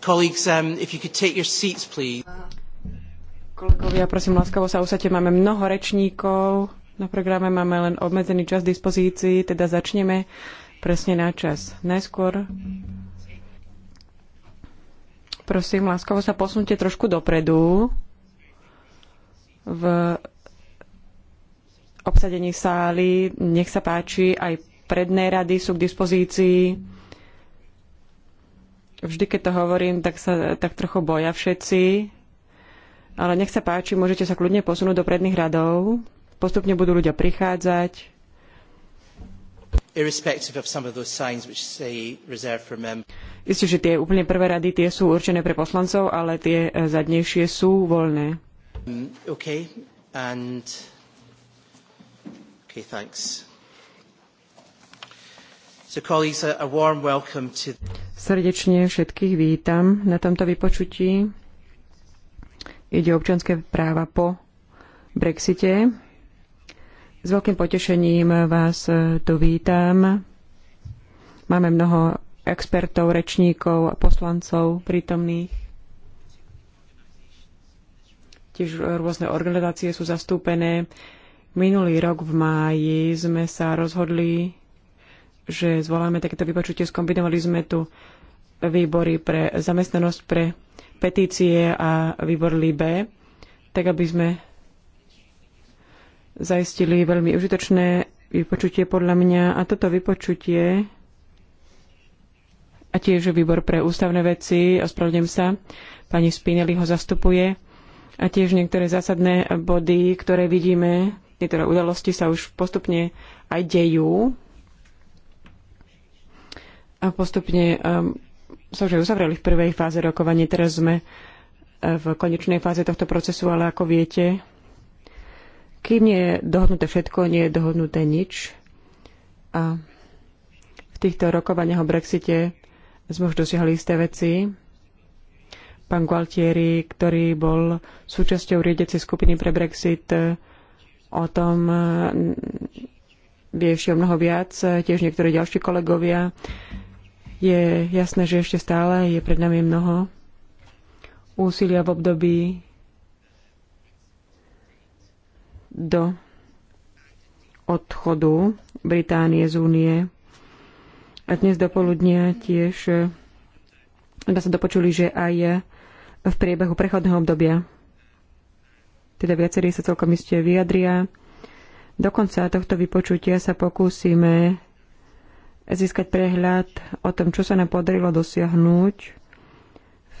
Colleagues, um, if you could take your seats, please. Kolegovia, prosím, láskavo sa usadte. Máme mnoho rečníkov. Na programe máme len obmedzený čas dispozícii, teda začneme presne na čas. Najskôr prosím, láskavo sa posunte trošku dopredu v obsadení sály. Nech sa páči, aj predné rady sú k dispozícii. Vždy, keď to hovorím, tak sa tak trochu boja všetci. Ale nech sa páči, môžete sa kľudne posunúť do predných radov. Postupne budú ľudia prichádzať. Isté, že tie úplne prvé rady tie sú určené pre poslancov, ale tie e, zadnejšie sú voľné. Um, okay. And... Okay, thanks. So, colleagues, a warm welcome to... Srdečne všetkých vítam na tomto vypočutí. Ide o občanské práva po Brexite. S veľkým potešením vás tu vítam. Máme mnoho expertov, rečníkov a poslancov prítomných. Tiež rôzne organizácie sú zastúpené. Minulý rok v máji sme sa rozhodli, že zvoláme takéto vypočutie. Skombinovali sme tu výbory pre zamestnanosť, pre petície a výbor LIBE, tak aby sme zaistili veľmi užitočné vypočutie podľa mňa. A toto vypočutie a tiež výbor pre ústavné veci, ospravedlňujem sa, pani Spinelli ho zastupuje a tiež niektoré zásadné body, ktoré vidíme niektoré teda udalosti sa už postupne aj dejú a postupne um, sa už aj uzavreli v prvej fáze rokovania. Teraz sme uh, v konečnej fáze tohto procesu, ale ako viete, kým nie je dohodnuté všetko, nie je dohodnuté nič. A v týchto rokovaniach o Brexite sme už dosiahli isté veci. Pán Gualtieri, ktorý bol súčasťou riedecej skupiny pre Brexit, o tom e, vie ešte mnoho viac, e, tiež niektorí ďalší kolegovia. Je jasné, že ešte stále je pred nami mnoho úsilia v období do odchodu Británie z únie. A dnes do poludnia tiež e, sme sa dopočuli, že aj v priebehu prechodného obdobia teda viacerí sa celkom iste vyjadria. Do konca tohto vypočutia sa pokúsime získať prehľad o tom, čo sa nám podarilo dosiahnuť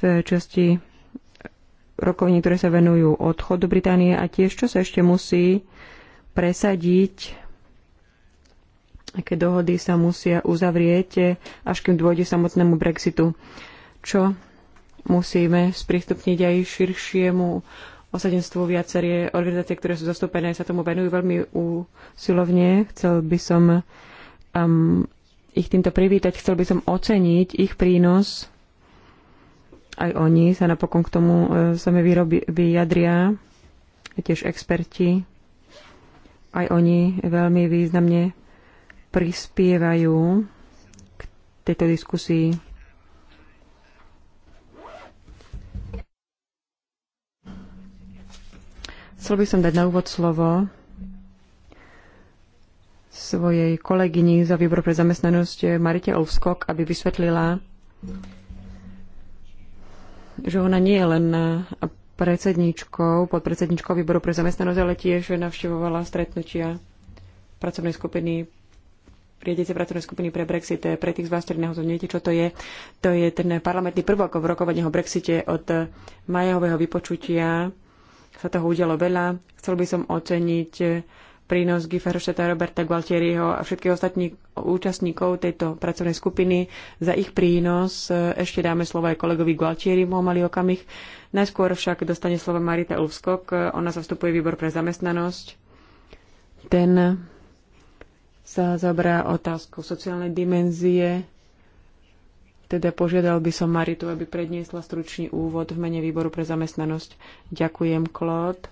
v časti rokovní, ktoré sa venujú odchodu Británie a tiež, čo sa ešte musí presadiť, aké dohody sa musia uzavrieť, až kým dôjde samotnému Brexitu. Čo musíme sprístupniť aj širšiemu osadenstvu viacerie organizácie, ktoré sú zastúpené, sa tomu venujú veľmi úsilovne. Chcel by som um, ich týmto privítať, chcel by som oceniť ich prínos. Aj oni sa napokon k tomu e, sami vyrobi, vyjadria, tiež experti. Aj oni veľmi významne prispievajú k tejto diskusii. Chcel by som dať na úvod slovo svojej kolegyni za výbor pre zamestnanosť eh, Marite Olskok, aby vysvetlila, že ona nie je len eh, predsedničkou, podpredsedničkou výboru pre zamestnanosť, ale tiež navštevovala stretnutia pracovnej skupiny Riedice pracovnej skupiny pre Brexit. Eh, pre tých z vás, ktorí naozaj neviete, čo to je, to je ten parlamentný prvok v rokovaní o Brexite od majového vypočutia sa toho udialo veľa. Chcel by som oceniť prínos Giferšteta Roberta Gualtieriho a všetkých ostatných účastníkov tejto pracovnej skupiny za ich prínos. Ešte dáme slovo aj kolegovi Gualtieri v malý okamih. Najskôr však dostane slovo Marita Ulfskok. Ona zastupuje výbor pre zamestnanosť. Ten sa zabrá otázku sociálnej dimenzie teda požiadal by som Maritu, aby predniesla stručný úvod v mene výboru pre zamestnanosť. Ďakujem, Klód.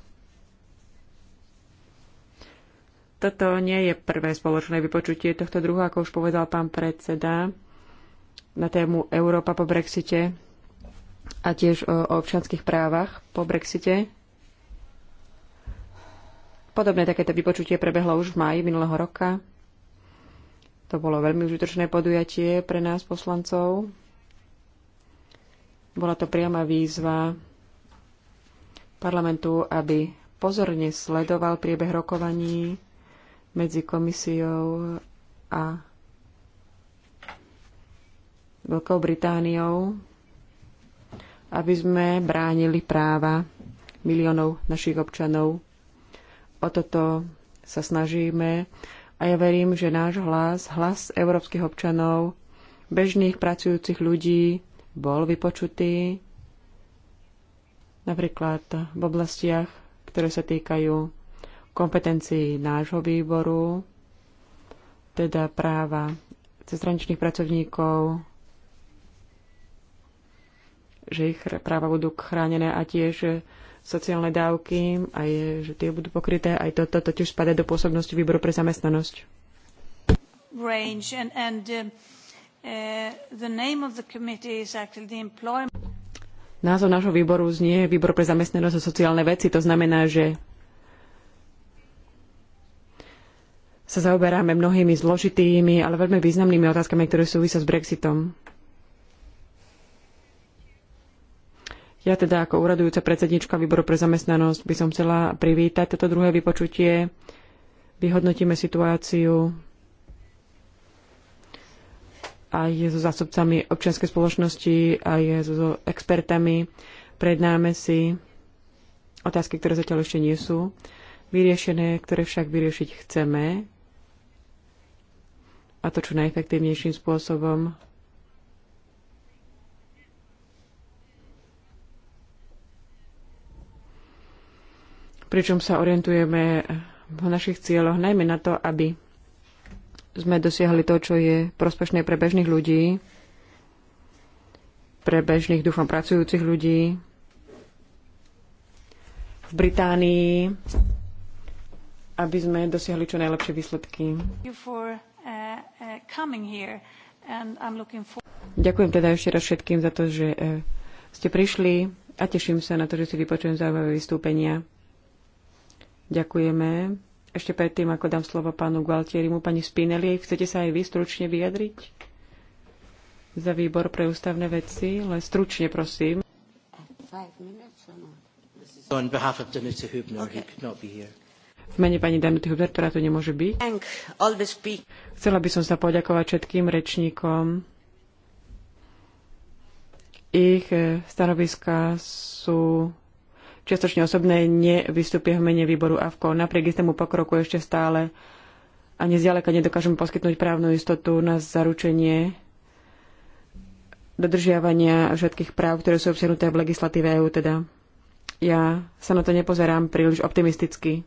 Toto nie je prvé spoločné vypočutie tohto druhu, ako už povedal pán predseda, na tému Európa po Brexite a tiež o, o občanských právach po Brexite. Podobné takéto vypočutie prebehlo už v máji minulého roka. To bolo veľmi užitočné podujatie pre nás poslancov. Bola to priama výzva parlamentu, aby pozorne sledoval priebeh rokovaní medzi komisiou a Veľkou Britániou, aby sme bránili práva miliónov našich občanov. O toto sa snažíme a ja verím, že náš hlas, hlas európskych občanov, bežných pracujúcich ľudí, bol vypočutý napríklad v oblastiach, ktoré sa týkajú kompetencií nášho výboru, teda práva cestraničných pracovníkov, že ich práva budú chránené a tiež sociálne dávky, aj že tie budú pokryté, aj toto to, tiež spada do pôsobnosti výboru pre zamestnanosť. Range and, and, uh, uh the name of the is the Názov nášho výboru znie Výbor pre zamestnanosť a sociálne veci. To znamená, že sa zaoberáme mnohými zložitými, ale veľmi významnými otázkami, ktoré súvisia s Brexitom. Ja teda ako úradujúca predsednička výboru pre zamestnanosť by som chcela privítať toto druhé vypočutie. Vyhodnotíme situáciu aj so zástupcami občianskej spoločnosti, aj so expertami. Prednáme si otázky, ktoré zatiaľ ešte nie sú vyriešené, ktoré však vyriešiť chceme a to čo najefektívnejším spôsobom pričom sa orientujeme v našich cieľoch najmä na to, aby sme dosiahli to, čo je prospešné pre bežných ľudí, pre bežných duchom pracujúcich ľudí. V Británii, aby sme dosiahli čo najlepšie výsledky. Ďakujem teda ešte raz všetkým za to, že eh, ste prišli a teším sa na to, že si vypočujem zaujímavé vystúpenia. Ďakujeme. Ešte predtým, ako dám slovo pánu Gualtierimu, pani Spinelli, chcete sa aj vy stručne vyjadriť? Za výbor pre ústavné veci, len stručne, prosím. V mene pani Danuty Hubner, ktorá tu nemôže byť. Chcela by som sa poďakovať všetkým rečníkom. Ich eh, stanoviská sú čiastočne osobné nevystupie v mene výboru AVKO. Napriek istému pokroku ešte stále ani zďaleka nedokážeme poskytnúť právnu istotu na zaručenie dodržiavania všetkých práv, ktoré sú obsiahnuté v legislatíve EU. Teda ja sa na to nepozerám príliš optimisticky.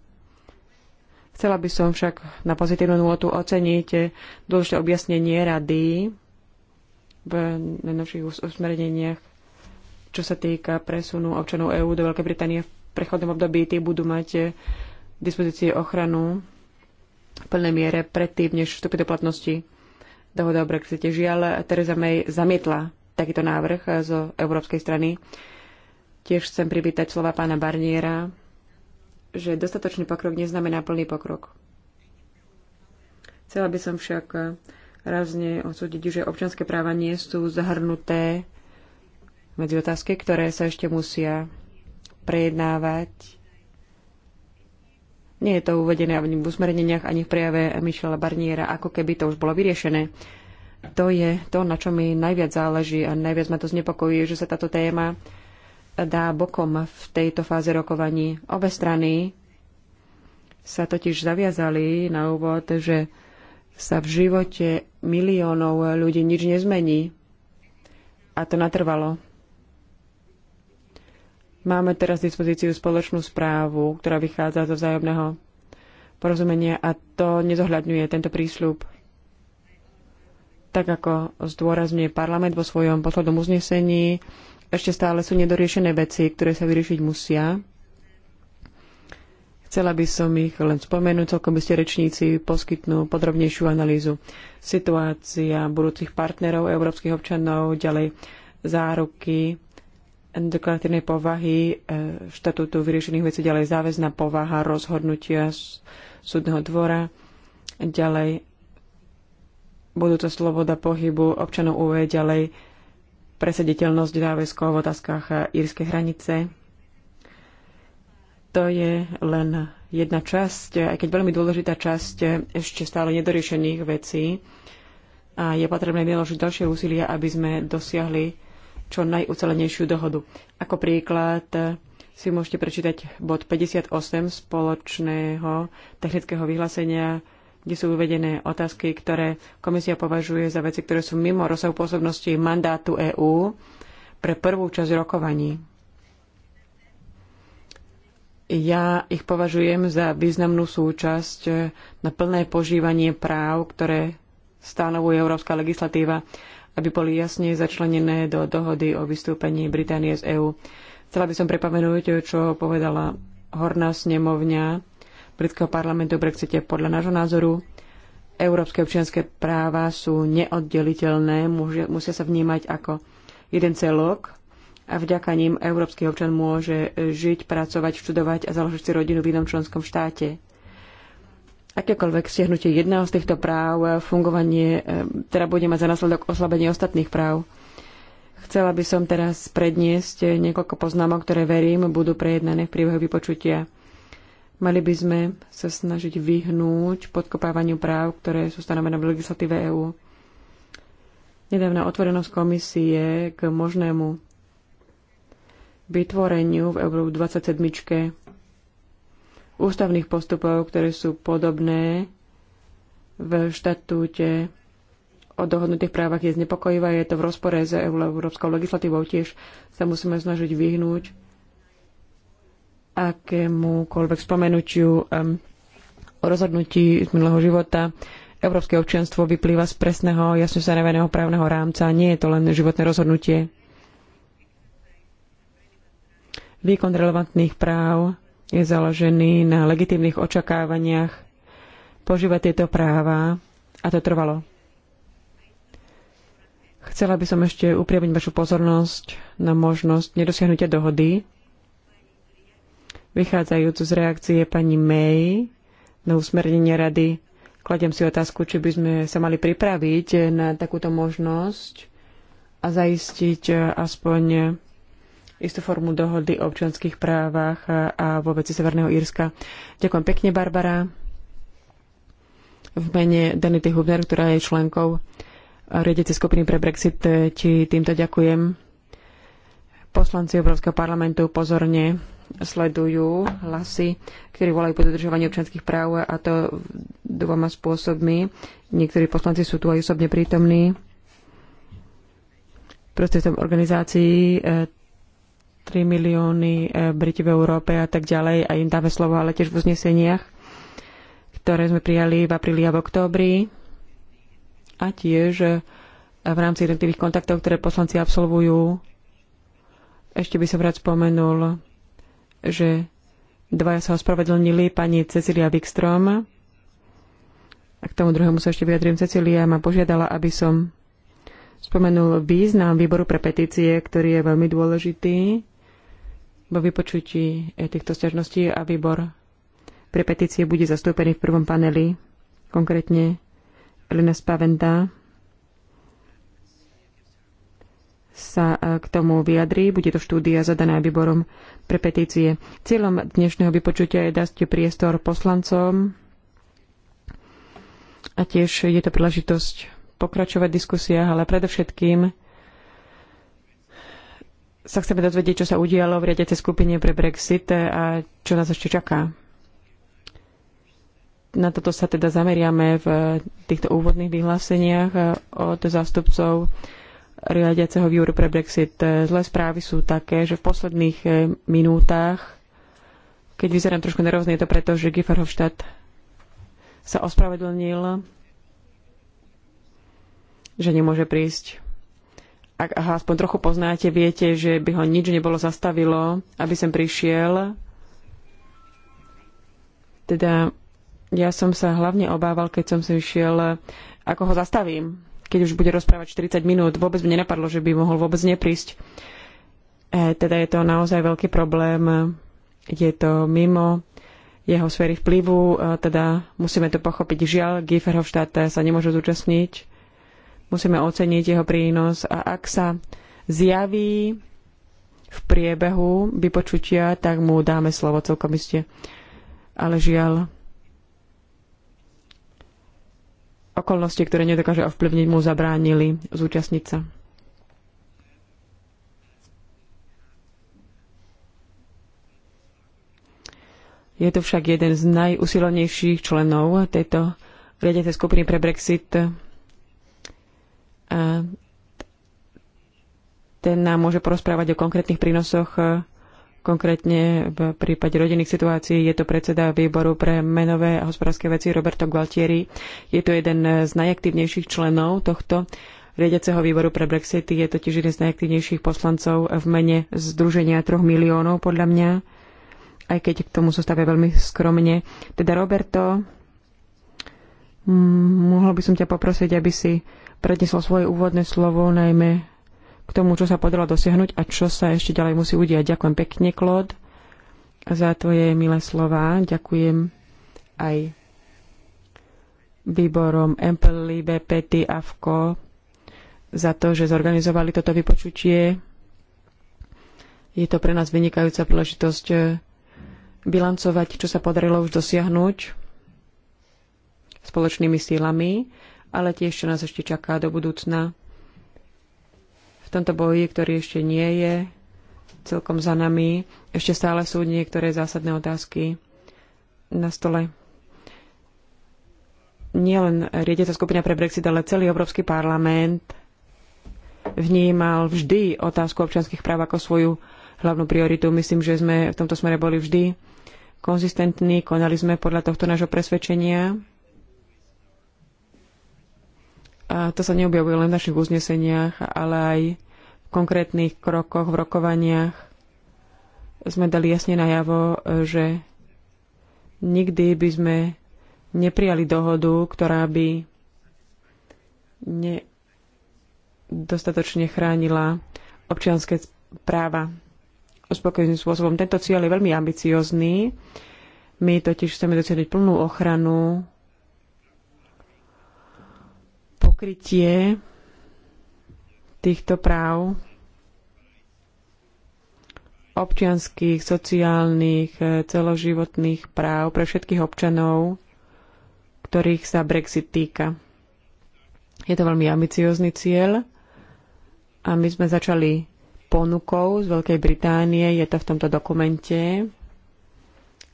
Chcela by som však na pozitívnu nôtu oceniť dôležité objasnenie rady v najnovších usmerneniach čo sa týka presunu občanov EÚ do Veľkej Británie v prechodnom období, tie budú mať eh, v dispozícii ochranu v plnej miere predtým, než vstúpi do platnosti dohoda o Brexite. Žiaľ, Theresa May zamietla takýto návrh eh, zo európskej strany. Tiež chcem privítať slova pána Barniera, že dostatočný pokrok neznamená plný pokrok. Chcela by som však eh, rázne odsúdiť, že občanské práva nie sú zahrnuté medzi otázky, ktoré sa ešte musia prejednávať. Nie je to uvedené ani v usmerneniach, ani v prejave Michela Barniera, ako keby to už bolo vyriešené. To je to, na čo mi najviac záleží a najviac ma to znepokojí, že sa táto téma dá bokom v tejto fáze rokovaní. Obe strany sa totiž zaviazali na úvod, že sa v živote miliónov ľudí nič nezmení. A to natrvalo. Máme teraz v dispozíciu spoločnú správu, ktorá vychádza zo vzájomného porozumenia a to nezohľadňuje tento prísľub. Tak ako zdôrazňuje parlament vo svojom poslednom uznesení, ešte stále sú nedoriešené veci, ktoré sa vyriešiť musia. Chcela by som ich len spomenúť, celkom by ste rečníci poskytnú podrobnejšiu analýzu. Situácia budúcich partnerov, európskych občanov, ďalej záruky, deklaratívnej povahy e, štatútu vyriešených vecí, ďalej záväzná povaha rozhodnutia súdneho dvora, ďalej budúca sloboda pohybu občanov UE, ďalej presediteľnosť záväzkov v otázkach írskej hranice. To je len jedna časť, aj keď veľmi dôležitá časť ešte stále nedoriešených vecí a je potrebné vyložiť ďalšie úsilia, aby sme dosiahli čo najucelenejšiu dohodu. Ako príklad eh, si môžete prečítať bod 58 spoločného technického vyhlásenia, kde sú uvedené otázky, ktoré komisia považuje za veci, ktoré sú mimo rozsahu pôsobnosti mandátu EÚ pre prvú časť rokovaní. Ja ich považujem za významnú súčasť eh, na plné požívanie práv, ktoré stanovuje európska legislatíva aby boli jasne začlenené do dohody o vystúpení Británie z EÚ. Chcela by som prepomenúť, čo povedala horná snemovňa britského parlamentu o Brexite. Podľa nášho názoru európske občianské práva sú neoddeliteľné, musia sa vnímať ako jeden celok a vďaka ním európsky občan môže žiť, pracovať, študovať a založiť si rodinu v inom členskom štáte akékoľvek stiahnutie jedného z týchto práv, eh, fungovanie, eh, teda bude mať za následok oslabenie ostatných práv. Chcela by som teraz predniesť eh, niekoľko poznámok, ktoré verím budú prejednané v priebehu vypočutia. Mali by sme sa snažiť vyhnúť podkopávaniu práv, ktoré sú stanovené v legislatíve EÚ. Nedávna otvorenosť komisie k možnému vytvoreniu v EU 27 ústavných postupov, ktoré sú podobné v štatúte o dohodnutých právach je znepokojivá, je to v rozpore s e európskou legislatívou. Tiež sa musíme snažiť vyhnúť akémukoľvek spomenutiu um, o rozhodnutí z minulého života. Európske občianstvo vyplýva z presného, jasne stanoveného právneho rámca. Nie je to len životné rozhodnutie. Výkon relevantných práv je založený na legitímnych očakávaniach požívať tieto práva a to trvalo. Chcela by som ešte upriamiť vašu pozornosť na možnosť nedosiahnutia dohody, vychádzajúc z reakcie pani May na usmernenie rady. Kladem si otázku, či by sme sa mali pripraviť na takúto možnosť a zaistiť aspoň istú formu dohody o občianských právach a vo veci Severného Írska. Ďakujem pekne, Barbara. V mene Danity Hubner, ktorá je členkou riedice skupiny pre Brexit, ti týmto ďakujem. Poslanci Európskeho parlamentu pozorne sledujú hlasy, ktorí volajú po dodržovaní občanských práv a to dvoma spôsobmi. Niektorí poslanci sú tu aj osobne prítomní prostredstvom organizácií 3 milióny e, Briti v Európe a tak ďalej a im dáme slovo, ale tiež v uzneseniach, ktoré sme prijali v apríli a v októbri a tiež e, v rámci jednotlivých kontaktov, ktoré poslanci absolvujú. Ešte by som rád spomenul, že dvaja sa ospravedlnili, pani Cecilia Wikstrom. A k tomu druhému sa ešte vyjadrím. Cecilia ma požiadala, aby som spomenul význam výboru pre petície, ktorý je veľmi dôležitý vo vypočutí eh, týchto stiažností a výbor pre petície bude zastúpený v prvom paneli, konkrétne Lina Spaventa sa eh, k tomu vyjadrí. Bude to štúdia zadaná výborom pre petície. Cieľom dnešného vypočutia je dať priestor poslancom a tiež je to príležitosť pokračovať v diskusiách, ale predovšetkým sa chceme dozvedieť, čo sa udialo v riadiacej skupine pre Brexit a čo nás ešte čaká. Na toto sa teda zameriame v týchto úvodných vyhláseniach od zástupcov riadiaceho výboru pre Brexit. Zlé správy sú také, že v posledných minútach, keď vyzerám trošku nervózne, je to preto, že Giffarhofstadt sa ospravedlnil, že nemôže prísť ak ho aspoň trochu poznáte, viete, že by ho nič nebolo zastavilo, aby sem prišiel. Teda ja som sa hlavne obával, keď som sem išiel, ako ho zastavím, keď už bude rozprávať 40 minút. Vôbec mi nenapadlo, že by mohol vôbec neprísť. E, teda je to naozaj veľký problém. Je to mimo jeho sféry vplyvu, e, teda musíme to pochopiť. Žiaľ, Gieferhofštát sa nemôže zúčastniť Musíme oceniť jeho prínos a ak sa zjaví v priebehu vypočutia, tak mu dáme slovo celkom iste. Ale žiaľ, okolnosti, ktoré nedokáže ovplyvniť, mu zabránili zúčastniť sa. Je to však jeden z najusilovnejších členov tejto riadiacej skupiny pre Brexit, ten nám môže porozprávať o konkrétnych prínosoch, e, konkrétne v prípade rodinných situácií. Je to predseda výboru pre menové a hospodárske veci Roberto Gualtieri. Je to jeden z najaktívnejších členov tohto riadiaceho výboru pre Brexity. Je to tiež jeden z najaktívnejších poslancov v mene Združenia troch miliónov, podľa mňa aj keď k tomu sa veľmi skromne. Teda Roberto, mohol by som ťa poprosiť, aby si prednesol svoje úvodné slovo najmä k tomu, čo sa podalo dosiahnuť a čo sa ešte ďalej musí udiať. Ďakujem pekne, Klod, za tvoje milé slova. Ďakujem aj výborom Empel, Libe, Afko, Avko za to, že zorganizovali toto vypočutie. Je to pre nás vynikajúca príležitosť eh, bilancovať, čo sa podarilo už dosiahnuť spoločnými sílami ale tiež čo nás ešte čaká do budúcna. V tomto boji, ktorý ešte nie je celkom za nami, ešte stále sú niektoré zásadné otázky na stole. Nielen riedeca skupina pre Brexit, ale celý Európsky parlament vnímal vždy otázku občanských práv ako svoju hlavnú prioritu. Myslím, že sme v tomto smere boli vždy konzistentní, konali sme podľa tohto nášho presvedčenia a to sa neobjavuje len v našich uzneseniach, ale aj v konkrétnych krokoch, v rokovaniach. Sme dali jasne najavo, že nikdy by sme neprijali dohodu, ktorá by dostatočne chránila občianské práva uspokojným spôsobom. Tento cieľ je veľmi ambiciózny. My totiž chceme dosiahnuť plnú ochranu pokrytie týchto práv občianských, sociálnych, e, celoživotných práv pre všetkých občanov, ktorých sa Brexit týka. Je to veľmi ambiciózny cieľ a my sme začali ponukou z Veľkej Británie, je to v tomto dokumente,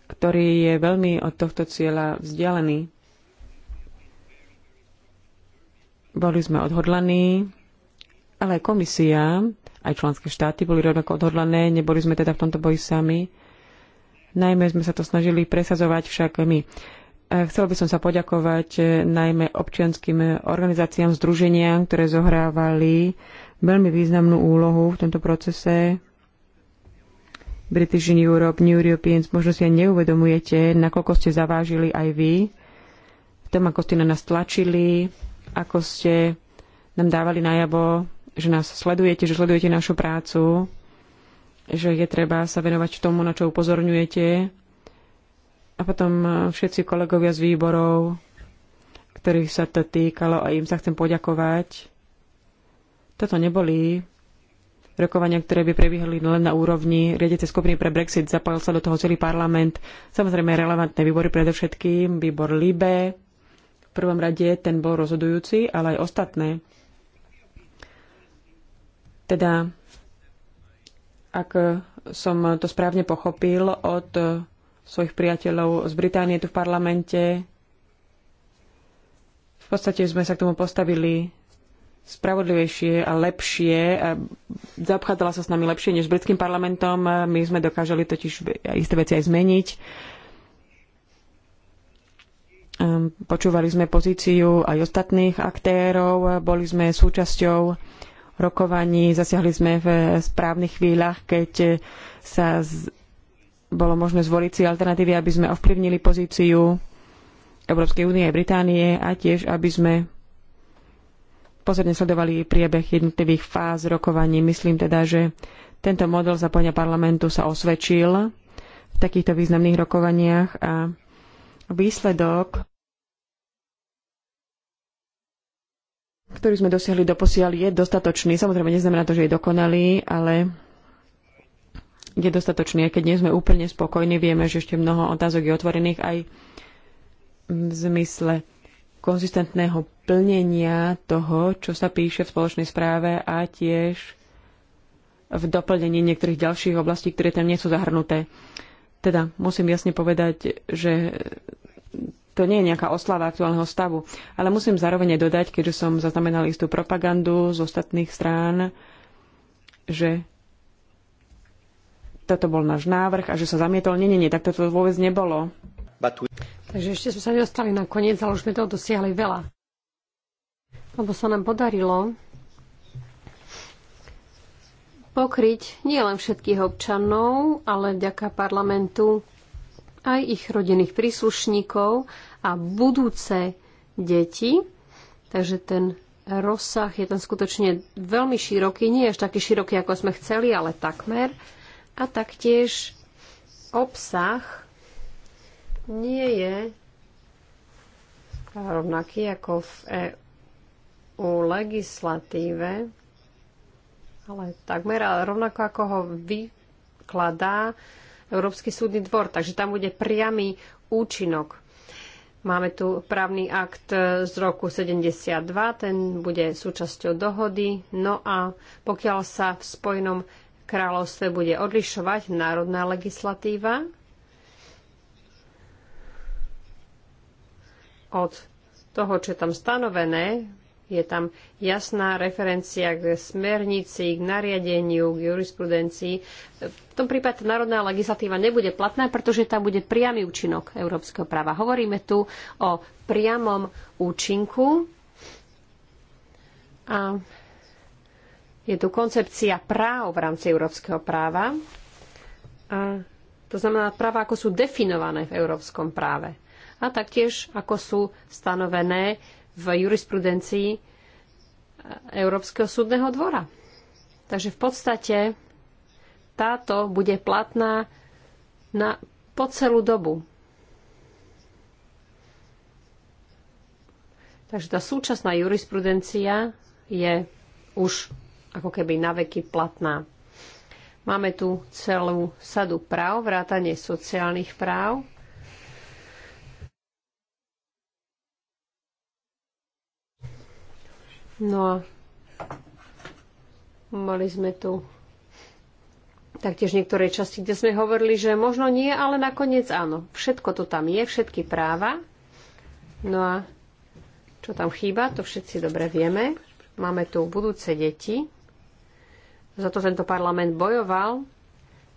ktorý je veľmi od tohto cieľa vzdialený. Boli sme odhodlaní, ale aj komisia, aj členské štáty boli rovnako odhodlané, neboli sme teda v tomto boji sami. Najmä sme sa to snažili presazovať však my. E, chcel by som sa poďakovať e, najmä občianským organizáciám, združeniam, ktoré zohrávali veľmi významnú úlohu v tomto procese. British in Europe, New Europeans, možno si aj neuvedomujete, nakoľko ste zavážili aj vy, v tom, ako ste na nás tlačili, ako ste nám dávali najavo, že nás sledujete, že sledujete našu prácu, že je treba sa venovať tomu, na čo upozorňujete. A potom e, všetci kolegovia z výborov, ktorých sa to týkalo a im sa chcem poďakovať. Toto neboli rokovania, ktoré by prebiehali len na úrovni riadiacej skupiny pre Brexit, zapojil sa do toho celý parlament, samozrejme relevantné výbory predovšetkým, výbor LIBE, v prvom rade ten bol rozhodujúci, ale aj ostatné. Teda, ak som to správne pochopil od svojich priateľov z Británie tu v parlamente, v podstate sme sa k tomu postavili spravodlivejšie a lepšie. Zaobchádzala sa s nami lepšie než s britským parlamentom. My sme dokážali totiž isté veci aj zmeniť. Počúvali sme pozíciu aj ostatných aktérov, boli sme súčasťou rokovaní, zasiahli sme v správnych chvíľach, keď sa z... bolo možné zvoliť si alternatívy, aby sme ovplyvnili pozíciu Európskej únie a Británie a tiež, aby sme pozorne sledovali priebeh jednotlivých fáz rokovaní. Myslím teda, že tento model zapojenia parlamentu sa osvedčil v takýchto významných rokovaniach a výsledok ktorý sme dosiahli do posiaľ, je dostatočný. Samozrejme, neznamená to, že je dokonalý, ale je dostatočný. A keď nie sme úplne spokojní, vieme, že ešte mnoho otázok je otvorených aj v zmysle konzistentného plnenia toho, čo sa píše v spoločnej správe a tiež v doplnení niektorých ďalších oblastí, ktoré tam nie sú zahrnuté. Teda musím jasne povedať, že to nie je nejaká oslava aktuálneho stavu. Ale musím zároveň dodať, keďže som zaznamenal istú propagandu z ostatných strán, že toto bol náš návrh a že sa zamietol. Nie, nie, nie, tak toto vôbec nebolo. Takže ešte sme sa nedostali na koniec, ale už sme toho dosiahli veľa. Lebo sa nám podarilo pokryť nielen všetkých občanov, ale vďaka parlamentu aj ich rodinných príslušníkov a budúce deti. Takže ten rozsah je tam skutočne veľmi široký, nie až taký široký, ako sme chceli, ale takmer. A taktiež obsah nie je rovnaký ako v EU legislatíve, ale takmer rovnako ako ho vykladá Európsky súdny dvor, takže tam bude priamy účinok. Máme tu právny akt z roku 72, ten bude súčasťou dohody. No a pokiaľ sa v Spojenom kráľovstve bude odlišovať národná legislatíva od toho, čo je tam stanovené je tam jasná referencia k smernici, k nariadeniu, k jurisprudencii. V tom prípade národná legislatíva nebude platná, pretože tam bude priamy účinok európskeho práva. Hovoríme tu o priamom účinku a je tu koncepcia práv v rámci európskeho práva. A to znamená práva, ako sú definované v európskom práve. A taktiež, ako sú stanovené v jurisprudencii Európskeho súdneho dvora. Takže v podstate táto bude platná na, po celú dobu. Takže tá súčasná jurisprudencia je už ako keby naveky platná. Máme tu celú sadu práv, vrátanie sociálnych práv. No a mali sme tu taktiež niektoré časti, kde sme hovorili, že možno nie, ale nakoniec áno. Všetko to tam je, všetky práva. No a čo tam chýba, to všetci dobre vieme. Máme tu budúce deti. Za to tento parlament bojoval.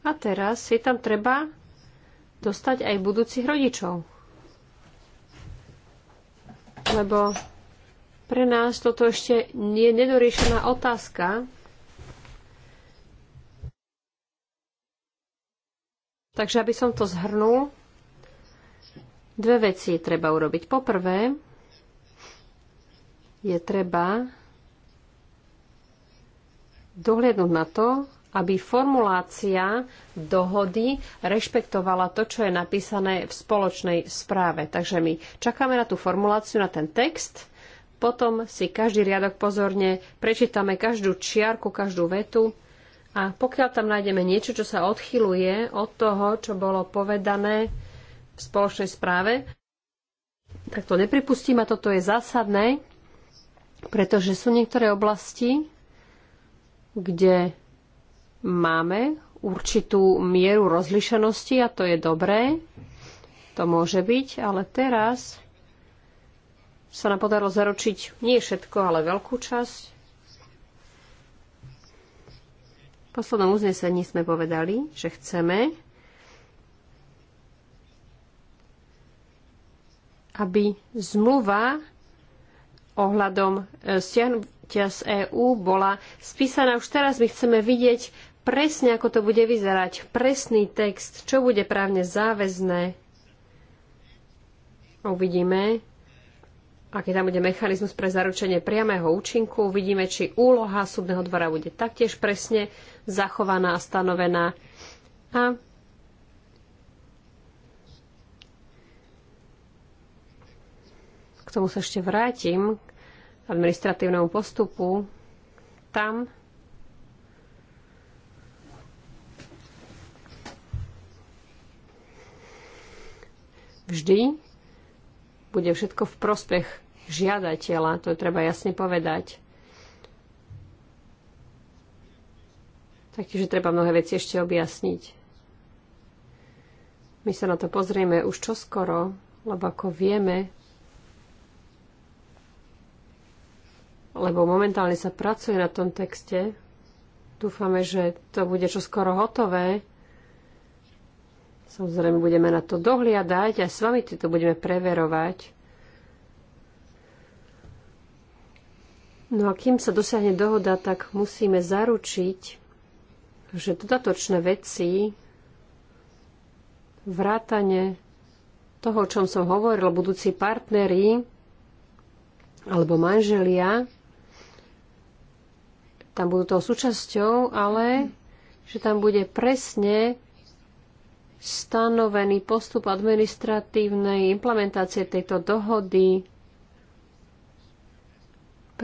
A teraz je tam treba dostať aj budúcich rodičov. Lebo pre nás toto ešte nie je nedoriešená otázka. Takže aby som to zhrnul, dve veci treba urobiť. Poprvé, je treba dohliadnúť na to, aby formulácia dohody rešpektovala to, čo je napísané v spoločnej správe. Takže my čakáme na tú formuláciu, na ten text potom si každý riadok pozorne prečítame každú čiarku, každú vetu a pokiaľ tam nájdeme niečo, čo sa odchyluje od toho, čo bolo povedané v spoločnej správe, tak to nepripustím a toto je zásadné, pretože sú niektoré oblasti, kde máme určitú mieru rozlišenosti a to je dobré, to môže byť, ale teraz sa nám podarilo zaručiť nie všetko, ale veľkú časť. V poslednom uznesení sme povedali, že chceme, aby zmluva ohľadom e, stiahnutia z EÚ bola spísaná. Už teraz my chceme vidieť presne, ako to bude vyzerať, presný text, čo bude právne záväzné. Uvidíme, aký tam bude mechanizmus pre zaručenie priamého účinku. vidíme, či úloha súdneho dvora bude taktiež presne zachovaná a stanovená. A k tomu sa ešte vrátim, k administratívnemu postupu. Tam vždy bude všetko v prospech žiadateľa. To treba jasne povedať. Taktiež treba mnohé veci ešte objasniť. My sa na to pozrieme už čoskoro, lebo ako vieme, lebo momentálne sa pracuje na tom texte. Dúfame, že to bude čoskoro hotové. Samozrejme, budeme na to dohliadať a s vami to budeme preverovať. No a kým sa dosiahne dohoda, tak musíme zaručiť, že dodatočné veci vrátane toho, o čom som hovoril, budúci partneri alebo manželia, tam budú toho súčasťou, ale že tam bude presne stanovený postup administratívnej implementácie tejto dohody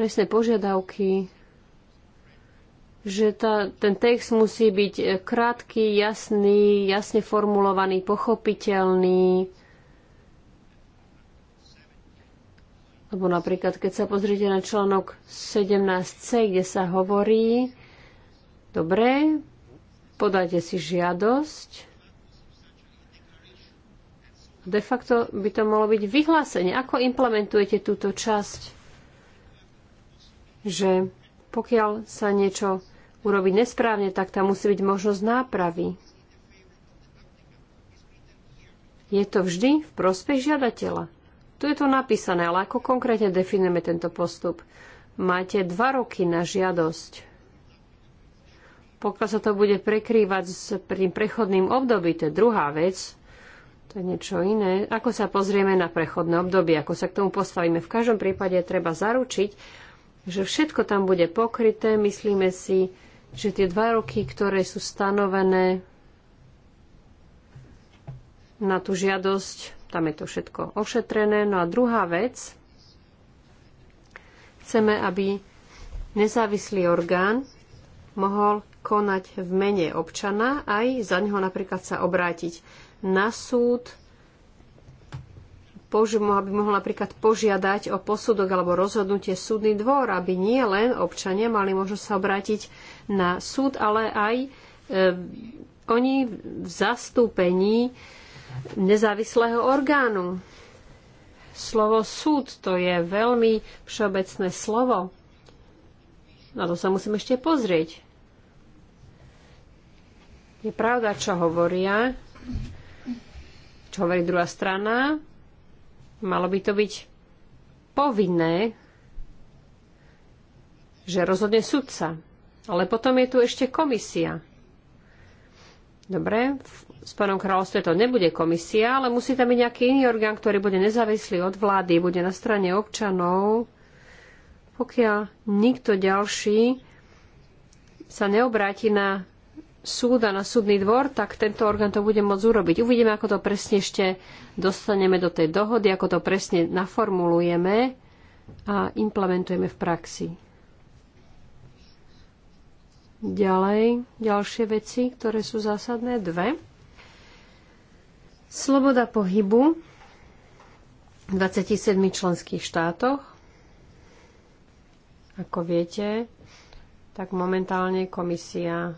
presné požiadavky, že tá, ten text musí byť e, krátky, jasný, jasne formulovaný, pochopiteľný. Lebo napríklad, keď sa pozriete na článok 17c, kde sa hovorí, dobre, podajte si žiadosť, de facto by to malo byť vyhlásenie. Ako implementujete túto časť? že pokiaľ sa niečo urobiť nesprávne, tak tam musí byť možnosť nápravy. Je to vždy v prospech žiadateľa. Tu je to napísané, ale ako konkrétne definujeme tento postup? Máte dva roky na žiadosť. Pokiaľ sa to bude prekrývať s tým prechodným období, to je druhá vec, to je niečo iné. Ako sa pozrieme na prechodné obdobie, ako sa k tomu postavíme? V každom prípade treba zaručiť, že všetko tam bude pokryté. Myslíme si, že tie dva roky, ktoré sú stanovené na tú žiadosť, tam je to všetko ošetrené. No a druhá vec, chceme, aby nezávislý orgán mohol konať v mene občana, aj za neho napríklad sa obrátiť na súd, aby mohol napríklad požiadať o posudok alebo rozhodnutie súdny dvor, aby nie len občania mali možnosť sa obrátiť na súd, ale aj e, oni v zastúpení nezávislého orgánu. Slovo súd to je veľmi všeobecné slovo. Na to sa musím ešte pozrieť. Je pravda, čo hovoria, čo hovorí druhá strana, Malo by to byť povinné, že rozhodne sudca. Ale potom je tu ešte komisia. Dobre, v Spojenom kráľovstve to nebude komisia, ale musí tam byť nejaký iný orgán, ktorý bude nezávislý od vlády, bude na strane občanov. Pokiaľ nikto ďalší sa neobráti na súda na súdny dvor, tak tento orgán to bude môcť urobiť. Uvidíme, ako to presne ešte dostaneme do tej dohody, ako to presne naformulujeme a implementujeme v praxi. Ďalej, ďalšie veci, ktoré sú zásadné, dve. Sloboda pohybu v 27 členských štátoch. Ako viete, tak momentálne komisia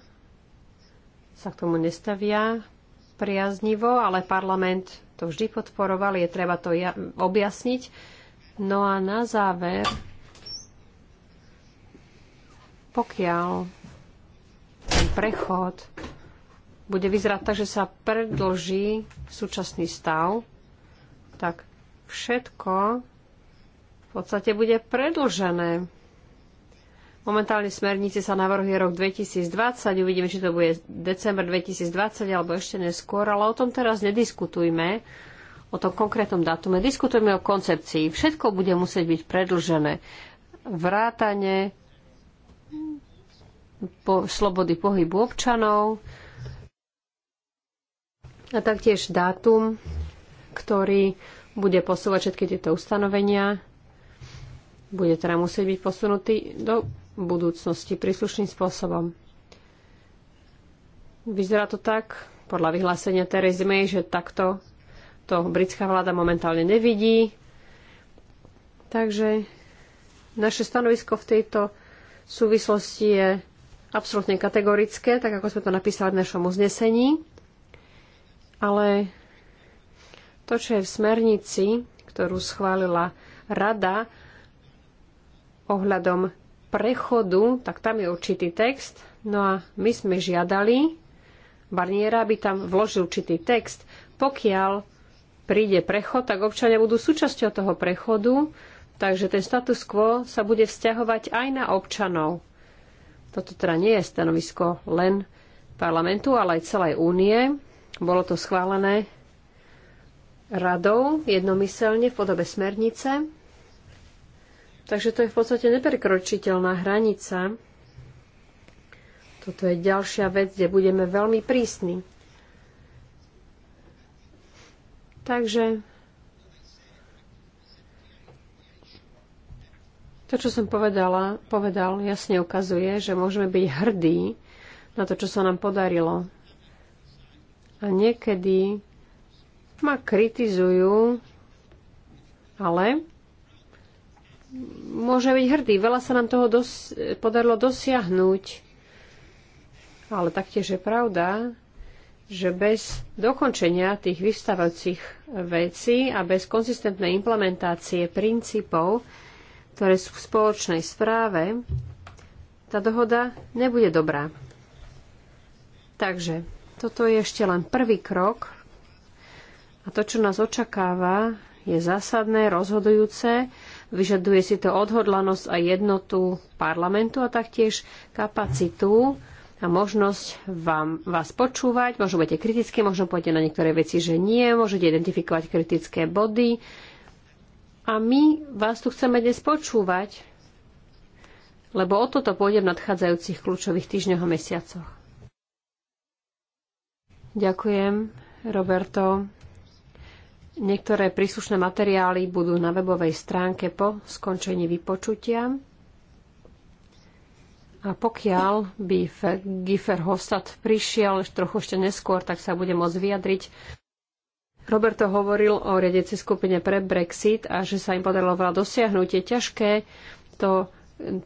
sa k tomu nestavia priaznivo, ale parlament to vždy podporoval, je treba to objasniť. No a na záver, pokiaľ ten prechod bude vyzerať tak, že sa predlží súčasný stav, tak všetko v podstate bude predlžené. Momentálne v smernici sa navrhuje rok 2020, uvidíme, či to bude december 2020 alebo ešte neskôr, ale o tom teraz nediskutujme, o tom konkrétnom datume, diskutujme o koncepcii. Všetko bude musieť byť predlžené. Vrátane po, slobody pohybu občanov a taktiež dátum, ktorý bude posúvať všetky tieto ustanovenia bude teda musieť byť posunutý do v budúcnosti príslušným spôsobom. Vyzerá to tak, podľa vyhlásenia Terezy May, že takto to britská vláda momentálne nevidí. Takže naše stanovisko v tejto súvislosti je absolútne kategorické, tak ako sme to napísali v našom uznesení. Ale to, čo je v smernici, ktorú schválila Rada ohľadom prechodu, tak tam je určitý text. No a my sme žiadali Barniera, aby tam vložil určitý text. Pokiaľ príde prechod, tak občania budú súčasťou toho prechodu, takže ten status quo sa bude vzťahovať aj na občanov. Toto teda nie je stanovisko len parlamentu, ale aj celej únie. Bolo to schválené radou jednomyselne v podobe smernice. Takže to je v podstate neprekročiteľná hranica. Toto je ďalšia vec, kde budeme veľmi prísni. Takže to, čo som povedala, povedal, jasne ukazuje, že môžeme byť hrdí na to, čo sa nám podarilo. A niekedy ma kritizujú, ale môže byť hrdý. Veľa sa nám toho dos- podarilo dosiahnuť. Ale taktiež je pravda, že bez dokončenia tých vystávajúcich vecí a bez konzistentnej implementácie princípov, ktoré sú v spoločnej správe, tá dohoda nebude dobrá. Takže toto je ešte len prvý krok a to, čo nás očakáva, je zásadné, rozhodujúce Vyžaduje si to odhodlanosť a jednotu parlamentu a taktiež kapacitu a možnosť vám, vás počúvať. Možno budete kritické, možno pôjdete na niektoré veci, že nie, môžete identifikovať kritické body. A my vás tu chceme dnes počúvať, lebo o toto pôjde v nadchádzajúcich kľúčových týždňoch a mesiacoch. Ďakujem, Roberto. Niektoré príslušné materiály budú na webovej stránke po skončení vypočutia. A pokiaľ by Giffer Hostad prišiel trochu ešte neskôr, tak sa bude môcť vyjadriť. Roberto hovoril o riadiacej skupine pre Brexit a že sa im podarilo veľa dosiahnuť. Je ťažké to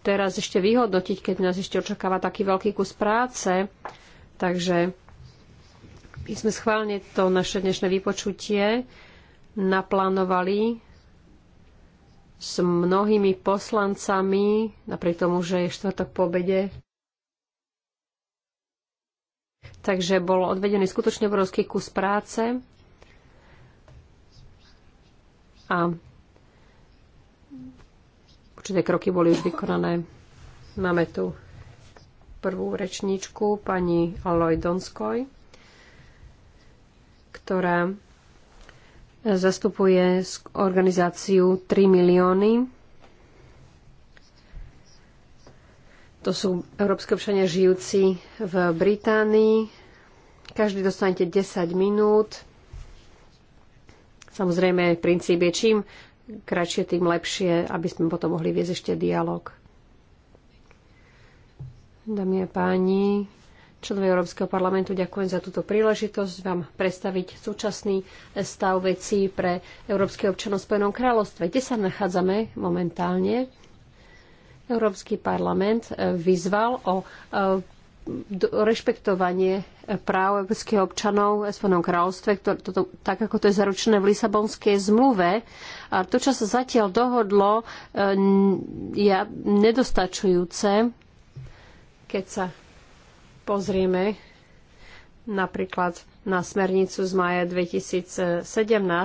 teraz ešte vyhodnotiť, keď nás ešte očakáva taký veľký kus práce. Takže my sme schválne to naše dnešné vypočutie naplánovali s mnohými poslancami, napriek tomu, že je štvrtok po obede. Takže bol odvedený skutočne obrovský kus práce. A určité kroky boli už vykonané. Máme tu prvú rečníčku, pani Aloj Donskoj, ktorá zastupuje organizáciu 3 milióny. To sú európske občania žijúci v Británii. Každý dostanete 10 minút. Samozrejme, princíp je čím kratšie, tým lepšie, aby sme potom mohli viesť ešte dialog. Dámy a páni, členovi Európskeho parlamentu. Ďakujem za túto príležitosť vám predstaviť súčasný stav vecí pre európske občanov v Spojenom kráľovstve. Kde sa nachádzame momentálne? Európsky parlament e, vyzval o e, rešpektovanie práv európskych občanov v Spojenom kráľovstve, to, to, to, tak ako to je zaručené v Lisabonskej zmluve. A to, čo sa zatiaľ dohodlo, e, je nedostačujúce, keď sa pozrieme napríklad na smernicu z maja 2017,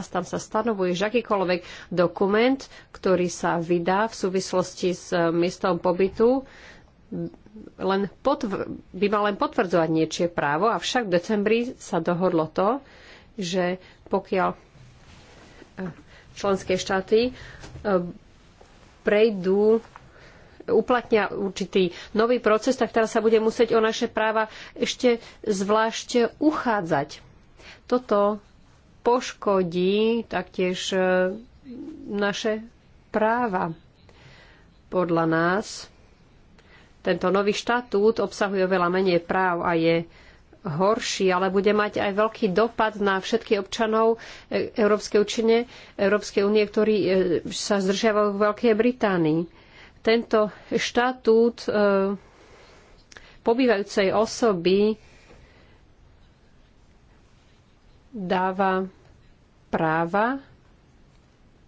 tam sa stanovuje, že akýkoľvek dokument, ktorý sa vydá v súvislosti s eh, miestom pobytu, len potv- by mal len potvrdzovať niečie právo, avšak v decembri sa dohodlo to, že pokiaľ eh, členské štáty eh, prejdú uplatnia určitý nový proces, tak teraz sa bude musieť o naše práva ešte zvlášť uchádzať. Toto poškodí taktiež e, naše práva. Podľa nás tento nový štatút obsahuje veľa menej práv a je horší, ale bude mať aj veľký dopad na všetkých občanov e, Európskej Európskej únie, ktorí e, sa zdržiavajú v Veľkej Británii tento štatút e, pobývajúcej osoby dáva práva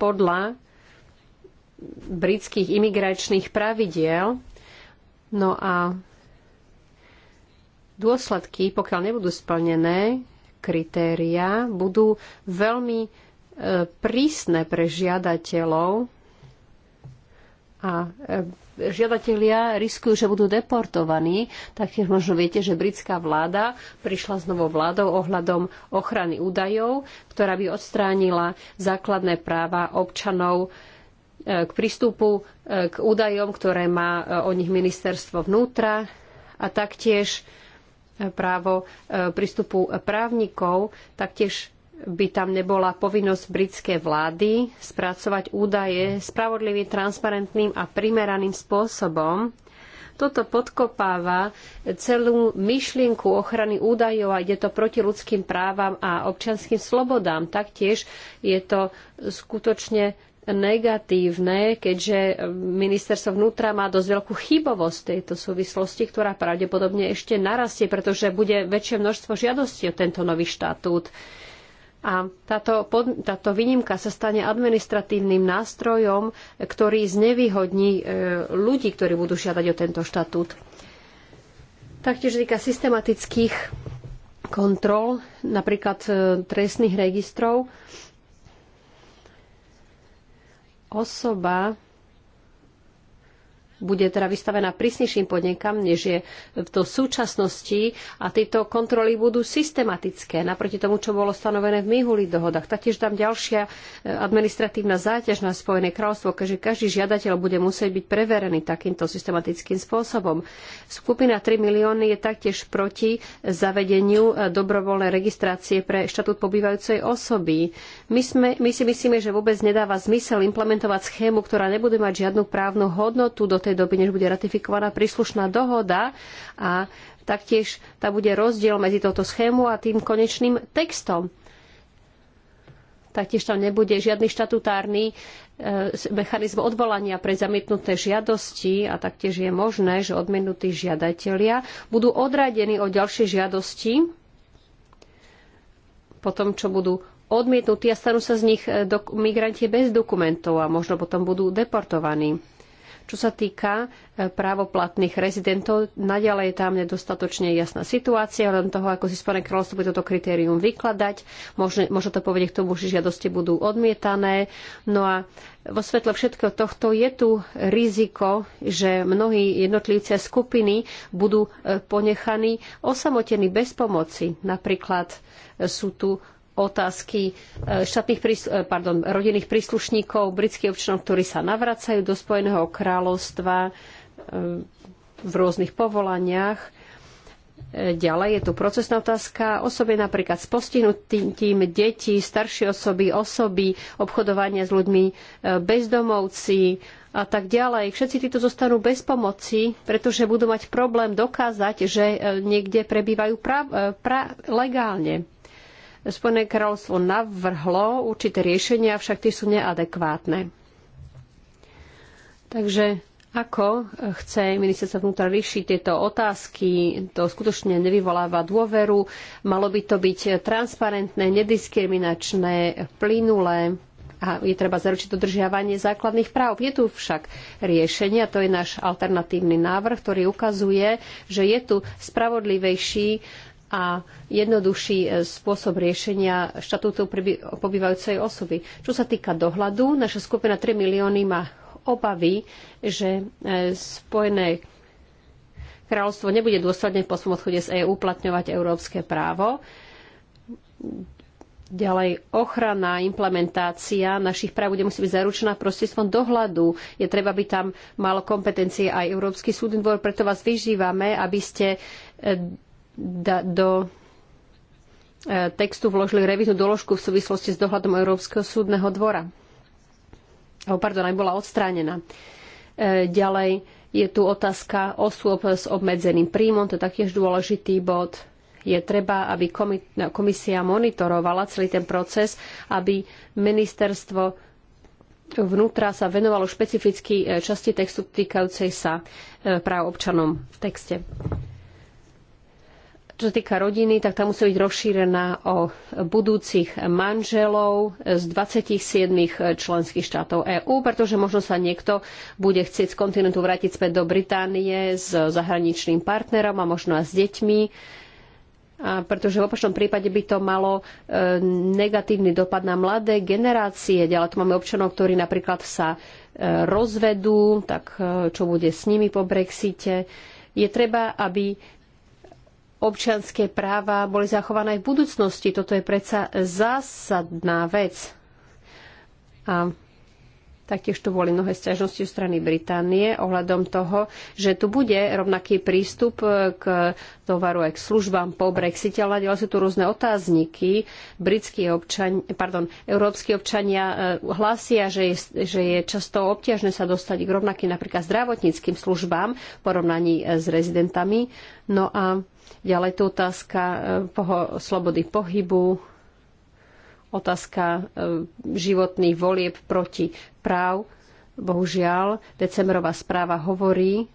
podľa britských imigračných pravidiel. No a dôsledky, pokiaľ nebudú splnené kritéria, budú veľmi e, prísne pre žiadateľov a e, žiadatelia riskujú, že budú deportovaní. tak tiež možno viete, že britská vláda prišla s novou vládou ohľadom ochrany údajov, ktorá by odstránila základné práva občanov e, k prístupu e, k údajom, ktoré má o nich ministerstvo vnútra a taktiež právo prístupu právnikov, taktiež by tam nebola povinnosť britskej vlády spracovať údaje spravodlivým, transparentným a primeraným spôsobom. Toto podkopáva celú myšlienku ochrany údajov a ide to proti ľudským právam a občianským slobodám. Taktiež je to skutočne negatívne, keďže ministerstvo vnútra má dosť veľkú chybovosť tejto súvislosti, ktorá pravdepodobne ešte narastie, pretože bude väčšie množstvo žiadostí o tento nový štatút. A táto, pod, táto výnimka sa stane administratívnym nástrojom, ktorý znevýhodní e, ľudí, ktorí budú žiadať o tento štatút. Taktiež týka systematických kontrol, napríklad e, trestných registrov. Osoba, bude teda vystavená prísnejším podnikám, než je to v súčasnosti a tieto kontroly budú systematické naproti tomu, čo bolo stanovené v minulých dohodách. Taktiež tam ďalšia e, administratívna záťaž na Spojené kráľovstvo, keďže každý žiadateľ bude musieť byť preverený takýmto systematickým spôsobom. Skupina 3 milióny je taktiež proti zavedeniu e, dobrovoľnej registrácie pre štatút pobývajúcej osoby. My, sme, my si myslíme, že vôbec nedáva zmysel implementovať schému, ktorá nebude mať žiadnu právnu hodnotu do tej tej doby, než bude ratifikovaná príslušná dohoda a taktiež tá bude rozdiel medzi touto schémou a tým konečným textom. Taktiež tam nebude žiadny štatutárny e, mechanizm odvolania pre zamietnuté žiadosti a taktiež je možné, že odmienutí žiadatelia budú odradení od ďalšej žiadosti po tom, čo budú odmietnutí a stanú sa z nich e, migranti bez dokumentov a možno potom budú deportovaní. Čo sa týka e, právoplatných rezidentov, naďalej je tam nedostatočne jasná situácia, len toho, ako si Spojené kráľovstvo bude toto kritérium vykladať. Možno, možno to povedie k tomu, že žiadosti budú odmietané. No a vo svetle všetkého tohto je tu riziko, že mnohí jednotlivci a skupiny budú e, ponechaní osamotení bez pomoci. Napríklad e, sú tu otázky e, štátnych, e, pardon, rodinných príslušníkov britských občanov, ktorí sa navracajú do Spojeného kráľovstva e, v rôznych povolaniach. Ďalej je tu procesná otázka. Osoby napríklad s postihnutím deti, staršie osoby, osoby, obchodovania s ľuďmi, bezdomovci a tak ďalej. Všetci títo zostanú bez pomoci, pretože budú mať problém dokázať, že niekde prebývajú pra, pra, legálne. Spojené kráľovstvo navrhlo určité riešenia, avšak tie sú neadekvátne. Takže ako chce ministerstvo vnútra riešiť tieto otázky, to skutočne nevyvoláva dôveru. Malo by to byť transparentné, nediskriminačné, plynulé a je treba zaručiť dodržiavanie základných práv. Je tu však riešenie, a to je náš alternatívny návrh, ktorý ukazuje, že je tu spravodlivejší a jednoduchší e, spôsob riešenia štatútu pobývajúcej osoby. Čo sa týka dohľadu, naša skupina 3 milióny má obavy, že e, Spojené kráľovstvo nebude dôsledne po svojom odchode z EÚ uplatňovať európske právo. Ďalej, ochrana, implementácia našich práv bude musieť byť zaručená prostredstvom dohľadu. Je treba, aby tam mal kompetencie aj Európsky súdny dvor, preto vás vyžívame, aby ste e, do e, textu vložili revíznu doložku v súvislosti s dohľadom Európskeho súdneho dvora. Oh, pardon, aj bola odstránená. E, ďalej je tu otázka osôb s obmedzeným príjmom, to je taktiež dôležitý bod. Je treba, aby komisia monitorovala celý ten proces, aby ministerstvo vnútra sa venovalo špecificky e, časti textu týkajúcej sa práv občanom v texte čo sa týka rodiny, tak tá musí byť rozšírená o budúcich manželov z 27 členských štátov EÚ, pretože možno sa niekto bude chcieť z kontinentu vrátiť späť do Británie s zahraničným partnerom a možno aj s deťmi. A pretože v opačnom prípade by to malo e, negatívny dopad na mladé generácie. Ďalej tu máme občanov, ktorí napríklad sa e, rozvedú, tak e, čo bude s nimi po Brexite. Je treba, aby Občianske práva boli zachované aj v budúcnosti. Toto je predsa zásadná vec. A Taktiež tu boli mnohé sťažnosti strany Británie ohľadom toho, že tu bude rovnaký prístup e, k tovaru aj k službám po Brexite, ale ďalej sú tu rôzne otázniky. Britskí občan, pardon, európsky občania e, hlásia, že je, že je často obťažné sa dostať k rovnakým napríklad zdravotníckým službám v porovnaní e, s rezidentami. No a ďalej tu otázka poho, slobody pohybu, otázka životných volieb proti práv. Bohužiaľ, decembrová správa hovorí,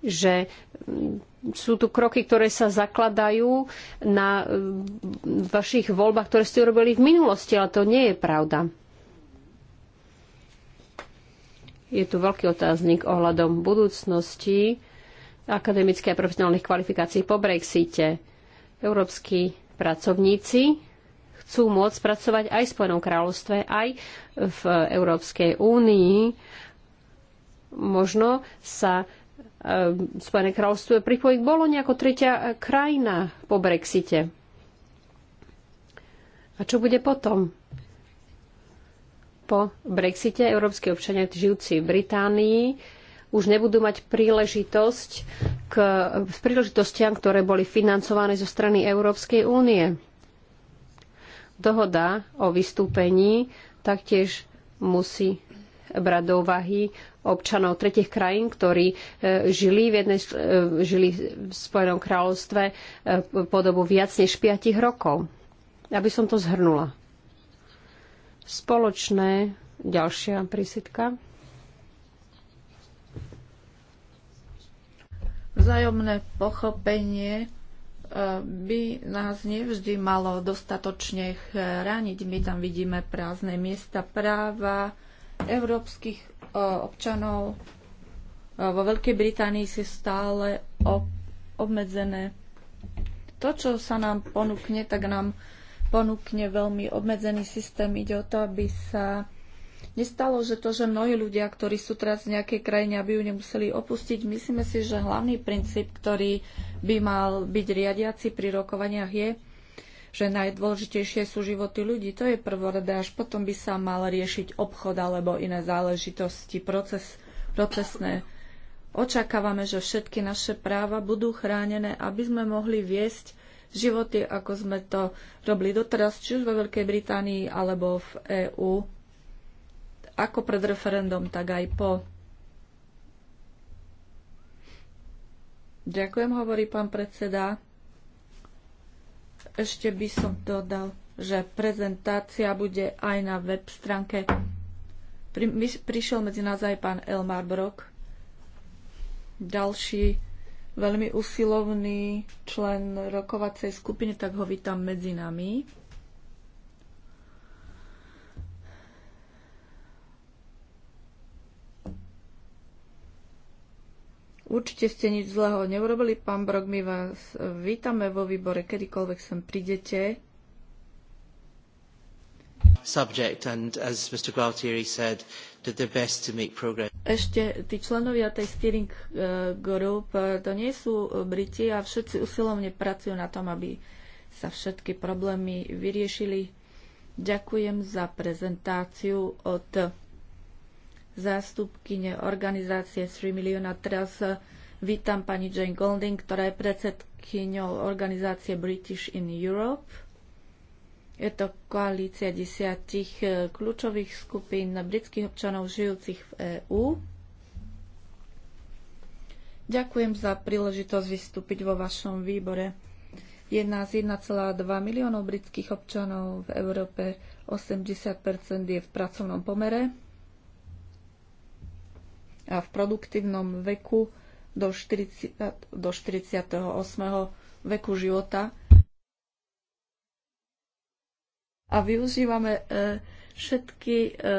že mm, sú tu kroky, ktoré sa zakladajú na mm, vašich voľbách, ktoré ste urobili v minulosti, ale to nie je pravda. Je tu veľký otáznik ohľadom budúcnosti akademické a profesionálnych kvalifikácií po Brexite. Európsky pracovníci chcú môcť pracovať aj v Spojenom kráľovstve, aj v Európskej únii. Možno sa eh, Spojené kráľovstvo pripojí k Boloni ako tretia eh, krajina po Brexite. A čo bude potom? Po Brexite európske občania žijúci v Británii už nebudú mať príležitosť k príležitostiam, ktoré boli financované zo strany Európskej únie. Dohoda o vystúpení taktiež musí brať do úvahy občanov tretich krajín, ktorí e, žili v, jednej, e, žili v Spojenom kráľovstve e, po dobu viac než 5 rokov. Aby som to zhrnula. Spoločné, ďalšia prísitka. Vzájomné pochopenie by nás nevždy malo dostatočne chrániť. My tam vidíme prázdne miesta práva európskych občanov. Vo Veľkej Británii si stále obmedzené. To, čo sa nám ponúkne, tak nám ponúkne veľmi obmedzený systém. Ide o to, aby sa nestalo, že to, že mnohí ľudia, ktorí sú teraz v nejakej krajine, aby ju nemuseli opustiť, myslíme si, že hlavný princíp, ktorý by mal byť riadiaci pri rokovaniach je, že najdôležitejšie sú životy ľudí. To je prvoradé, až potom by sa mal riešiť obchod alebo iné záležitosti, proces, procesné. Očakávame, že všetky naše práva budú chránené, aby sme mohli viesť životy, ako sme to robili doteraz, či už vo Veľkej Británii alebo v EÚ ako pred referendum, tak aj po. Ďakujem, hovorí pán predseda. Ešte by som dodal, že prezentácia bude aj na web stránke. Pri, prišiel medzi nás aj pán Elmar Brok, ďalší veľmi usilovný člen rokovacej skupiny, tak ho vítam medzi nami. Určite ste nič zlého neurobili, pán Brok, my vás vítame vo výbore, kedykoľvek sem prídete. Subject and as Mr. Gualtieri said, did their best to make progress. Ešte tí členovia tej steering eh, group, eh, to nie sú eh, Briti a všetci usilovne pracujú na tom, aby sa všetky problémy vyriešili. Ďakujem za prezentáciu od zástupkyne organizácie 3 milióna. Teraz eh, vítam pani Jane Golding, ktorá je predsedkyňou organizácie British in Europe. Je to koalícia desiatich eh, kľúčových skupín britských občanov žijúcich v EÚ. Ďakujem za príležitosť vystúpiť vo vašom výbore. Je nás 1,2 miliónov britských občanov v Európe, 80 je v pracovnom pomere v produktívnom veku do, 40, do 48. veku života. A využívame e, všetky, e, e,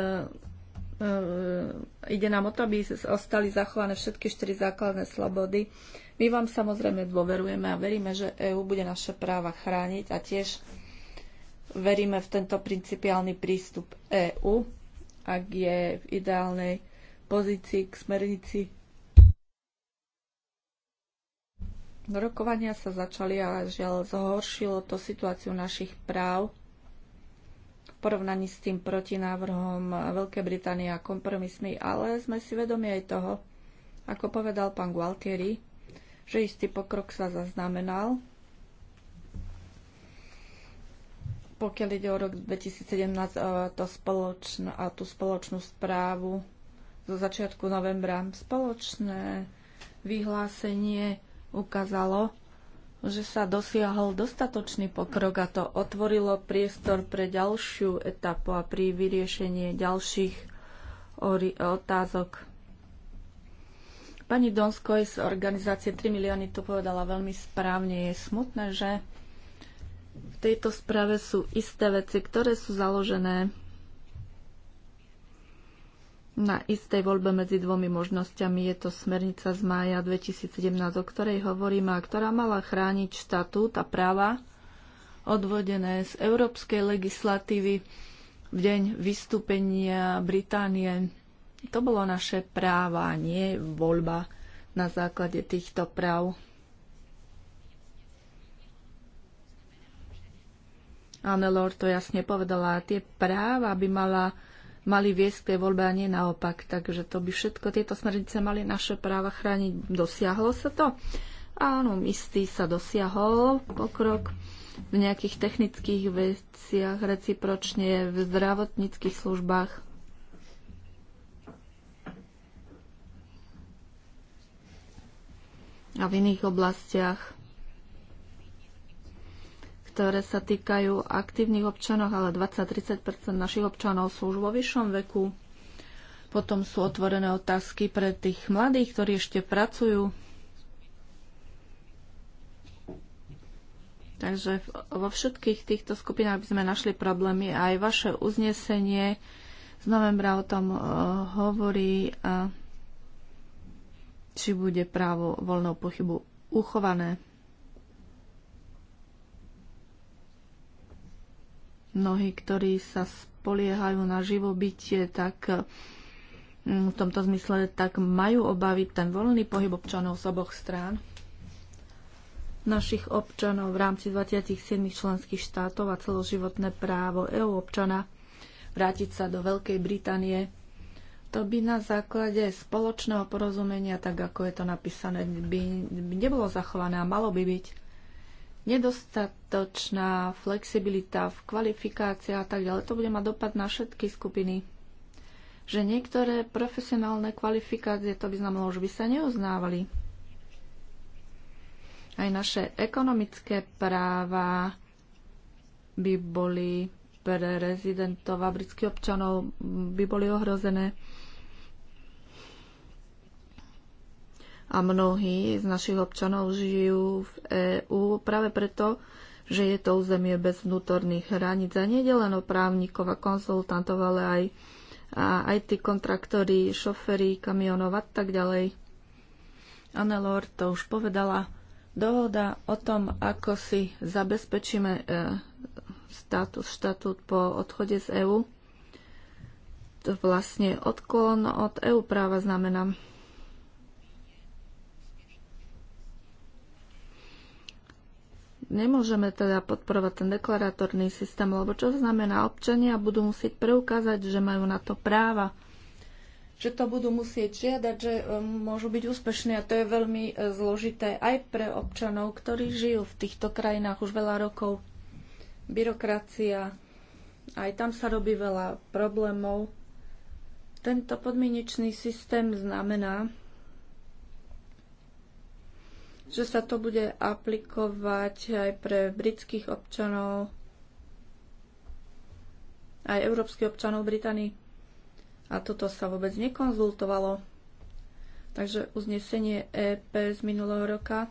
ide nám o to, aby ostali zachované všetky štyri základné slobody. My vám samozrejme dôverujeme a veríme, že EÚ bude naše práva chrániť a tiež veríme v tento principiálny prístup EÚ, ak je v ideálnej pozícii k smernici. Rokovania sa začali, a žiaľ zhoršilo to situáciu našich práv v porovnaní s tým protinávrhom Veľkej Británie a kompromismi, ale sme si vedomi aj toho, ako povedal pán Gualtieri, že istý pokrok sa zaznamenal. Pokiaľ ide o rok 2017 e, to spoločn- a tú spoločnú správu zo začiatku novembra. Spoločné vyhlásenie ukázalo, že sa dosiahol dostatočný pokrok a to otvorilo priestor pre ďalšiu etapu a pri vyriešenie ďalších otázok. Pani Donskoj z organizácie 3 milióny to povedala veľmi správne. Je smutné, že v tejto správe sú isté veci, ktoré sú založené na istej voľbe medzi dvomi možnosťami. Je to smernica z mája 2017, o ktorej hovoríme a ktorá mala chrániť štatút a práva odvodené z európskej legislatívy v deň vystúpenia Británie. To bolo naše práva, nie voľba na základe týchto práv. Anne Lord to jasne povedala, tie práva by mala mali viesť k tej voľbe a nie naopak. Takže to by všetko, tieto smernice mali naše práva chrániť. Dosiahlo sa to? Áno, istý sa dosiahol pokrok v nejakých technických veciach, recipročne v zdravotníckých službách. A v iných oblastiach ktoré sa týkajú aktívnych občanov, ale 20-30 našich občanov sú už vo vyššom veku. Potom sú otvorené otázky pre tých mladých, ktorí ešte pracujú. Takže vo všetkých týchto skupinách by sme našli problémy. Aj vaše uznesenie z novembra o tom e, hovorí, či bude právo voľnou pochybu uchované. Mnohí, ktorí sa spoliehajú na živobytie, tak mm, v tomto zmysle tak majú obavy ten voľný pohyb občanov z oboch strán našich občanov v rámci 27 členských štátov a celoživotné právo EU občana vrátiť sa do Veľkej Británie. To by na základe spoločného porozumenia, tak ako je to napísané, by nebolo zachované a malo by byť nedostatočná flexibilita v kvalifikácii a tak ďalej. To bude mať dopad na všetky skupiny. Že niektoré profesionálne kvalifikácie, to by znamenalo, že by sa neuznávali. Aj naše ekonomické práva by boli pre rezidentov a britských občanov by boli ohrozené. a mnohí z našich občanov žijú v EÚ práve preto, že je to územie bez vnútorných hraníc a nie len o právnikov a konzultantov, ale aj, a aj tí kontraktory, šoféry, kamionov a tak ďalej. Lord to už povedala. Dohoda o tom, ako si zabezpečíme e, status, štatút po odchode z EÚ, to vlastne odklon od EU práva znamená Nemôžeme teda podporovať ten deklaratórny systém, lebo čo znamená, občania budú musieť preukázať, že majú na to práva, že to budú musieť žiadať, že e, môžu byť úspešní a to je veľmi e, zložité aj pre občanov, ktorí žijú v týchto krajinách už veľa rokov. Byrokracia, aj tam sa robí veľa problémov. Tento podmienečný systém znamená, že sa to bude aplikovať aj pre britských občanov, aj európskych občanov Británii. A toto sa vôbec nekonzultovalo. Takže uznesenie EP z minulého roka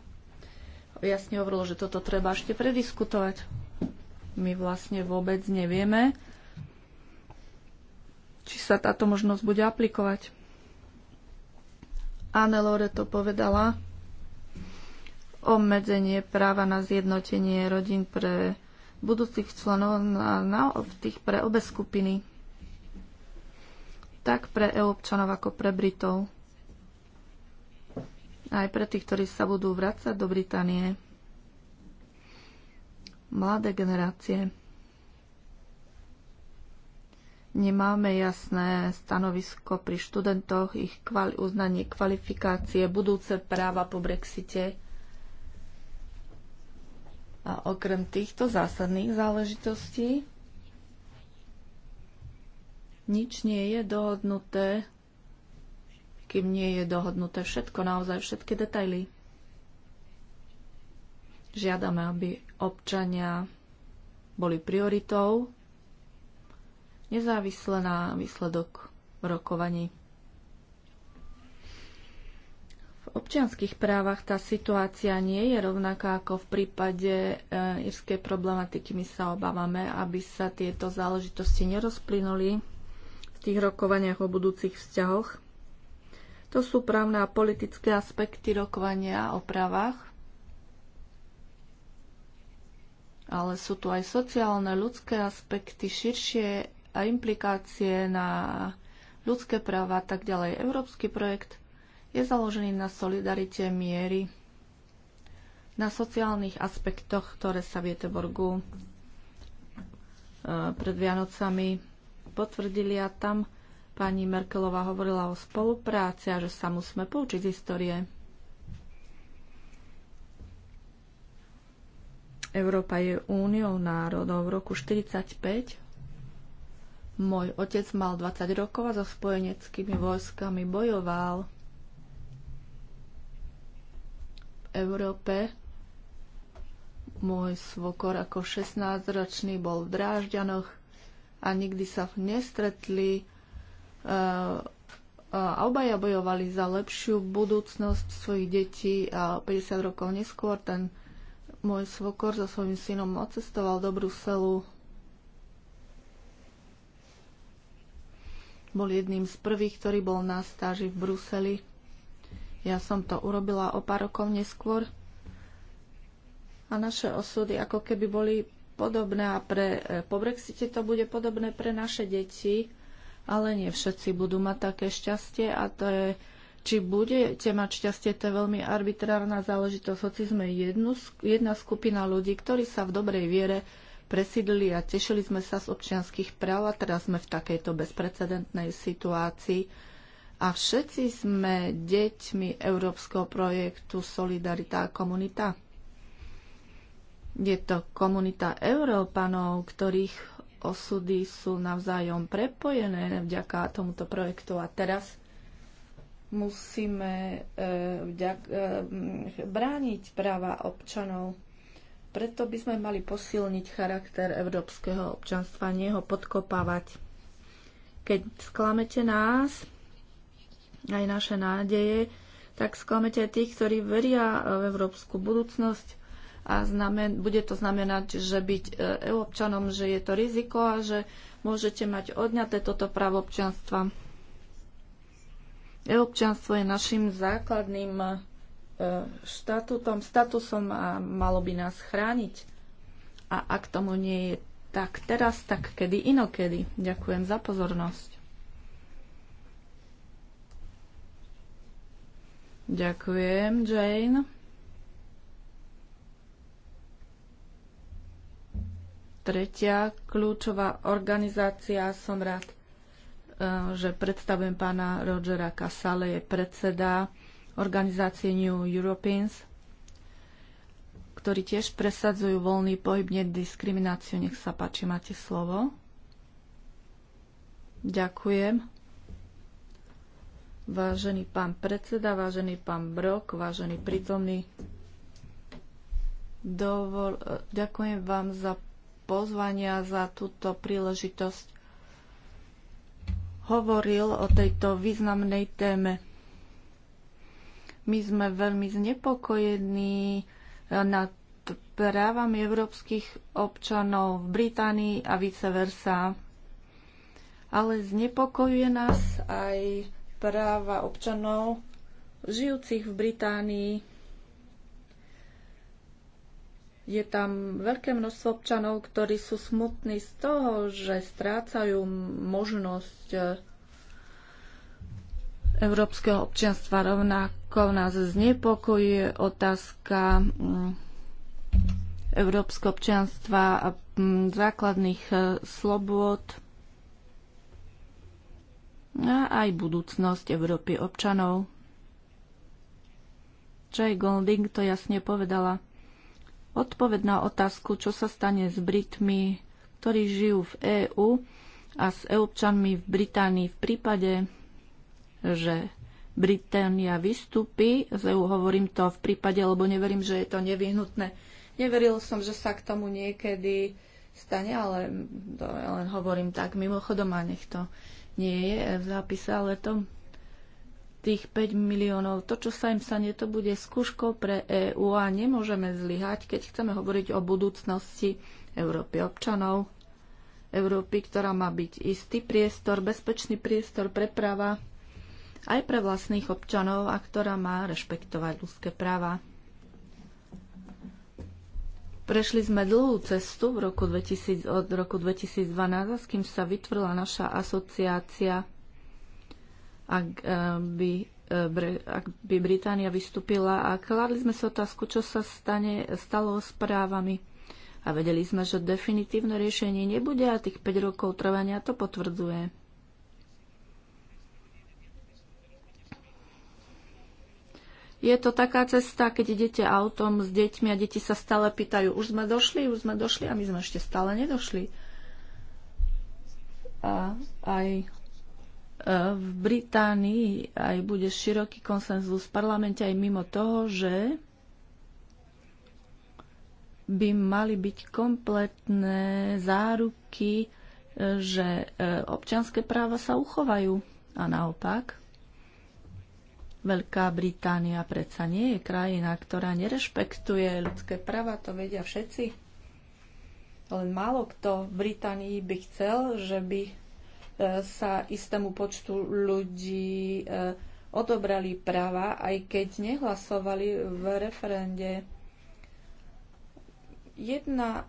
jasne hovorilo, že toto treba ešte prediskutovať. My vlastne vôbec nevieme, či sa táto možnosť bude aplikovať. Anne Lore to povedala, obmedzenie práva na zjednotenie rodín pre budúcich členov na, na tých pre obe skupiny. Tak pre EU občanov ako pre Britov. Aj pre tých, ktorí sa budú vrácať do Británie. Mladé generácie. Nemáme jasné stanovisko pri študentoch, ich kvali- uznanie kvalifikácie, budúce práva po Brexite a okrem týchto zásadných záležitostí nič nie je dohodnuté, kým nie je dohodnuté všetko, naozaj všetky detaily. Žiadame, aby občania boli prioritou, nezávisle na výsledok rokovaní. občianských právach tá situácia nie je rovnaká ako v prípade e, írskej problematiky. My sa obávame, aby sa tieto záležitosti nerozplynuli v tých rokovaniach o budúcich vzťahoch. To sú právne a politické aspekty rokovania o právach, ale sú tu aj sociálne, ľudské aspekty, širšie a implikácie na ľudské práva a tak ďalej. Európsky projekt je založený na solidarite miery, na sociálnych aspektoch, ktoré sa v Jeteborgu e, pred Vianocami potvrdili a tam pani Merkelová hovorila o spolupráci a že sa musíme poučiť z histórie. Európa je úniou národov. V roku 1945 môj otec mal 20 rokov a so spojeneckými vojskami bojoval Európe. Môj svokor ako 16-ročný bol v Drážďanoch a nikdy sa nestretli eh, eh, a obaja bojovali za lepšiu budúcnosť svojich detí a 50 rokov neskôr ten môj svokor so svojím synom odcestoval do Bruselu. Bol jedným z prvých, ktorý bol na stáži v Bruseli. Ja som to urobila o pár rokov neskôr. A naše osudy ako keby boli podobné a pre, e, po Brexite to bude podobné pre naše deti, ale nie všetci budú mať také šťastie a to je, či budete mať šťastie, to je veľmi arbitrárna záležitosť, hoci sme jednu, jedna skupina ľudí, ktorí sa v dobrej viere presídli a tešili sme sa z občianských práv a teraz sme v takejto bezprecedentnej situácii a všetci sme deťmi európskeho projektu Solidarita a komunita. Je to komunita Európanov, ktorých osudy sú navzájom prepojené vďaka tomuto projektu a teraz musíme e, vďak, e, brániť práva občanov. Preto by sme mali posilniť charakter európskeho občanstva, nie ho podkopávať. Keď sklamete nás, aj naše nádeje, tak sklamete aj tých, ktorí veria v európsku budúcnosť a znamen, bude to znamenať, že byť EU občanom, že je to riziko a že môžete mať odňaté toto právo občanstva. E-občanstvo je našim základným e, štatutom, statusom a malo by nás chrániť. A ak tomu nie je tak teraz, tak kedy inokedy. Ďakujem za pozornosť. Ďakujem, Jane. Tretia kľúčová organizácia, som rád, eh, že predstavujem pána Rogera Casale, je predseda organizácie New Europeans, ktorí tiež presadzujú voľný pohyb, nediskrimináciu. Nech sa páči, máte slovo. Ďakujem. Vážený pán predseda, vážený pán Brok, vážený prítomný, dovol, ďakujem vám za pozvania, za túto príležitosť. Hovoril o tejto významnej téme. My sme veľmi znepokojení nad právami európskych občanov v Británii a vice versa. Ale znepokojuje nás aj práva občanov žijúcich v Británii. Je tam veľké množstvo občanov, ktorí sú smutní z toho, že strácajú možnosť eh, európskeho občianstva. Rovnako nás znepokojuje otázka mm, európskeho občianstva a mm, základných eh, slobôd a aj budúcnosť Európy občanov. Jay Golding to jasne povedala. Odpoved na otázku, čo sa stane s Britmi, ktorí žijú v EÚ a s občanmi v Británii v prípade, že Británia vystúpi z EÚ, hovorím to v prípade, lebo neverím, že je to nevyhnutné. Neveril som, že sa k tomu niekedy stane, ale to len hovorím tak mimochodom a nech to nie je v zápise, ale to tých 5 miliónov, to, čo sa im stane, to bude skúškou pre EÚ a nemôžeme zlyhať, keď chceme hovoriť o budúcnosti Európy občanov, Európy, ktorá má byť istý priestor, bezpečný priestor, preprava aj pre vlastných občanov a ktorá má rešpektovať ľudské práva. Prešli sme dlhú cestu v roku 2000, od roku 2012, s kým sa vytvorila naša asociácia, ak eh, by, eh, ak by Británia vystúpila a kladli sme si otázku, čo sa stane, stalo s právami. A vedeli sme, že definitívne riešenie nebude a tých 5 rokov trvania to potvrdzuje. Je to taká cesta, keď idete autom s deťmi a deti sa stále pýtajú, už sme došli, už sme došli a my sme ešte stále nedošli. A aj e, v Británii aj bude široký konsenzus v parlamente aj mimo toho, že by mali byť kompletné záruky, e, že e, občianské práva sa uchovajú. A naopak, Veľká Británia predsa nie je krajina, ktorá nerešpektuje ľudské práva, to vedia všetci. Len málo kto v Británii by chcel, že by e, sa istému počtu ľudí e, odobrali práva, aj keď nehlasovali v referende. Jedna e,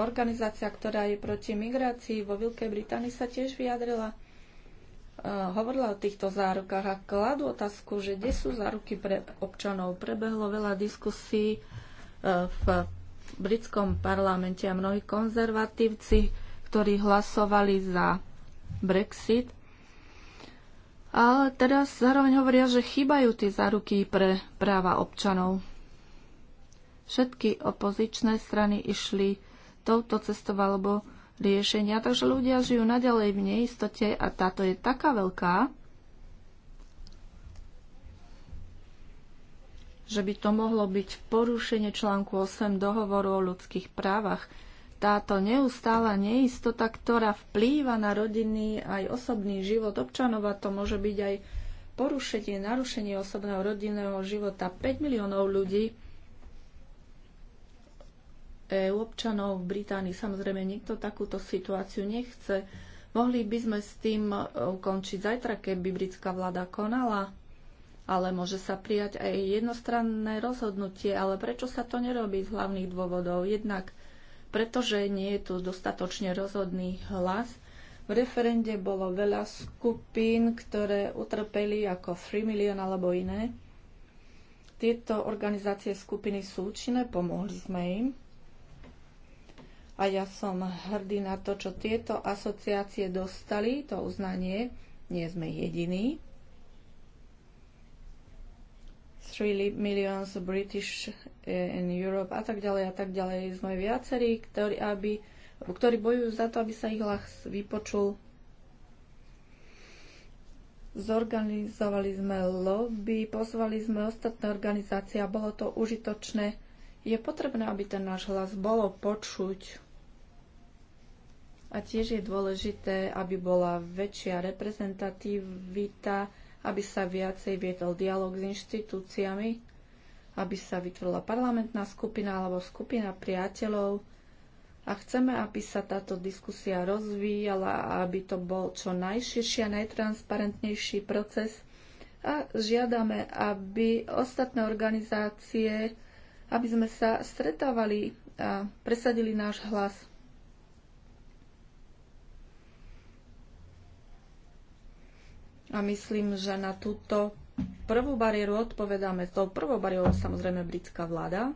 organizácia, ktorá je proti migrácii vo Veľkej Británii, sa tiež vyjadrila – Eh, hovorila o týchto zárukách a kladú otázku, že kde sú záruky pre občanov. Prebehlo veľa diskusí eh, v britskom parlamente a mnohí konzervatívci, ktorí hlasovali za Brexit, ale teraz zároveň hovoria, že chýbajú tie záruky pre práva občanov. Všetky opozičné strany išli touto cestou alebo riešenia, takže ľudia žijú naďalej v neistote a táto je taká veľká, že by to mohlo byť v porušenie článku 8 dohovoru o ľudských právach. Táto neustála neistota, ktorá vplýva na rodinný aj osobný život občanov a to môže byť aj porušenie, narušenie osobného rodinného života 5 miliónov ľudí EU občanov v Británii. Samozrejme, nikto takúto situáciu nechce. Mohli by sme s tým ukončiť zajtra, keby britská vláda konala, ale môže sa prijať aj jednostranné rozhodnutie. Ale prečo sa to nerobí z hlavných dôvodov? Jednak pretože nie je tu dostatočne rozhodný hlas. V referende bolo veľa skupín, ktoré utrpeli ako Free Million alebo iné. Tieto organizácie skupiny sú účinné, pomohli sme im, a ja som hrdý na to, čo tieto asociácie dostali, to uznanie. Nie sme jediní. 3 millions British eh, in Europe a tak ďalej a tak ďalej. Sme viacerí, ktorí, aby, ktorí bojujú za to, aby sa ich hlas vypočul. Zorganizovali sme lobby, pozvali sme ostatné organizácie a bolo to užitočné. Je potrebné, aby ten náš hlas bolo počuť a tiež je dôležité, aby bola väčšia reprezentativita, aby sa viacej viedol dialog s inštitúciami, aby sa vytvorila parlamentná skupina alebo skupina priateľov. A chceme, aby sa táto diskusia rozvíjala, aby to bol čo najširší a najtransparentnejší proces – a žiadame, aby ostatné organizácie, aby sme sa stretávali a presadili náš hlas. A myslím, že na túto prvú bariéru odpovedáme. S tou prvou bariérou samozrejme britská vláda.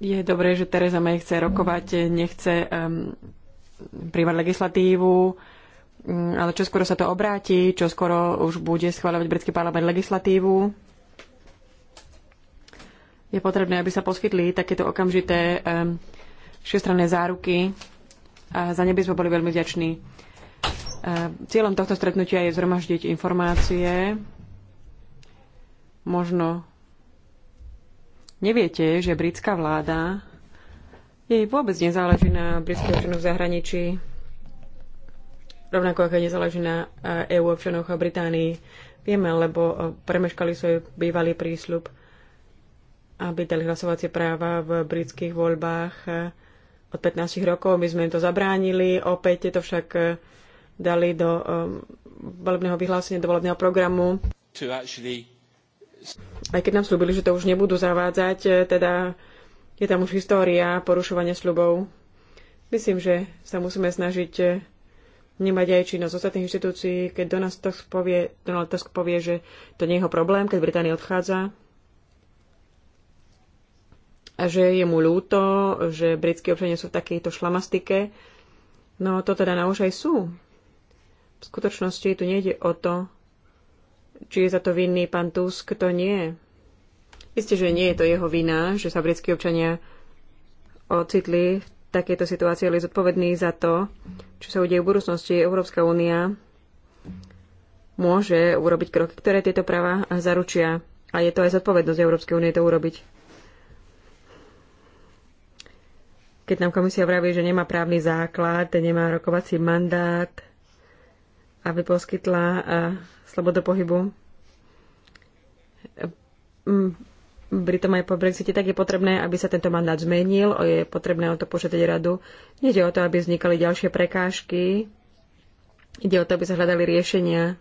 Je dobré, že Tereza May chce rokovať, nechce um, príjmať legislatívu, um, ale čo skoro sa to obráti, čo skoro už bude schváľovať britský parlament legislatívu. Je potrebné, aby sa poskytli takéto okamžité um, všestranné záruky a za ne by sme boli veľmi vďační E, cieľom tohto stretnutia je zhromaždiť informácie. Možno neviete, že britská vláda jej vôbec nezáleží na britských občanoch v zahraničí, rovnako ako nezáleží na EU e občanoch v Británii. Vieme, lebo e, premeškali svoj bývalý prísľub, aby dali hlasovacie práva v britských voľbách od 15 rokov. My sme im to zabránili, opäť je to však dali do um, volebného vyhlásenia, do volebného programu. Aj keď nám slúbili, že to už nebudú zavádzať, eh, teda je tam už história porušovania sľubov. Myslím, že sa musíme snažiť eh, nemať aj činnosť ostatných inštitúcií, keď Donald Tusk povie, Donald Tusk povie, že to nie je jeho problém, keď Británia odchádza a že je mu ľúto, že britskí občania sú v takejto šlamastike. No to teda naozaj sú. V skutočnosti tu nejde o to, či je za to vinný pán Tusk, to nie. Isté, že nie je to jeho vina, že sa britskí občania ocitli v takejto situácii, ale je zodpovedný za to, čo sa udeje v budúcnosti. Európska únia môže urobiť kroky, ktoré tieto práva zaručia. A je to aj zodpovednosť Európskej únie to urobiť. Keď nám komisia vraví, že nemá právny základ, nemá rokovací mandát, aby poskytla eh, slobodu pohybu. Mm, Britom aj po Brexite, tak je potrebné, aby sa tento mandát zmenil, je potrebné o to požiadať radu. Nede o to, aby vznikali ďalšie prekážky, ide o to, aby sa hľadali riešenia,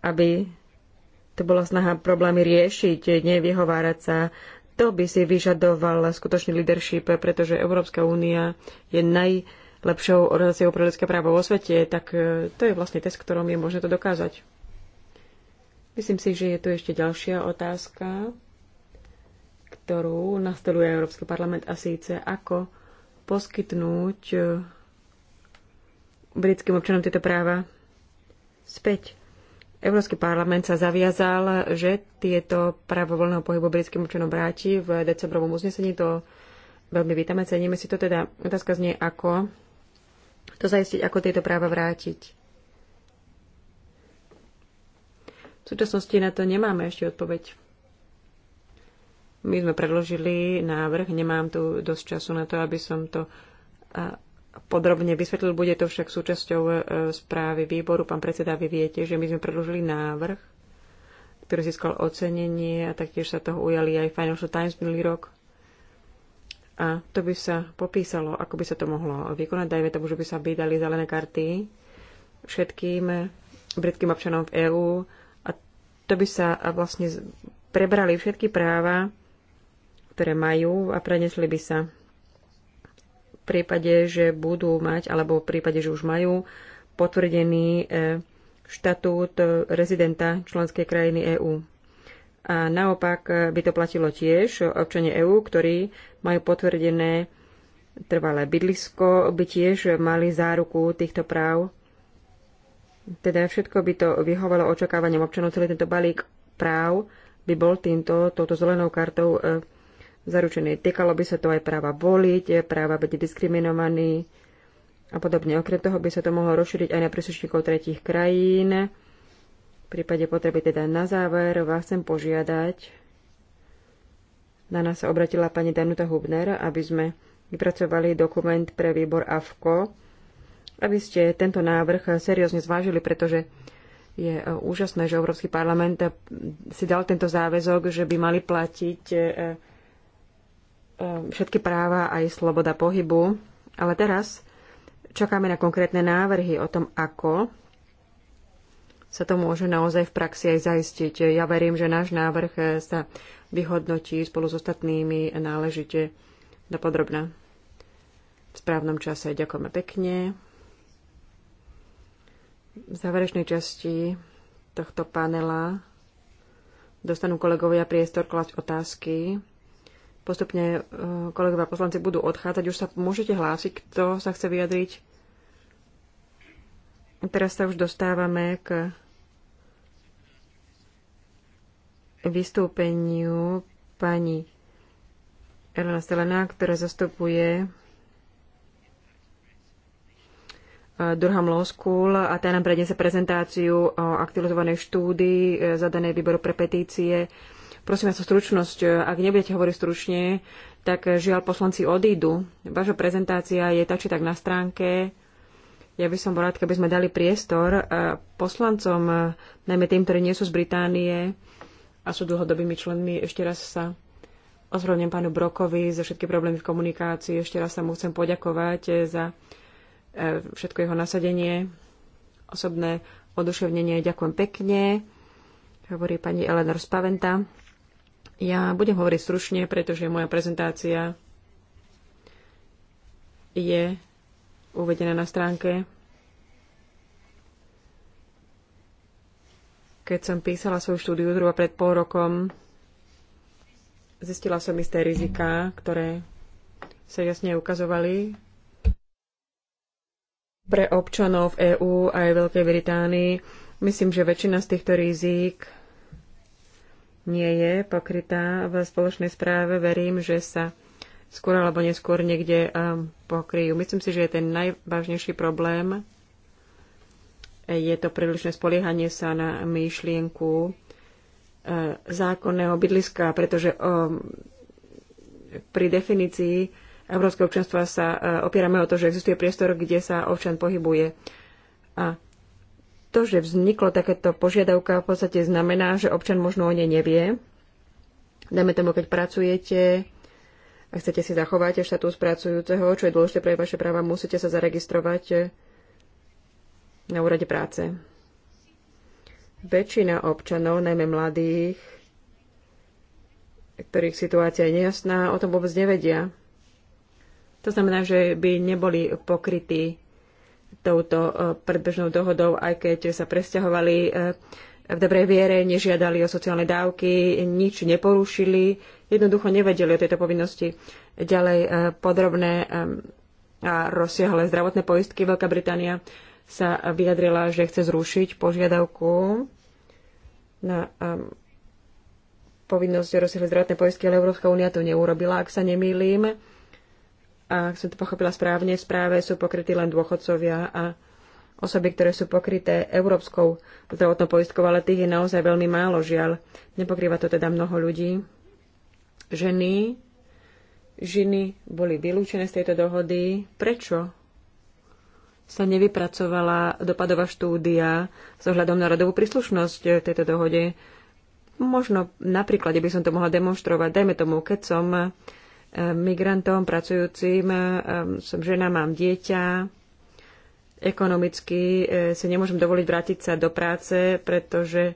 aby to bola snaha problémy riešiť, nevyhovárať sa. To by si vyžadoval skutočný leadership, pretože Európska únia je naj lepšou organizáciou pre ľudské právo vo svete, tak e, to je vlastne test, ktorom je možné to dokázať. Myslím si, že je tu ešte ďalšia otázka, ktorú nastoluje Európsky parlament a síce ako poskytnúť e, britským občanom tieto práva späť. Európsky parlament sa zaviazal, že tieto právo voľného pohybu britským občanom vráti v decembrovom uznesení. To veľmi vítame, ceníme si to teda. Otázka znie, ako to zaistiť, ako tieto práva vrátiť. V súčasnosti na to nemáme ešte odpoveď. My sme predložili návrh, nemám tu dosť času na to, aby som to podrobne vysvetlil. Bude to však súčasťou e, správy výboru. Pán predseda, vy viete, že my sme predložili návrh, ktorý získal ocenenie a taktiež sa toho ujali aj Financial Times minulý rok. A to by sa popísalo, ako by sa to mohlo vykonať. Dajme tomu, že by sa vydali zelené karty všetkým britským občanom v EÚ a to by sa vlastne prebrali všetky práva, ktoré majú a prenesli by sa v prípade, že budú mať, alebo v prípade, že už majú potvrdený e, štatút rezidenta členskej krajiny EÚ. A naopak e, by to platilo tiež občania EÚ, ktorí majú potvrdené trvalé bydlisko, by tiež mali záruku týchto práv. Teda všetko by to vyhovalo očakávaniam občanov. Celý tento balík práv by bol týmto, touto zelenou kartou e, zaručený. Týkalo by sa to aj práva voliť, práva byť diskriminovaný a podobne. Okrem toho by sa to mohlo rozšíriť aj na príslušníkov tretích krajín v prípade potreby teda na záver vás chcem požiadať, na nás sa obratila pani Danuta Hubner, aby sme vypracovali dokument pre výbor AFKO, aby ste tento návrh seriózne zvážili, pretože je e, úžasné, že Európsky parlament e, si dal tento záväzok, že by mali platiť e, všetky práva aj sloboda pohybu. Ale teraz čakáme na konkrétne návrhy o tom, ako sa to môže naozaj v praxi aj zaistiť. Ja verím, že náš návrh sa vyhodnotí spolu s ostatnými náležite dopodrobná. V správnom čase ďakujeme pekne. V záverečnej časti tohto panela dostanú kolegovia priestor klasť otázky. Postupne eh, kolegovia poslanci budú odchádzať. Už sa môžete hlásiť, kto sa chce vyjadriť. Teraz sa už dostávame k vystúpeniu pani Elena Stelena, ktorá zastupuje e, Durham Law School a tá nám prednese prezentáciu o aktualizovanej štúdii e, zadanej výboru pre petície. Prosím vás o stručnosť. E, ak nebudete hovoriť stručne, tak žiaľ poslanci odídu. Vaša prezentácia je tak či tak na stránke. Ja by som bol rád, keby sme dali priestor poslancom, najmä tým, ktorí nie sú z Británie, a sú dlhodobými členmi. Ešte raz sa ozrovnem pánu Brokovi za všetky problémy v komunikácii. Ešte raz sa mu chcem poďakovať eh, za eh, všetko jeho nasadenie, osobné oduševnenie. Ďakujem pekne, hovorí pani Eleanor Spaventa. Ja budem hovoriť stručne, pretože moja prezentácia je uvedená na stránke Keď som písala svoju štúdiu zhruba pred pol rokom, zistila som isté riziká, ktoré sa jasne ukazovali pre občanov v EÚ aj Veľkej Británii. Myslím, že väčšina z týchto rizík nie je pokrytá v spoločnej správe. Verím, že sa skôr alebo neskôr niekde um, pokryjú. Myslím si, že je ten najvážnejší problém je to prílišné spoliehanie sa na myšlienku e, zákonného bydliska, pretože pri definícii európskeho občanstva sa e, opierame o to, že existuje priestor, kde sa občan pohybuje. A to, že vzniklo takéto požiadavka, v podstate znamená, že občan možno o nej nevie. Dajme tomu, keď pracujete a chcete si zachovať štatus pracujúceho, čo je dôležité pre vaše práva, musíte sa zaregistrovať na úrade práce. Väčšina občanov, najmä mladých, ktorých situácia je nejasná, o tom vôbec nevedia. To znamená, že by neboli pokrytí touto e, predbežnou dohodou, aj keď sa presťahovali e, v dobrej viere, nežiadali o sociálne dávky, nič neporušili, jednoducho nevedeli o tejto povinnosti. Ďalej e, podrobné a rozsiahle zdravotné poistky Veľká Británia sa vyjadrila, že chce zrušiť požiadavku na um, povinnosť rozsiahle zdravotné poistky, ale Európska únia to neurobila, ak sa nemýlim. A ak som to pochopila správne, v správe sú pokrytí len dôchodcovia a osoby, ktoré sú pokryté európskou zdravotnou poistkou, ale tých je naozaj veľmi málo, žiaľ. Nepokrýva to teda mnoho ľudí. Ženy, ženy boli vylúčené z tejto dohody. Prečo? sa nevypracovala dopadová štúdia s ohľadom na rodovú príslušnosť eh, tejto dohode. Možno napríklad by som to mohla demonstrovať. Dajme tomu, keď som eh, migrantom pracujúcim, eh, som žena, mám dieťa, ekonomicky si nemôžem dovoliť vrátiť sa do práce, pretože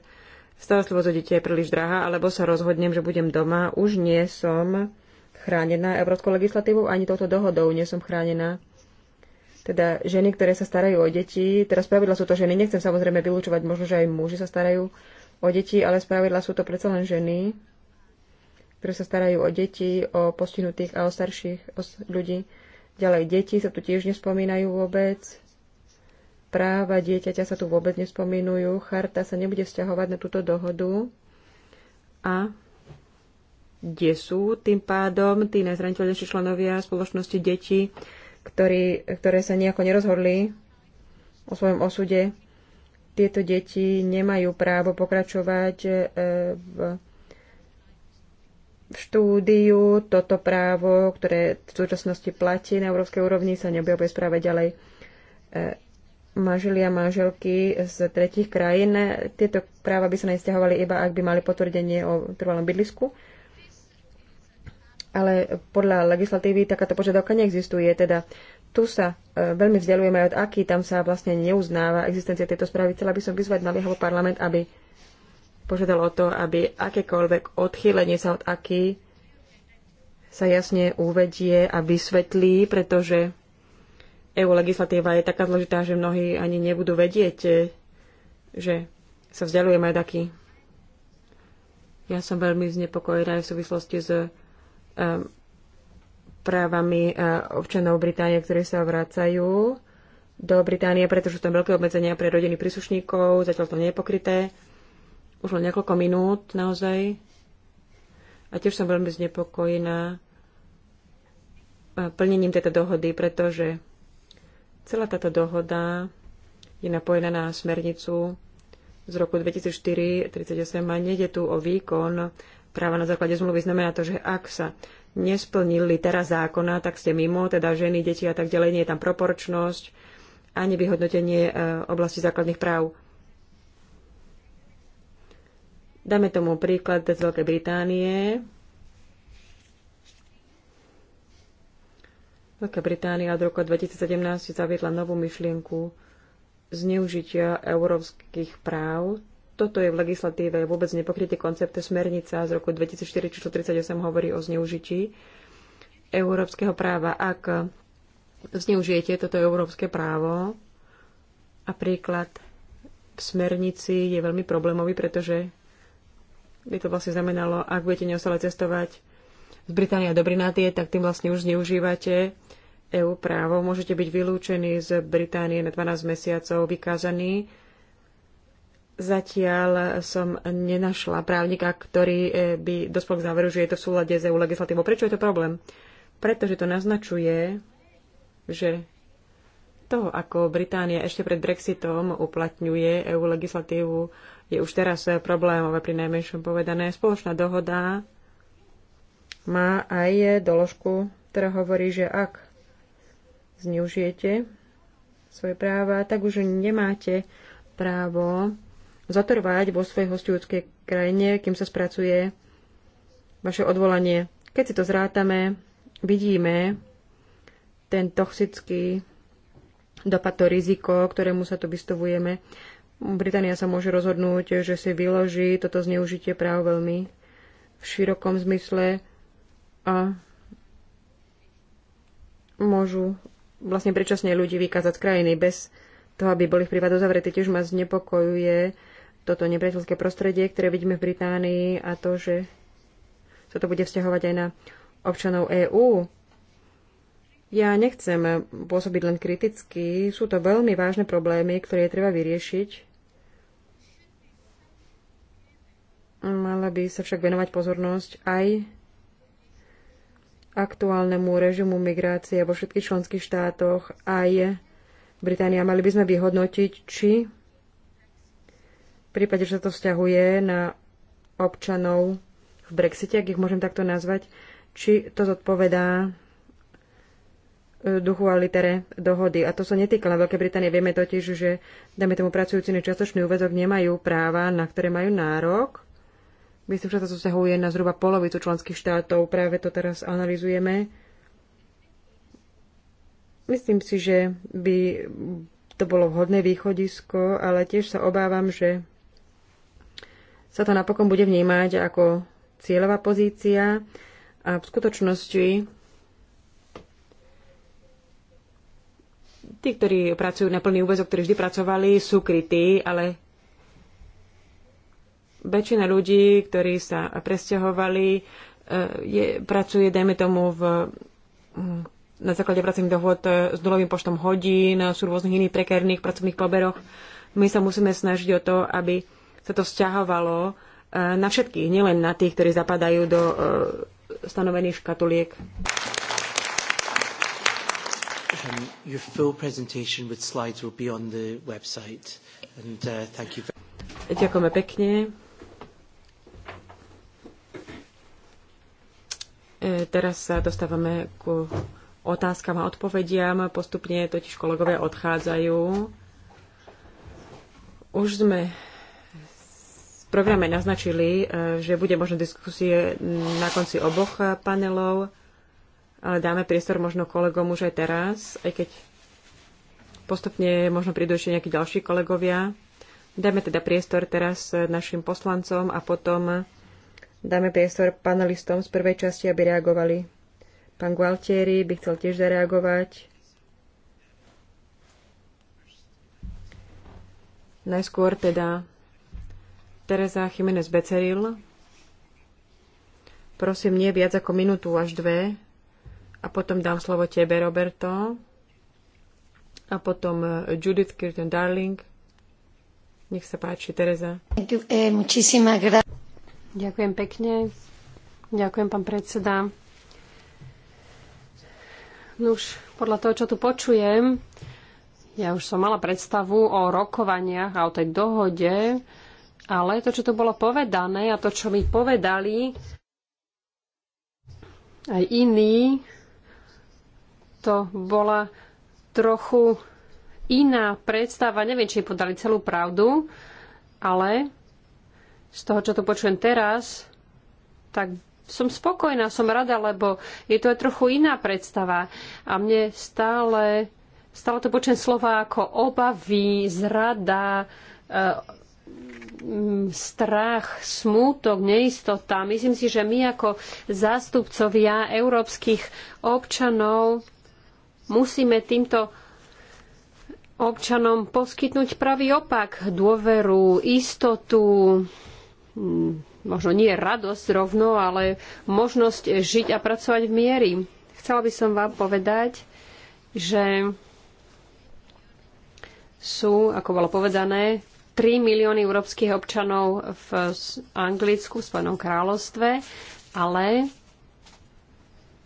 starostlivosť o dieťa je príliš drahá, alebo sa rozhodnem, že budem doma. Už nie som chránená európskou legislatívou, ani touto dohodou nie som chránená teda ženy, ktoré sa starajú o deti. Teraz pravidla sú to ženy, nechcem samozrejme vylúčovať, možno, že aj muži sa starajú o deti, ale spravidla sú to predsa len ženy, ktoré sa starajú o deti, o postihnutých a o starších o ľudí. Ďalej deti sa tu tiež nespomínajú vôbec. Práva dieťaťa sa tu vôbec nespomínajú. Charta sa nebude vzťahovať na túto dohodu. A kde sú tým pádom tí najzraniteľnejší členovia spoločnosti detí? ktorí, ktoré sa nejako nerozhodli o svojom osude. Tieto deti nemajú právo pokračovať e, v v štúdiu toto právo, ktoré v súčasnosti platí na európskej úrovni, sa neobjavuje správe ďalej. E, manželia a manželky z tretich krajín, tieto práva by sa nestiahovali iba, ak by mali potvrdenie o trvalom bydlisku ale podľa legislatívy takáto požiadavka neexistuje. Teda tu sa e, veľmi vzdialujeme od aký, tam sa vlastne neuznáva existencia tejto správy. Chcela by som vyzvať naliehavo parlament, aby požiadal o to, aby akékoľvek odchýlenie sa od aký sa jasne uvedie a vysvetlí, pretože EU legislatíva je taká zložitá, že mnohí ani nebudú vedieť, e, že sa vzdialujeme od aký. Ja som veľmi znepokojená aj v súvislosti s E, právami e, občanov Británie, ktorí sa vracajú do Británie, pretože sú tam veľké obmedzenia pre rodiny príslušníkov, zatiaľ to nie je pokryté. Už len niekoľko minút naozaj. A tiež som veľmi znepokojená e, plnením tejto dohody, pretože celá táto dohoda je napojená na smernicu z roku 2004-38 a nejde tu o výkon práva na základe zmluvy. Znamená to, že ak sa nesplnili teraz zákona, tak ste mimo, teda ženy, deti a tak ďalej, nie je tam proporčnosť ani vyhodnotenie e, oblasti základných práv. Dáme tomu príklad z Veľkej Británie. Veľká Británia od roku 2017 zaviedla novú myšlienku zneužitia európskych práv toto je v legislatíve vôbec nepokrytý koncept. Smernica z roku 2004 číslo 38 hovorí o zneužití európskeho práva. Ak zneužijete toto európske právo, a príklad v smernici je veľmi problémový, pretože by to vlastne znamenalo, ak budete neustále cestovať z Británie do Brinátie, tak tým vlastne už zneužívate EU právo. Môžete byť vylúčení z Británie na 12 mesiacov, vykázaní Zatiaľ som nenašla právnika, ktorý e, by dospol k záveru, že je to v súlade s EU legislatívou. Prečo je to problém? Pretože to naznačuje, že to, ako Británia ešte pred Brexitom uplatňuje EU legislatívu, je už teraz problémové, pri najmenšom povedané. Spoločná dohoda má aj doložku, ktorá hovorí, že ak zneužijete svoje práva, tak už nemáte právo zatrvať vo svojej hostujúckej krajine, kým sa spracuje vaše odvolanie. Keď si to zrátame, vidíme ten toxický dopad, to riziko, ktorému sa tu vystavujeme. Británia sa môže rozhodnúť, že si vyloží toto zneužitie práv veľmi v širokom zmysle a môžu vlastne predčasne ľudí vykázať z krajiny bez toho, aby boli v privát uzavretí. Tiež ma znepokojuje toto nepriateľské prostredie, ktoré vidíme v Británii a to, že sa to bude vzťahovať aj na občanov EÚ. Ja nechcem pôsobiť len kriticky, sú to veľmi vážne problémy, ktoré je treba vyriešiť. Mala by sa však venovať pozornosť aj aktuálnemu režimu migrácie vo všetkých členských štátoch, aj Británia. Mali by sme vyhodnotiť, či v prípade, že sa to vzťahuje na občanov v Brexite, ak ich môžem takto nazvať, či to zodpovedá e, duchu a litere dohody. A to sa netýka na Veľkej Británie. Vieme totiž, že dáme tomu pracujúci na čiastočný úvezok nemajú práva, na ktoré majú nárok. Myslím, že sa to zasahuje na zhruba polovicu členských štátov. Práve to teraz analizujeme. Myslím si, že by to bolo vhodné východisko, ale tiež sa obávam, že sa to napokon bude vnímať ako cieľová pozícia a v skutočnosti tí, ktorí pracujú na plný úvezok, ktorí vždy pracovali, sú krytí, ale väčšina ľudí, ktorí sa presťahovali, e, je, pracuje, dajme tomu, v, mm, na základe pracovných dohod e, s nulovým počtom hodín, sú rôznych iných prekérnych pracovných poberoch. My sa musíme snažiť o to, aby sa to vzťahovalo e, na všetkých, nielen na tých, ktorí zapadajú do e, stanovených škatuliek. Um, uh, Ďakujeme pekne. E, teraz sa dostávame ku otázkam a odpovediam. Postupne totiž kolegovia odchádzajú. Už sme programe naznačili, e, že bude možno diskusie na konci oboch e, panelov, ale dáme priestor možno kolegom už aj teraz, aj keď postupne možno prídu ešte nejakí ďalší kolegovia. Dáme teda priestor teraz e, našim poslancom a potom dáme priestor panelistom z prvej časti, aby reagovali. Pán Gualtieri by chcel tiež zareagovať. Najskôr teda Teresa Jiménez Beceril. Prosím, nie viac ako minútu až dve. A potom dám slovo tebe, Roberto. A potom eh, Judith Kirton Darling. Nech sa páči, Teresa. Eh, Ďakujem pekne. Ďakujem, pán predseda. No už podľa toho, čo tu počujem, ja už som mala predstavu o rokovaniach a o tej dohode, ale to, čo to bolo povedané a to, čo mi povedali aj iní, to bola trochu iná predstava. Neviem, či podali celú pravdu, ale z toho, čo to počujem teraz, tak som spokojná, som rada, lebo je to aj trochu iná predstava. A mne stále, stále to počujem slova ako obavy, zrada, e, Mm, strach, smútok, neistota. Myslím si, že my ako zástupcovia európskych občanov musíme týmto občanom poskytnúť pravý opak, dôveru, istotu, mm, možno nie radosť rovno, ale možnosť žiť a pracovať v miery. Chcela by som vám povedať, že sú, ako bolo povedané, 3 milióny európskych občanov v Anglicku, v Spojenom kráľovstve, ale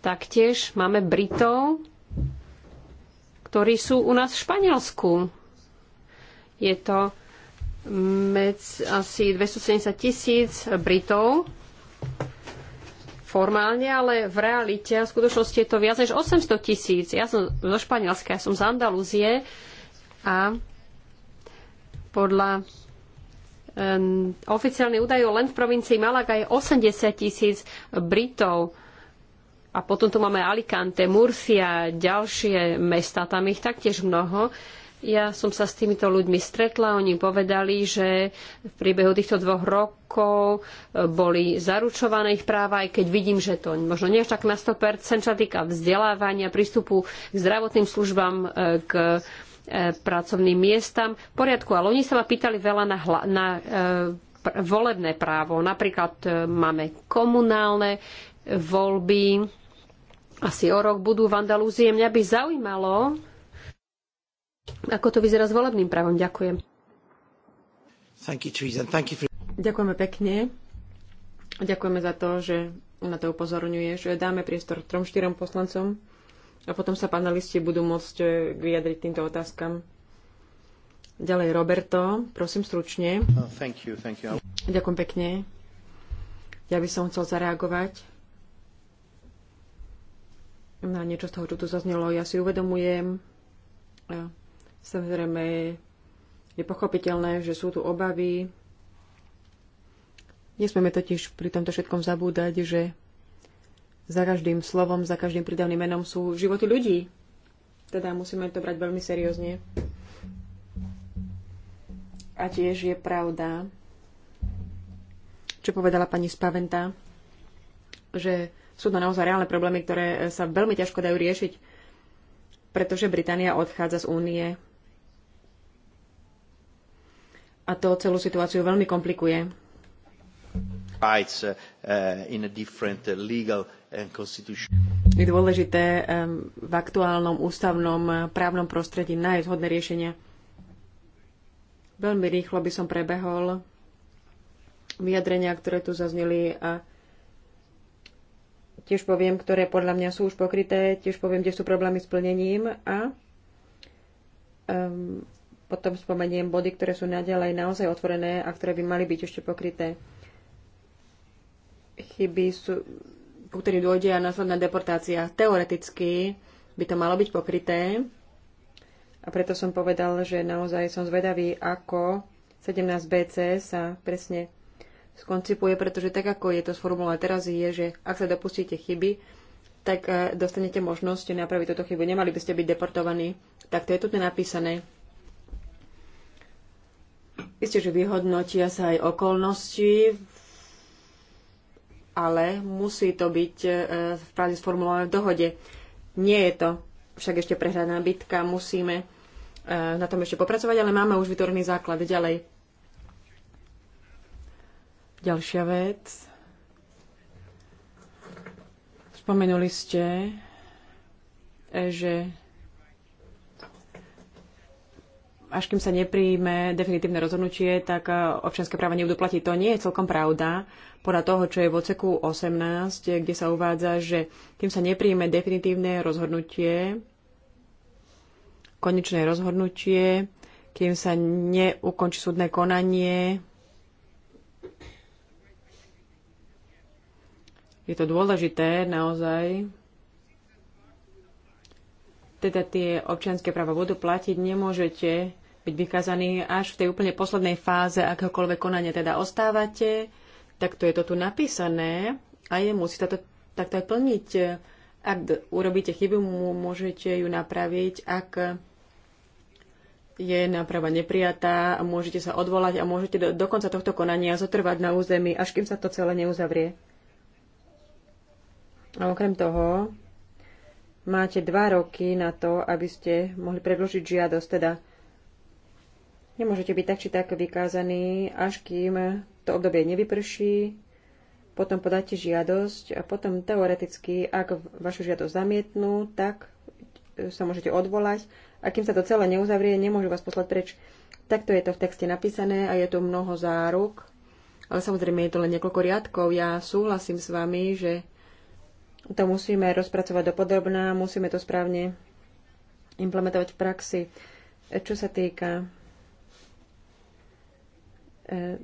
taktiež máme Britov, ktorí sú u nás v Španielsku. Je to medzi asi 270 tisíc Britov formálne, ale v realite a v skutočnosti je to viac než 800 tisíc. Ja som zo Španielska, ja som z Andalúzie a podľa um, oficiálnych údajov len v provincii Malaga je 80 tisíc Britov. A potom tu máme Alicante, Murcia, ďalšie mesta, tam ich taktiež mnoho. Ja som sa s týmito ľuďmi stretla, oni povedali, že v priebehu týchto dvoch rokov e, boli zaručované ich práva, aj keď vidím, že to možno nie až tak na 100%, čo sa týka vzdelávania, prístupu k zdravotným službám, e, k E, pracovným miestam v poriadku. Ale oni sa ma pýtali veľa na, hla, na e, volebné právo. Napríklad e, máme komunálne voľby, asi o rok budú v Andalúzii. Mňa by zaujímalo, ako to vyzerá s volebným právom. Ďakujem. You, for... Ďakujeme pekne. Ďakujeme za to, že na to upozorňuješ. Dáme priestor trom, štyrom poslancom a potom sa panelisti budú môcť e, vyjadriť týmto otázkam. Ďalej Roberto, prosím stručne. Oh, thank you, thank you. Ďakujem pekne. Ja by som chcel zareagovať na niečo z toho, čo tu zaznelo. Ja si uvedomujem, samozrejme je pochopiteľné, že sú tu obavy. Nesmieme totiž pri tomto všetkom zabúdať, že za každým slovom, za každým pridavným menom sú životy ľudí. Teda musíme to brať veľmi seriózne. A tiež je pravda, čo povedala pani Spaventa, že sú to naozaj reálne problémy, ktoré sa veľmi ťažko dajú riešiť, pretože Británia odchádza z únie. A to celú situáciu veľmi komplikuje. Rights, uh, in a different uh, legal je dôležité v aktuálnom ústavnom eh, právnom prostredí nájsť hodné riešenia. Veľmi rýchlo by som prebehol vyjadrenia, ktoré tu zazneli a tiež poviem, ktoré podľa mňa sú už pokryté, tiež poviem, kde sú problémy s plnením a um, potom spomeniem body, ktoré sú naďalej naozaj otvorené a ktoré by mali byť ešte pokryté. Chyby sú, ku ktorým dôjde a následná deportácia. Teoreticky by to malo byť pokryté a preto som povedal, že naozaj som zvedavý, ako 17BC sa presne skoncipuje, pretože tak, ako je to sformulované teraz, je, že ak sa dopustíte chyby, tak e, dostanete možnosť napraviť túto chybu. Nemali by ste byť deportovaní. Tak to je tu napísané. Isté, že vyhodnotia sa aj okolnosti, v ale musí to byť v e, správne sformulované v dohode. Nie je to však ešte prehraná bitka, musíme e, na tom ešte popracovať, ale máme už vytvorený základ ďalej. Ďalšia vec. Spomenuli ste, e, že až kým sa nepríjme definitívne rozhodnutie, tak občianské práva nebudú platiť. To nie je celkom pravda podľa toho, čo je v oceku 18, kde sa uvádza, že kým sa nepríjme definitívne rozhodnutie, konečné rozhodnutie, kým sa neukončí súdne konanie, je to dôležité naozaj. Teda tie občianské práva budú platiť, nemôžete byť vykázaní až v tej úplne poslednej fáze akéhokoľvek konania. Teda ostávate takto je to tu napísané a je musí to takto aj plniť. Ak urobíte chybu, môžete ju napraviť. Ak je náprava neprijatá, môžete sa odvolať a môžete do, do konca tohto konania zotrvať na území, až kým sa to celé neuzavrie. A okrem toho, máte dva roky na to, aby ste mohli predložiť žiadosť, teda Nemôžete byť tak či tak vykázaní, až kým to obdobie nevyprší, potom podáte žiadosť a potom teoreticky, ak vašu žiadosť zamietnú, tak e, sa môžete odvolať a kým sa to celé neuzavrie, nemôžu vás poslať preč. Takto je to v texte napísané a je tu mnoho záruk, ale samozrejme je to len niekoľko riadkov. Ja súhlasím s vami, že to musíme rozpracovať dopodrobná, musíme to správne implementovať v praxi. E, čo sa týka e,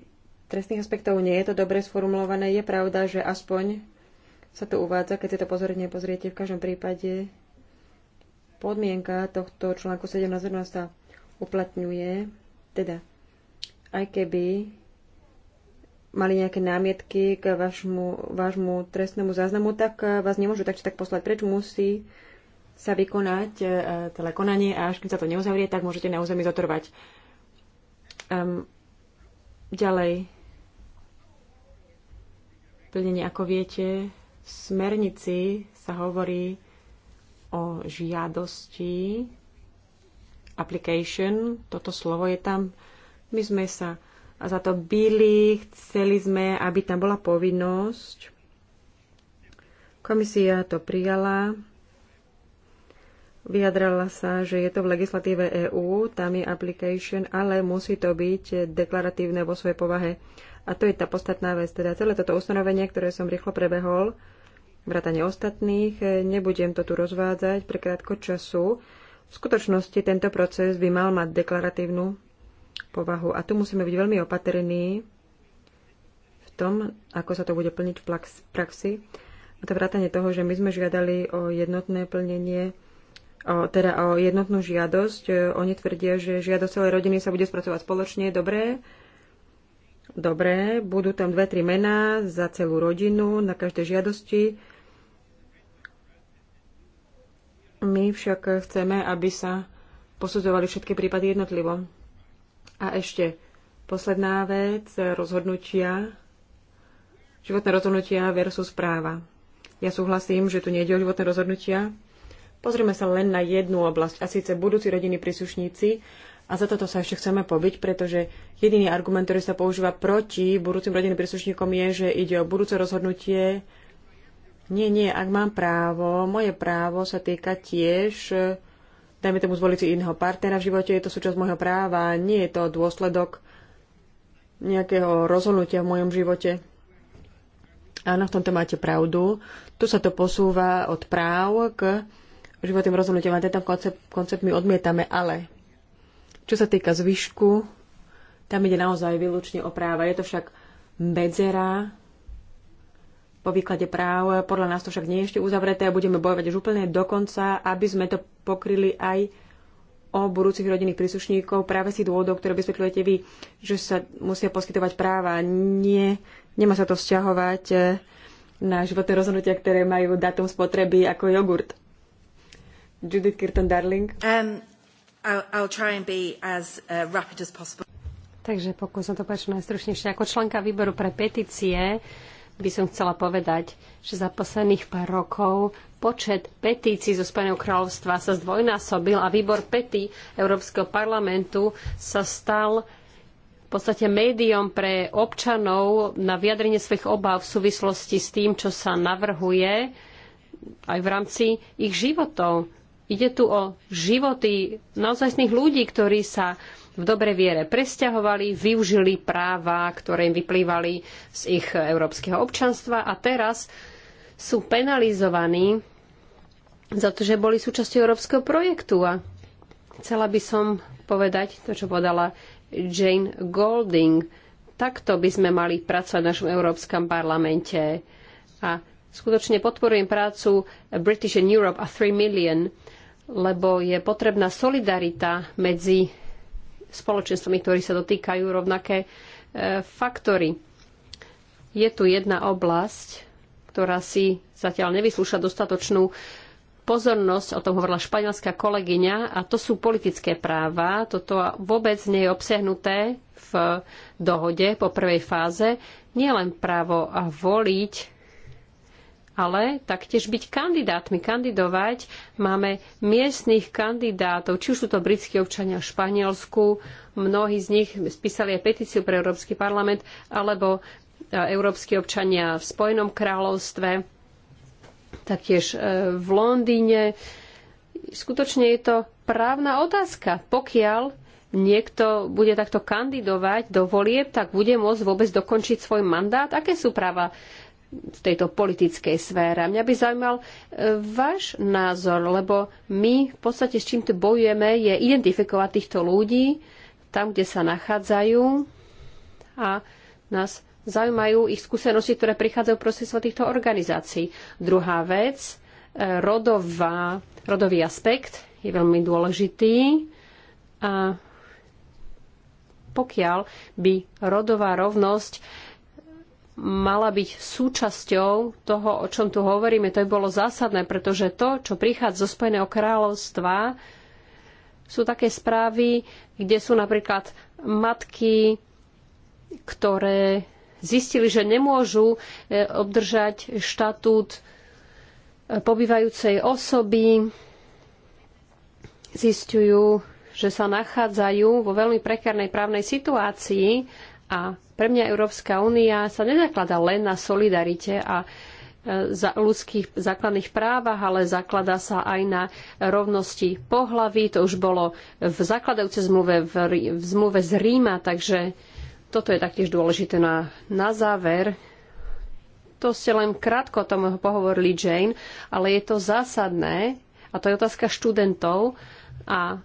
trestných aspektov nie je to dobre sformulované. Je pravda, že aspoň sa to uvádza, keď si to pozorne pozriete. V každom prípade podmienka tohto článku 17 sa uplatňuje, teda aj keby mali nejaké námietky k vašmu, vášmu trestnému záznamu, tak eh, vás nemôžu tak či tak poslať preč. Musí sa vykonať eh, celé konanie a až keď sa to neuzavrie, tak môžete území zotrvať. Um, ďalej, plnenie. Ako viete, v smernici sa hovorí o žiadosti, application, toto slovo je tam. My sme sa za to byli, chceli sme, aby tam bola povinnosť. Komisia to prijala. Vyjadrala sa, že je to v legislatíve EÚ, tam je application, ale musí to byť deklaratívne vo svojej povahe. A to je tá podstatná vec. Teda celé toto ustanovenie, ktoré som rýchlo prebehol, vrátane ostatných, e, nebudem to tu rozvádzať pre krátko času. V skutočnosti tento proces by mal mať deklaratívnu povahu. A tu musíme byť veľmi opatrní v tom, ako sa to bude plniť v praxi. A to vrátanie toho, že my sme žiadali o jednotné plnenie, o, teda o jednotnú žiadosť. E, oni tvrdia, že žiadosť celej rodiny sa bude spracovať spoločne. Dobré, Dobre, budú tam dve, tri mená za celú rodinu, na každej žiadosti. My však chceme, aby sa posudzovali všetky prípady jednotlivo. A ešte posledná vec, rozhodnutia, životné rozhodnutia versus práva. Ja súhlasím, že tu nejde o životné rozhodnutia. Pozrieme sa len na jednu oblasť, a síce budúci rodiny príslušníci a za toto sa ešte chceme pobiť, pretože jediný argument, ktorý sa používa proti budúcim rodinným príslušníkom je, že ide o budúce rozhodnutie. Nie, nie, ak mám právo, moje právo sa týka tiež, dajme tomu zvoliť si iného partnera v živote, je to súčasť môjho práva, nie je to dôsledok nejakého rozhodnutia v mojom živote. Áno, v tomto máte pravdu. Tu sa to posúva od práv k životným rozhodnutiam a tento koncept, koncept my odmietame, ale čo sa týka zvyšku, tam ide naozaj výlučne o práva. Je to však medzera po výklade práv. Podľa nás to však nie je ešte uzavreté a budeme bojovať už úplne dokonca, aby sme to pokryli aj o budúcich rodinných príslušníkov práve si dôvodov, ktoré vysvetľujete vy, že sa musia poskytovať práva. Nie, nemá sa to vzťahovať eh, na životné rozhodnutia, ktoré majú datum spotreby ako jogurt. Judith Kirton Darling. Um, I'll, I'll try and be as uh, rapid as possible. Takže pokúsim to povedať najstručnejšie. Ako členka výboru pre petície by som chcela povedať, že za posledných pár rokov počet petícií zo Spojeného kráľovstva sa zdvojnásobil a výbor pety Európskeho parlamentu sa stal v podstate médium pre občanov na vyjadrenie svojich obáv v súvislosti s tým, čo sa navrhuje aj v rámci ich životov. Ide tu o životy naozajstných ľudí, ktorí sa v dobrej viere presťahovali, využili práva, ktoré im vyplývali z ich európskeho občanstva a teraz sú penalizovaní za to, že boli súčasťou európskeho projektu. A chcela by som povedať to, čo povedala Jane Golding. Takto by sme mali pracovať v našom európskom parlamente. A skutočne podporujem prácu British in Europe a 3 Million lebo je potrebná solidarita medzi spoločenstvami, ktorí sa dotýkajú rovnaké e, faktory. Je tu jedna oblasť, ktorá si zatiaľ nevyslúša dostatočnú pozornosť, o tom hovorila španielská kolegyňa, a to sú politické práva. Toto vôbec nie je obsiahnuté v dohode po prvej fáze. Nielen právo voliť ale taktiež byť kandidátmi, kandidovať. Máme miestných kandidátov, či už sú to britskí občania v Španielsku, mnohí z nich spísali aj petíciu pre Európsky parlament, alebo e, európsky občania v Spojenom kráľovstve, taktiež e, v Londýne. Skutočne je to právna otázka. Pokiaľ niekto bude takto kandidovať do volieb, tak bude môcť vôbec dokončiť svoj mandát? Aké sú práva v tejto politickej sfére. Mňa by zaujímal e, váš názor, lebo my v podstate s čím tu bojujeme je identifikovať týchto ľudí tam, kde sa nachádzajú a nás zaujímajú ich skúsenosti, ktoré prichádzajú prostredstvom týchto organizácií. Druhá vec, e, rodová, rodový aspekt je veľmi dôležitý a pokiaľ by rodová rovnosť mala byť súčasťou toho, o čom tu hovoríme. To je bolo zásadné, pretože to, čo prichádza zo Spojeného kráľovstva, sú také správy, kde sú napríklad matky, ktoré zistili, že nemôžu e, obdržať štatút e, pobývajúcej osoby, zistujú, že sa nachádzajú vo veľmi prekárnej právnej situácii a pre mňa Európska únia sa nezaklada len na solidarite a e, za ľudských základných právach, ale zakladá sa aj na rovnosti pohlaví. To už bolo v zakladajúcej zmluve, v, v zmluve z Ríma, takže toto je taktiež dôležité na, na záver. To ste len krátko o tom pohovorili, Jane, ale je to zásadné a to je otázka študentov a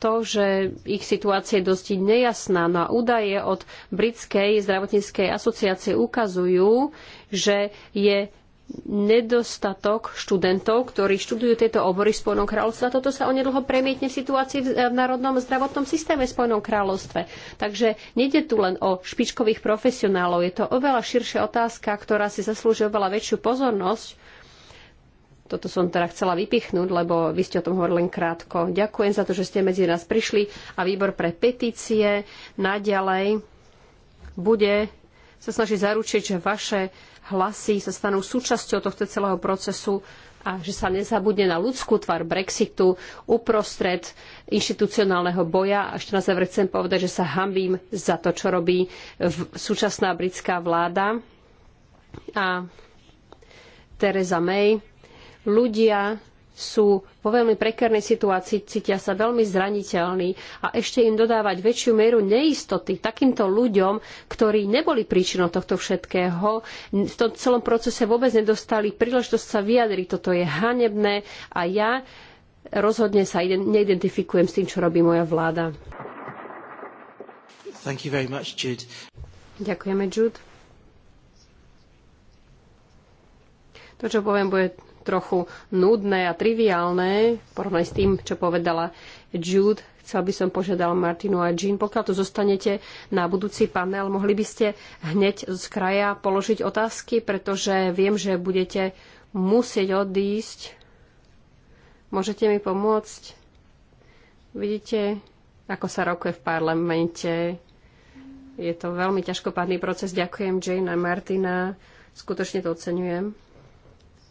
to, že ich situácia je dosť nejasná. No a údaje od Britskej zdravotníckej asociácie ukazujú, že je nedostatok študentov, ktorí študujú tieto obory v Spojenom kráľovstve. Toto sa onedlho premietne v situácii v národnom zdravotnom systéme v Spojenom kráľovstve. Takže nejde tu len o špičkových profesionálov. Je to oveľa širšia otázka, ktorá si zaslúži oveľa väčšiu pozornosť toto som teda chcela vypichnúť, lebo vy ste o tom hovorili len krátko. Ďakujem za to, že ste medzi nás prišli a výbor pre petície naďalej bude sa snažiť zaručiť, že vaše hlasy sa stanú súčasťou tohto celého procesu a že sa nezabudne na ľudskú tvár Brexitu uprostred inštitucionálneho boja. A ešte na záver chcem povedať, že sa hambím za to, čo robí súčasná britská vláda. A Tereza May ľudia sú vo veľmi prekernej situácii, cítia sa veľmi zraniteľní a ešte im dodávať väčšiu mieru neistoty takýmto ľuďom, ktorí neboli príčinou tohto všetkého, v tom celom procese vôbec nedostali príležitosť sa vyjadriť. Toto je hanebné a ja rozhodne sa neidentifikujem s tým, čo robí moja vláda. Much, Jude. Ďakujeme, Jude. To, čo poviem, bude trochu nudné a triviálne, porovnaj s tým, čo povedala Jude. Chcel by som požiadal Martinu a Jean, pokiaľ tu zostanete na budúci panel, mohli by ste hneď z kraja položiť otázky, pretože viem, že budete musieť odísť. Môžete mi pomôcť? Vidíte, ako sa rokuje v parlamente. Je to veľmi ťažkopádny proces. Ďakujem Jane a Martina. Skutočne to oceňujem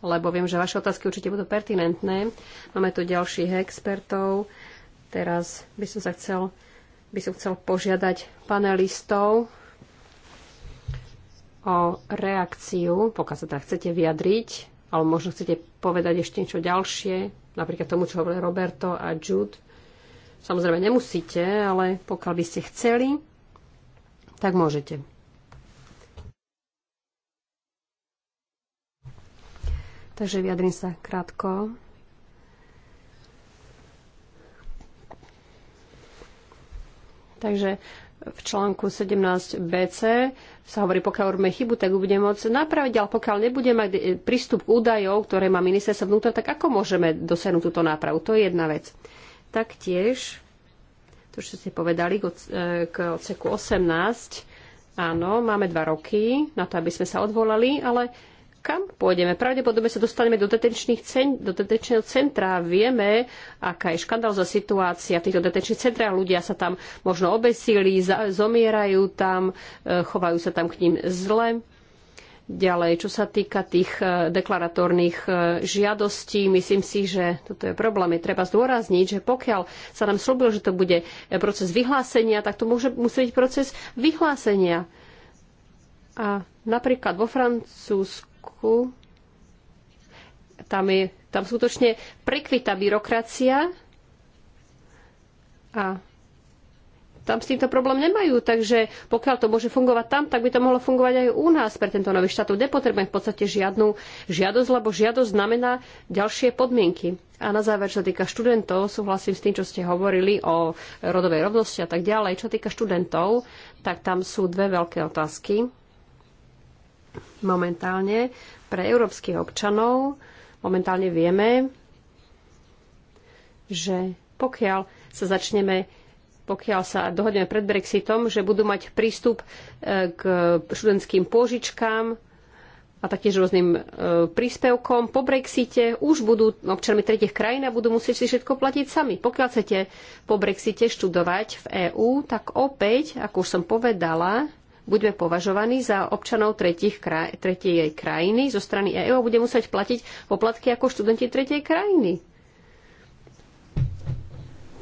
lebo viem, že vaše otázky určite budú pertinentné. Máme tu ďalších expertov. Teraz by som sa chcel, by som chcel požiadať panelistov o reakciu, pokiaľ sa teda chcete vyjadriť, alebo možno chcete povedať ešte niečo ďalšie, napríklad tomu, čo hovorili Roberto a Jude. Samozrejme nemusíte, ale pokiaľ by ste chceli, tak môžete. takže vyjadrím sa krátko. Takže v článku 17bc sa hovorí, pokiaľ robíme chybu, tak ju budeme môcť napraviť, ale pokiaľ nebudeme mať prístup k údajov, ktoré má ministerstvo vnútra, tak ako môžeme dosiahnuť túto nápravu? To je jedna vec. Taktiež, to, čo ste povedali k e, odseku 18, áno, máme dva roky na to, aby sme sa odvolali, ale kam pôjdeme. Pravdepodobne sa dostaneme do, cen, do detenčného centra. Vieme, aká je škandálza situácia v týchto detenčných centrách. Ľudia sa tam možno obesili, zomierajú tam, e, chovajú sa tam k ním zle. Ďalej, čo sa týka tých e, deklaratórnych e, žiadostí, myslím si, že toto je problém. Je treba zdôrazniť, že pokiaľ sa nám slúbilo, že to bude proces vyhlásenia, tak to môže musieť byť proces vyhlásenia. A napríklad vo Francúzsku roku. Tam, je, tam skutočne prekvita byrokracia a tam s týmto problém nemajú, takže pokiaľ to môže fungovať tam, tak by to mohlo fungovať aj u nás pre tento nový štát. Nepotrebujem v podstate žiadnu žiadosť, lebo žiadosť znamená ďalšie podmienky. A na záver, čo týka študentov, súhlasím s tým, čo ste hovorili o rodovej rovnosti a tak ďalej. Čo týka študentov, tak tam sú dve veľké otázky momentálne pre európskych občanov. Momentálne vieme, že pokiaľ sa začneme pokiaľ sa dohodneme pred Brexitom, že budú mať prístup e, k študentským pôžičkám a taktiež rôznym e, príspevkom. Po Brexite už budú občanmi tretich krajín a budú musieť si všetko platiť sami. Pokiaľ chcete po Brexite študovať v EÚ, tak opäť, ako už som povedala, budeme považovaní za občanov tretich kraj, tretiej krajiny zo strany EÚ a bude musieť platiť poplatky ako študenti tretej krajiny.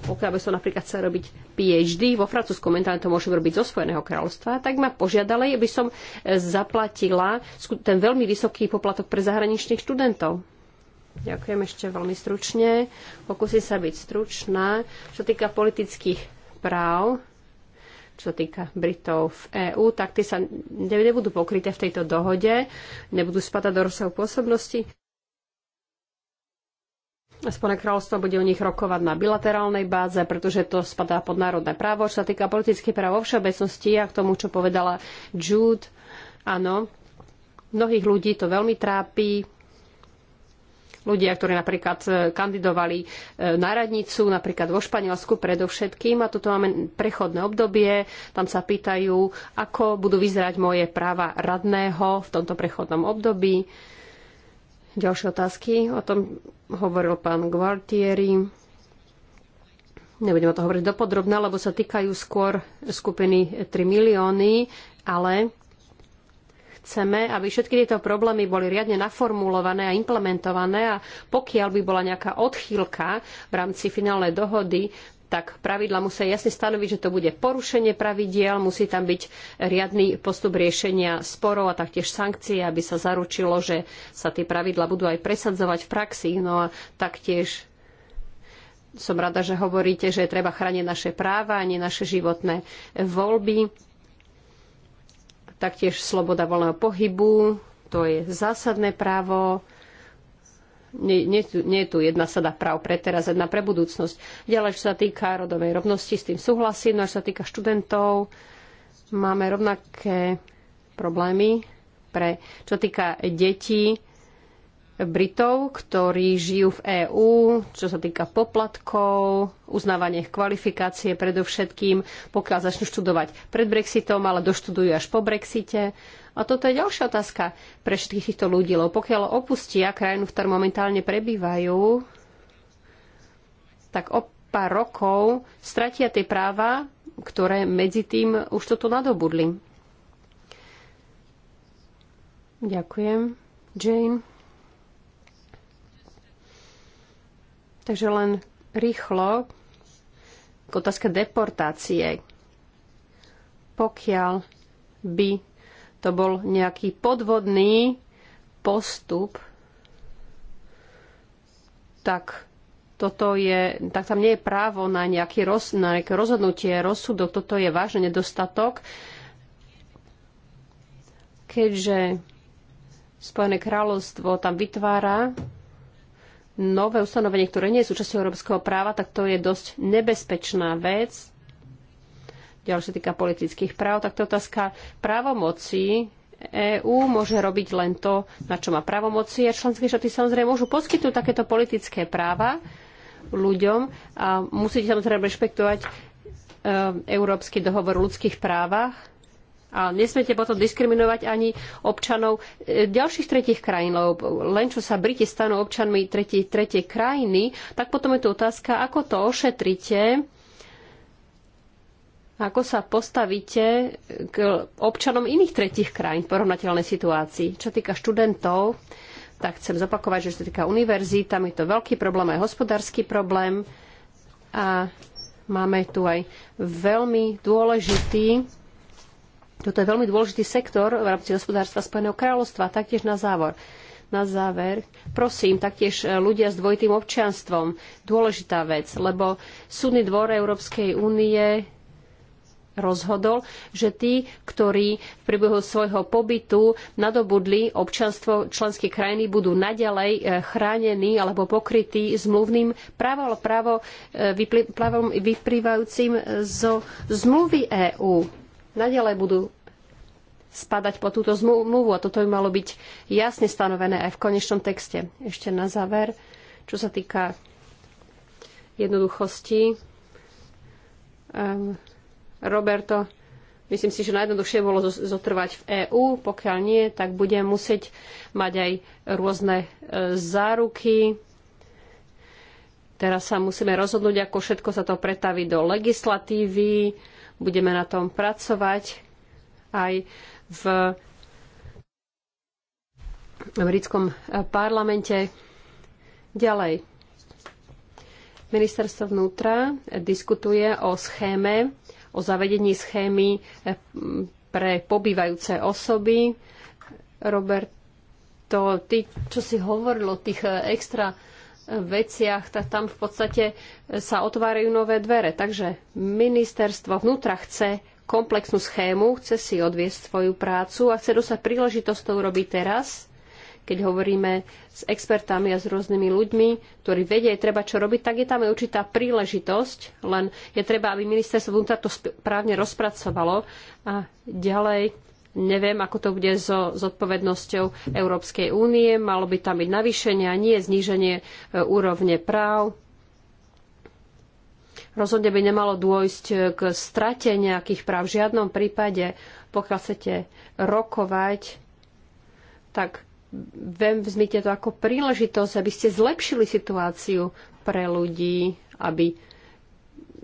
Pokiaľ by som napríklad chcel robiť PhD, vo Francúzsku momentálne to môžem robiť zo Spojeného kráľovstva, tak ma požiadali, aby som e, zaplatila ten veľmi vysoký poplatok pre zahraničných študentov. Ďakujem ešte veľmi stručne. Pokúsim sa byť stručná. Čo týka politických práv, čo sa týka Britov v EÚ, tak tie sa nebudú pokryté v tejto dohode, nebudú spadať do rozsahu pôsobnosti. Spojené kráľovstvo bude o nich rokovať na bilaterálnej báze, pretože to spadá pod národné právo. Čo sa týka politických práv vo všeobecnosti a k tomu, čo povedala Jude, áno, mnohých ľudí to veľmi trápi, ľudia, ktorí napríklad e, kandidovali e, na radnicu, napríklad vo Španielsku predovšetkým. A toto máme prechodné obdobie. Tam sa pýtajú, ako budú vyzerať moje práva radného v tomto prechodnom období. Ďalšie otázky. O tom hovoril pán Gualtieri. Nebudem o to hovoriť dopodrobne, lebo sa týkajú skôr skupiny 3 milióny, ale Chceme, aby všetky tieto problémy boli riadne naformulované a implementované a pokiaľ by bola nejaká odchýlka v rámci finálnej dohody, tak pravidla musia jasne stanoviť, že to bude porušenie pravidiel, musí tam byť riadny postup riešenia sporov a taktiež sankcie, aby sa zaručilo, že sa tie pravidla budú aj presadzovať v praxi. No a taktiež som rada, že hovoríte, že treba chrániť naše práva, a nie naše životné voľby. Taktiež sloboda voľného pohybu, to je zásadné právo. Nie, nie, nie je tu jedna sada práv pre teraz, jedna pre budúcnosť. Ďalej, čo sa týka rodovej rovnosti, s tým súhlasím. No a čo sa týka študentov, máme rovnaké problémy pre, čo týka detí, Britov, ktorí žijú v EÚ, čo sa týka poplatkov, uznávanie kvalifikácie predovšetkým, pokiaľ začnú študovať pred Brexitom, ale doštudujú až po Brexite. A toto je ďalšia otázka pre všetkých týchto ľudí, lebo pokiaľ opustia krajinu, v ktorej momentálne prebývajú, tak o pár rokov stratia tie práva, ktoré medzi tým už toto nadobudli. Ďakujem. Jane. Takže len rýchlo k otázke deportácie. Pokiaľ by to bol nejaký podvodný postup, tak toto je, tak tam nie je právo na, nejaký roz, na nejaké rozhodnutie, rozsudok, toto je vážny nedostatok, keďže Spojené kráľovstvo tam vytvára nové ustanovenie, ktoré nie je súčasťou európskeho práva, tak to je dosť nebezpečná vec. Ďalšie týka politických práv, tak to je otázka právomoci EÚ môže robiť len to, na čo má právomoci a členské štáty samozrejme môžu poskytnúť takéto politické práva ľuďom a musíte samozrejme rešpektovať e, Európsky dohovor o ľudských právach a nesmete potom diskriminovať ani občanov e, ďalších tretich krajín, lebo len čo sa Briti stanú občanmi tretej, tretie krajiny, tak potom je tu otázka, ako to ošetrite, ako sa postavíte k občanom iných tretich krajín v porovnateľnej situácii. Čo týka študentov, tak chcem zopakovať, že čo týka univerzít, tam je to veľký problém, aj hospodársky problém. A máme tu aj veľmi dôležitý toto je veľmi dôležitý sektor v rámci hospodárstva Spojeného kráľovstva. Taktiež na závor. Na záver, prosím, taktiež e, ľudia s dvojitým občianstvom. Dôležitá vec, lebo Súdny dvor Európskej únie rozhodol, že tí, ktorí v priebehu svojho pobytu nadobudli občanstvo členskej krajiny, budú naďalej e, chránení alebo pokrytí zmluvným právom, právo e, vyplývajúcim zo zmluvy EÚ. Nadalej budú spadať po túto zmluvu a toto by malo byť jasne stanovené aj v konečnom texte. Ešte na záver, čo sa týka jednoduchosti. Um, Roberto, myslím si, že najjednoduchšie bolo zotrvať v EÚ. Pokiaľ nie, tak bude musieť mať aj rôzne e, záruky. Teraz sa musíme rozhodnúť, ako všetko sa to pretaví do legislatívy. Budeme na tom pracovať aj v americkom parlamente. Ďalej. Ministerstvo vnútra diskutuje o schéme, o zavedení schémy eh, pre pobývajúce osoby. Robert, to, ty, čo si hovoril o tých eh, extra veciach, tak tam v podstate e, sa otvárajú nové dvere. Takže ministerstvo vnútra chce komplexnú schému, chce si odviesť svoju prácu a chce dosať príležitosť to urobiť teraz, keď hovoríme s expertami a s rôznymi ľuďmi, ktorí vedia, je treba čo robiť, tak je tam aj určitá príležitosť, len je treba, aby ministerstvo vnútra to správne rozpracovalo a ďalej Neviem, ako to bude so zodpovednosťou Európskej únie. Malo by tam byť navýšenie a nie zníženie e, úrovne práv. Rozhodne by nemalo dôjsť e, k strate nejakých práv. V žiadnom prípade, pokiaľ chcete rokovať, tak vzmite to ako príležitosť, aby ste zlepšili situáciu pre ľudí, aby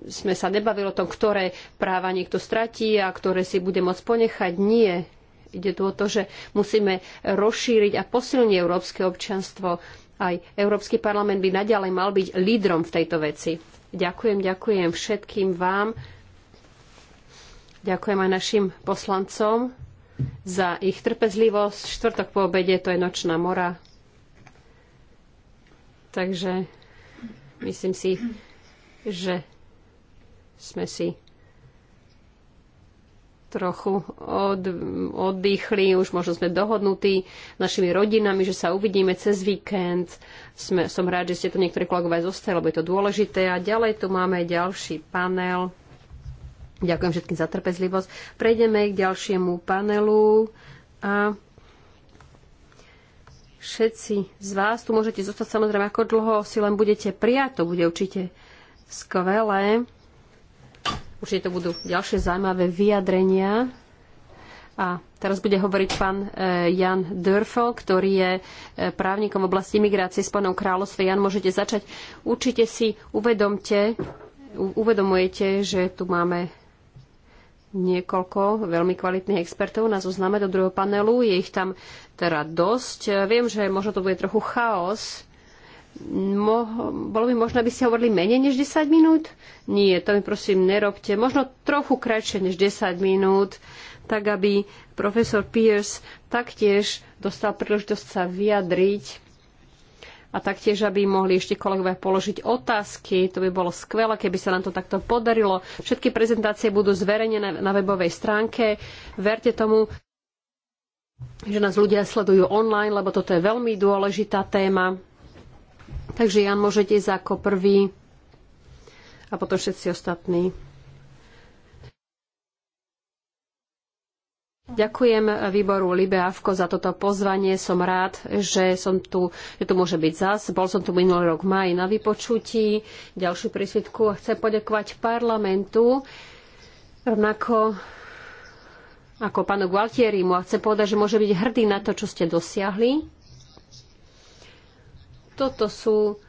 sme sa nebavili o tom, ktoré práva niekto stratí a ktoré si bude môcť ponechať. Nie. Ide tu o to, že musíme rozšíriť a posilniť európske občanstvo. Aj Európsky parlament by naďalej mal byť lídrom v tejto veci. Ďakujem, ďakujem všetkým vám. Ďakujem aj našim poslancom za ich trpezlivosť. Štvrtok po obede to je nočná mora. Takže myslím si, že sme si trochu od, oddychli, už možno sme dohodnutí s našimi rodinami, že sa uvidíme cez víkend. Sme, som rád, že ste tu niektorí kolegovia zostali, lebo je to dôležité. A ďalej tu máme ďalší panel. Ďakujem všetkým za trpezlivosť. Prejdeme k ďalšiemu panelu a všetci z vás tu môžete zostať samozrejme, ako dlho si len budete prijať, to bude určite skvelé. Určite to budú ďalšie zaujímavé vyjadrenia. A teraz bude hovoriť pán e, Jan Dörfo, ktorý je e, právnikom v oblasti imigrácie s pánom kráľovstve. Jan, môžete začať. Určite si uvedomte, uvedomujete, že tu máme niekoľko veľmi kvalitných expertov na zozname do druhého panelu. Je ich tam teda dosť. E, viem, že možno to bude trochu chaos, Mo- bolo by možné, aby ste hovorili menej než 10 minút? Nie, to mi prosím nerobte. Možno trochu kratšie než 10 minút, tak aby profesor Pierce taktiež dostal príležitosť sa vyjadriť a taktiež, aby mohli ešte kolegovia položiť otázky. To by bolo skvelé, keby sa nám to takto podarilo. Všetky prezentácie budú zverejnené na webovej stránke. Verte tomu, že nás ľudia sledujú online, lebo toto je veľmi dôležitá téma. Takže Jan môžete ísť ako prvý a potom všetci ostatní. Ďakujem výboru Libe Avko za toto pozvanie. Som rád, že som tu, že tu môže byť zas. Bol som tu minulý rok v maji na vypočutí. Ďalšiu prísvitku chcem poďakovať parlamentu. Rovnako ako pánu Gualtierimu a chcem povedať, že môže byť hrdý na to, čo ste dosiahli toto sú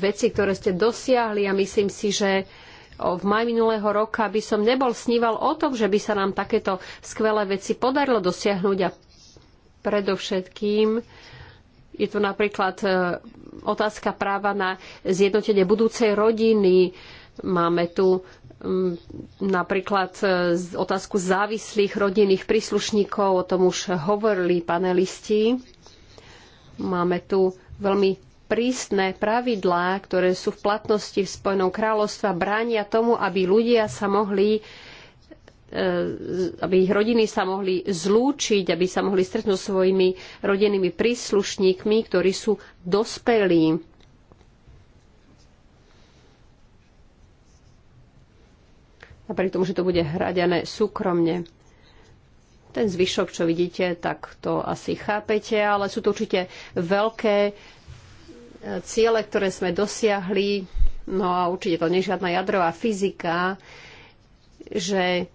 veci, ktoré ste dosiahli a myslím si, že v maj minulého roka by som nebol sníval o tom, že by sa nám takéto skvelé veci podarilo dosiahnuť a predovšetkým je to napríklad e, otázka práva na zjednotenie budúcej rodiny. Máme tu napríklad e, otázku závislých rodinných príslušníkov, o tom už hovorili panelisti. Máme tu veľmi prísne pravidlá, ktoré sú v platnosti v Spojenom kráľovstva, bránia tomu, aby ľudia sa mohli e, aby ich rodiny sa mohli zlúčiť, aby sa mohli stretnúť svojimi rodinnými príslušníkmi, ktorí sú dospelí. Napriek tomu, že to bude hradené súkromne. Ten zvyšok, čo vidíte, tak to asi chápete, ale sú to určite veľké e, ciele, ktoré sme dosiahli. No a určite to nie žiadna jadrová fyzika, že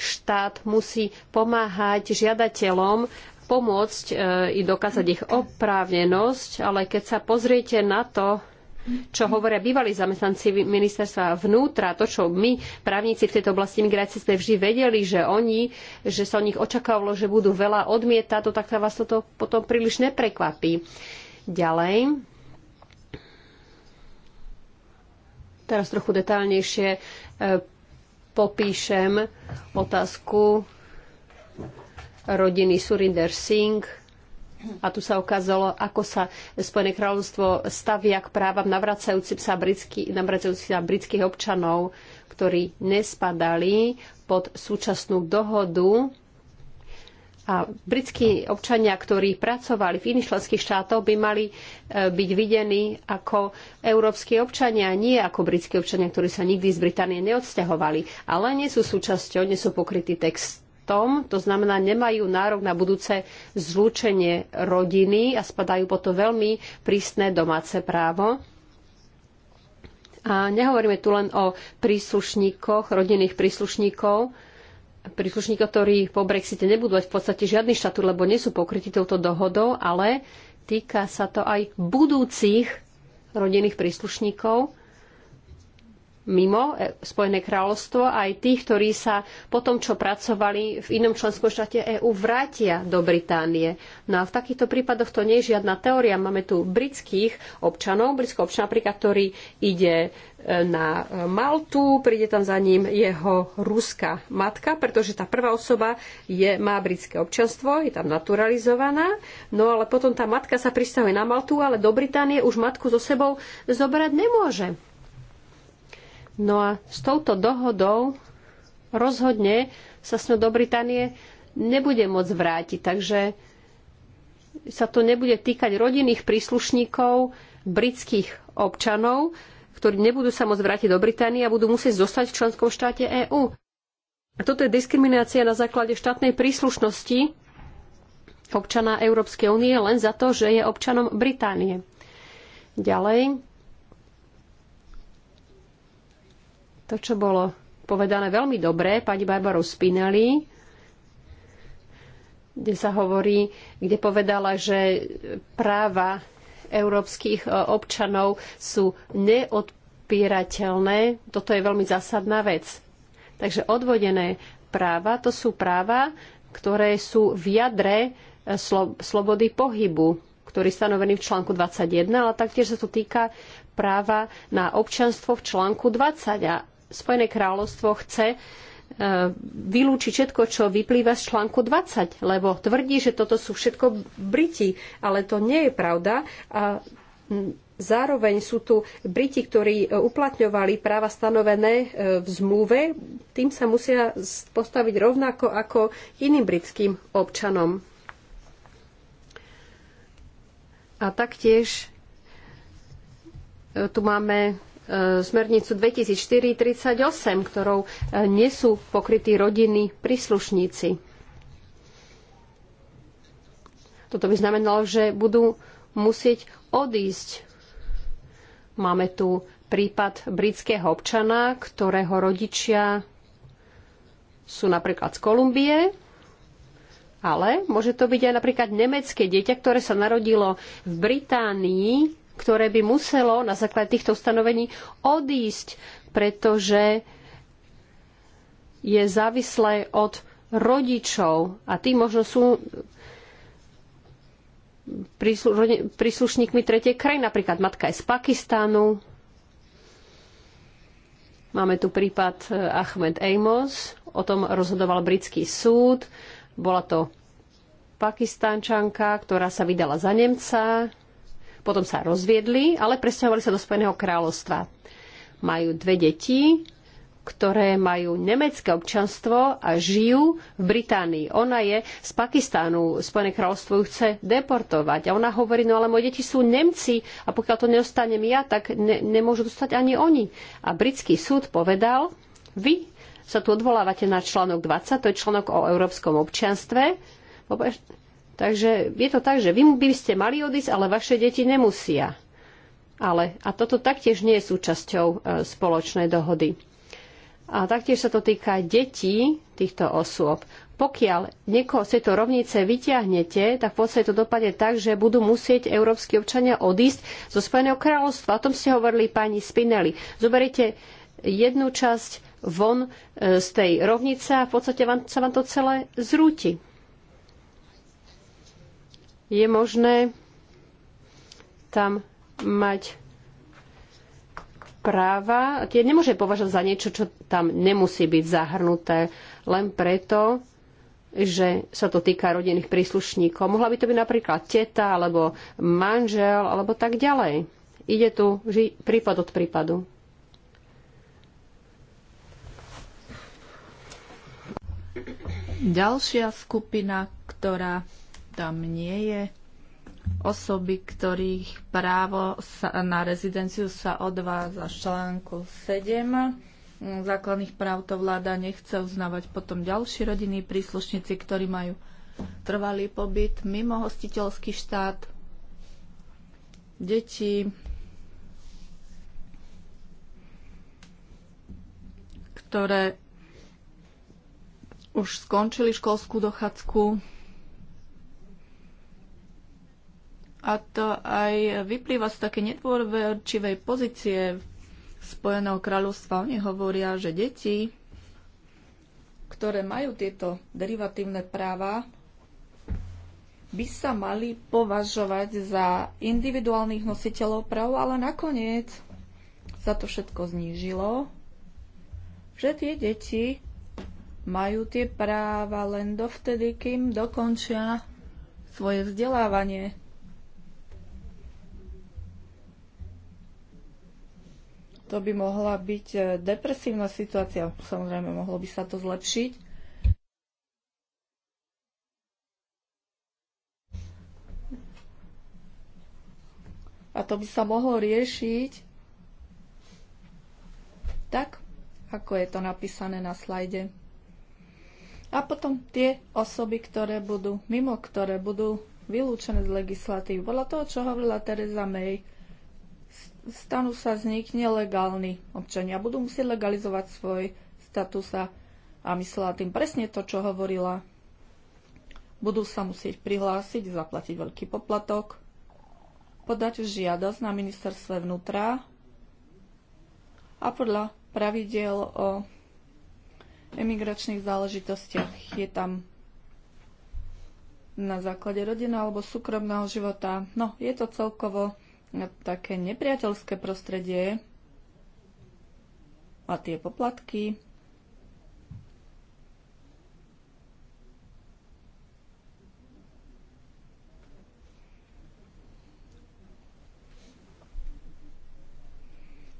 štát musí pomáhať žiadateľom pomôcť e, i dokázať ich oprávnenosť, ale keď sa pozriete na to, čo hovoria bývalí zamestnanci ministerstva vnútra, to, čo my, právnici v tejto oblasti migrácie, sme vždy vedeli, že oni, že sa o nich očakávalo, že budú veľa odmietať, to tak vás toto potom príliš neprekvapí. Ďalej. Teraz trochu detálnejšie e, popíšem otázku rodiny Surinder Singh a tu sa ukázalo, ako sa Spojené kráľovstvo stavia k právam navracajúcim sa, britský, navracajúcich sa britských občanov, ktorí nespadali pod súčasnú dohodu. A britskí občania, ktorí pracovali v iných členských štátoch, by mali e, byť videní ako európsky občania, nie ako britskí občania, ktorí sa nikdy z Británie neodsťahovali, ale nie sú súčasťou, nie sú pokrytí text, štátom, to znamená, nemajú nárok na budúce zlúčenie rodiny a spadajú po to veľmi prísne domáce právo. A nehovoríme tu len o príslušníkoch, rodinných príslušníkov, príslušníkov, ktorí po Brexite nebudú mať v podstate žiadny štatút, lebo nie sú pokrytí touto dohodou, ale týka sa to aj budúcich rodinných príslušníkov, mimo e, Spojené kráľovstvo, aj tých, ktorí sa po tom, čo pracovali v inom členskom štáte EÚ, vrátia do Británie. No a v takýchto prípadoch to nie je žiadna teória. Máme tu britských občanov, britského občana, napríklad, ktorý ide e, na Maltu, príde tam za ním jeho ruská matka, pretože tá prvá osoba je, má britské občanstvo, je tam naturalizovaná, no ale potom tá matka sa pristahuje na Maltu, ale do Británie už matku so sebou zobrať nemôže. No a s touto dohodou rozhodne sa s ňou do Británie nebude môcť vrátiť. Takže sa to nebude týkať rodinných príslušníkov britských občanov, ktorí nebudú sa môcť vrátiť do Británie a budú musieť zostať v členskom štáte EÚ. A toto je diskriminácia na základe štátnej príslušnosti občana Európskej únie len za to, že je občanom Británie. Ďalej, to, čo bolo povedané veľmi dobre pani Barbaru Spinelli, kde sa hovorí, kde povedala, že práva európskych e, občanov sú neodpírateľné. Toto je veľmi zásadná vec. Takže odvodené práva, to sú práva, ktoré sú v jadre e, slo- slobody pohybu, ktorý je stanovený v článku 21, ale taktiež sa to týka práva na občanstvo v článku 20. A Spojené kráľovstvo chce e, vylúčiť všetko, čo vyplýva z článku 20, lebo tvrdí, že toto sú všetko Briti, ale to nie je pravda. A zároveň sú tu Briti, ktorí e, uplatňovali práva stanovené e, v zmluve, tým sa musia postaviť rovnako ako iným britským občanom. A taktiež tu máme E, smernicu 2004 ktorou e, nie sú pokrytí rodiny príslušníci. Toto by znamenalo, že budú musieť odísť. Máme tu prípad britského občana, ktorého rodičia sú napríklad z Kolumbie, ale môže to byť aj napríklad nemecké dieťa, ktoré sa narodilo v Británii ktoré by muselo na základe týchto ustanovení odísť, pretože je závislé od rodičov a tí možno sú príslušníkmi tretej krajiny. Napríklad matka je z Pakistánu. Máme tu prípad e, Ahmed Amos. O tom rozhodoval britský súd. Bola to pakistánčanka, ktorá sa vydala za Nemca potom sa rozviedli, ale presťahovali sa do Spojeného kráľovstva. Majú dve deti, ktoré majú nemecké občanstvo a žijú v Británii. Ona je z Pakistánu, Spojené kráľovstvo ju chce deportovať. A ona hovorí, no ale moje deti sú Nemci a pokiaľ to neostanem ja, tak ne, nemôžu dostať ani oni. A britský súd povedal, vy sa tu odvolávate na článok 20, to je článok o európskom občianstve. Takže je to tak, že vy by ste mali odísť, ale vaše deti nemusia. Ale, a toto taktiež nie je súčasťou e, spoločnej dohody. A taktiež sa to týka detí týchto osôb. Pokiaľ niekoho z tejto rovnice vyťahnete, tak v podstate to dopadne tak, že budú musieť európsky občania odísť zo Spojeného kráľovstva. O tom ste hovorili pani Spinelli. Zoberiete jednu časť von e, z tej rovnice a v podstate vám, sa vám to celé zrúti je možné tam mať práva, tie nemôže považovať za niečo, čo tam nemusí byť zahrnuté len preto, že sa to týka rodinných príslušníkov. Mohla by to byť napríklad teta, alebo manžel, alebo tak ďalej. Ide tu ži- prípad od prípadu. Ďalšia skupina, ktorá tam nie je osoby, ktorých právo sa, na rezidenciu sa odváza z článku 7 základných práv to vláda nechce uznávať. Potom ďalší rodinní príslušníci, ktorí majú trvalý pobyt mimo hostiteľský štát, deti, ktoré už skončili školskú dochádzku, A to aj vyplýva z také nedôverčivej pozície Spojeného kráľovstva. Oni hovoria, že deti, ktoré majú tieto derivatívne práva, by sa mali považovať za individuálnych nositeľov práv, ale nakoniec sa to všetko znížilo, že tie deti majú tie práva len dovtedy, kým dokončia svoje vzdelávanie. To by mohla byť e, depresívna situácia. Samozrejme, mohlo by sa to zlepšiť. A to by sa mohlo riešiť tak, ako je to napísané na slajde. A potom tie osoby, ktoré budú mimo, ktoré budú vylúčené z legislatívy. Podľa toho, čo hovorila Teresa May, stanú sa z nich nelegálni občania. Budú musieť legalizovať svoj status a, myslela tým presne to, čo hovorila. Budú sa musieť prihlásiť, zaplatiť veľký poplatok, podať žiadosť na ministerstve vnútra a podľa pravidel o emigračných záležitostiach je tam na základe rodina alebo súkromného života. No, je to celkovo také nepriateľské prostredie a tie poplatky.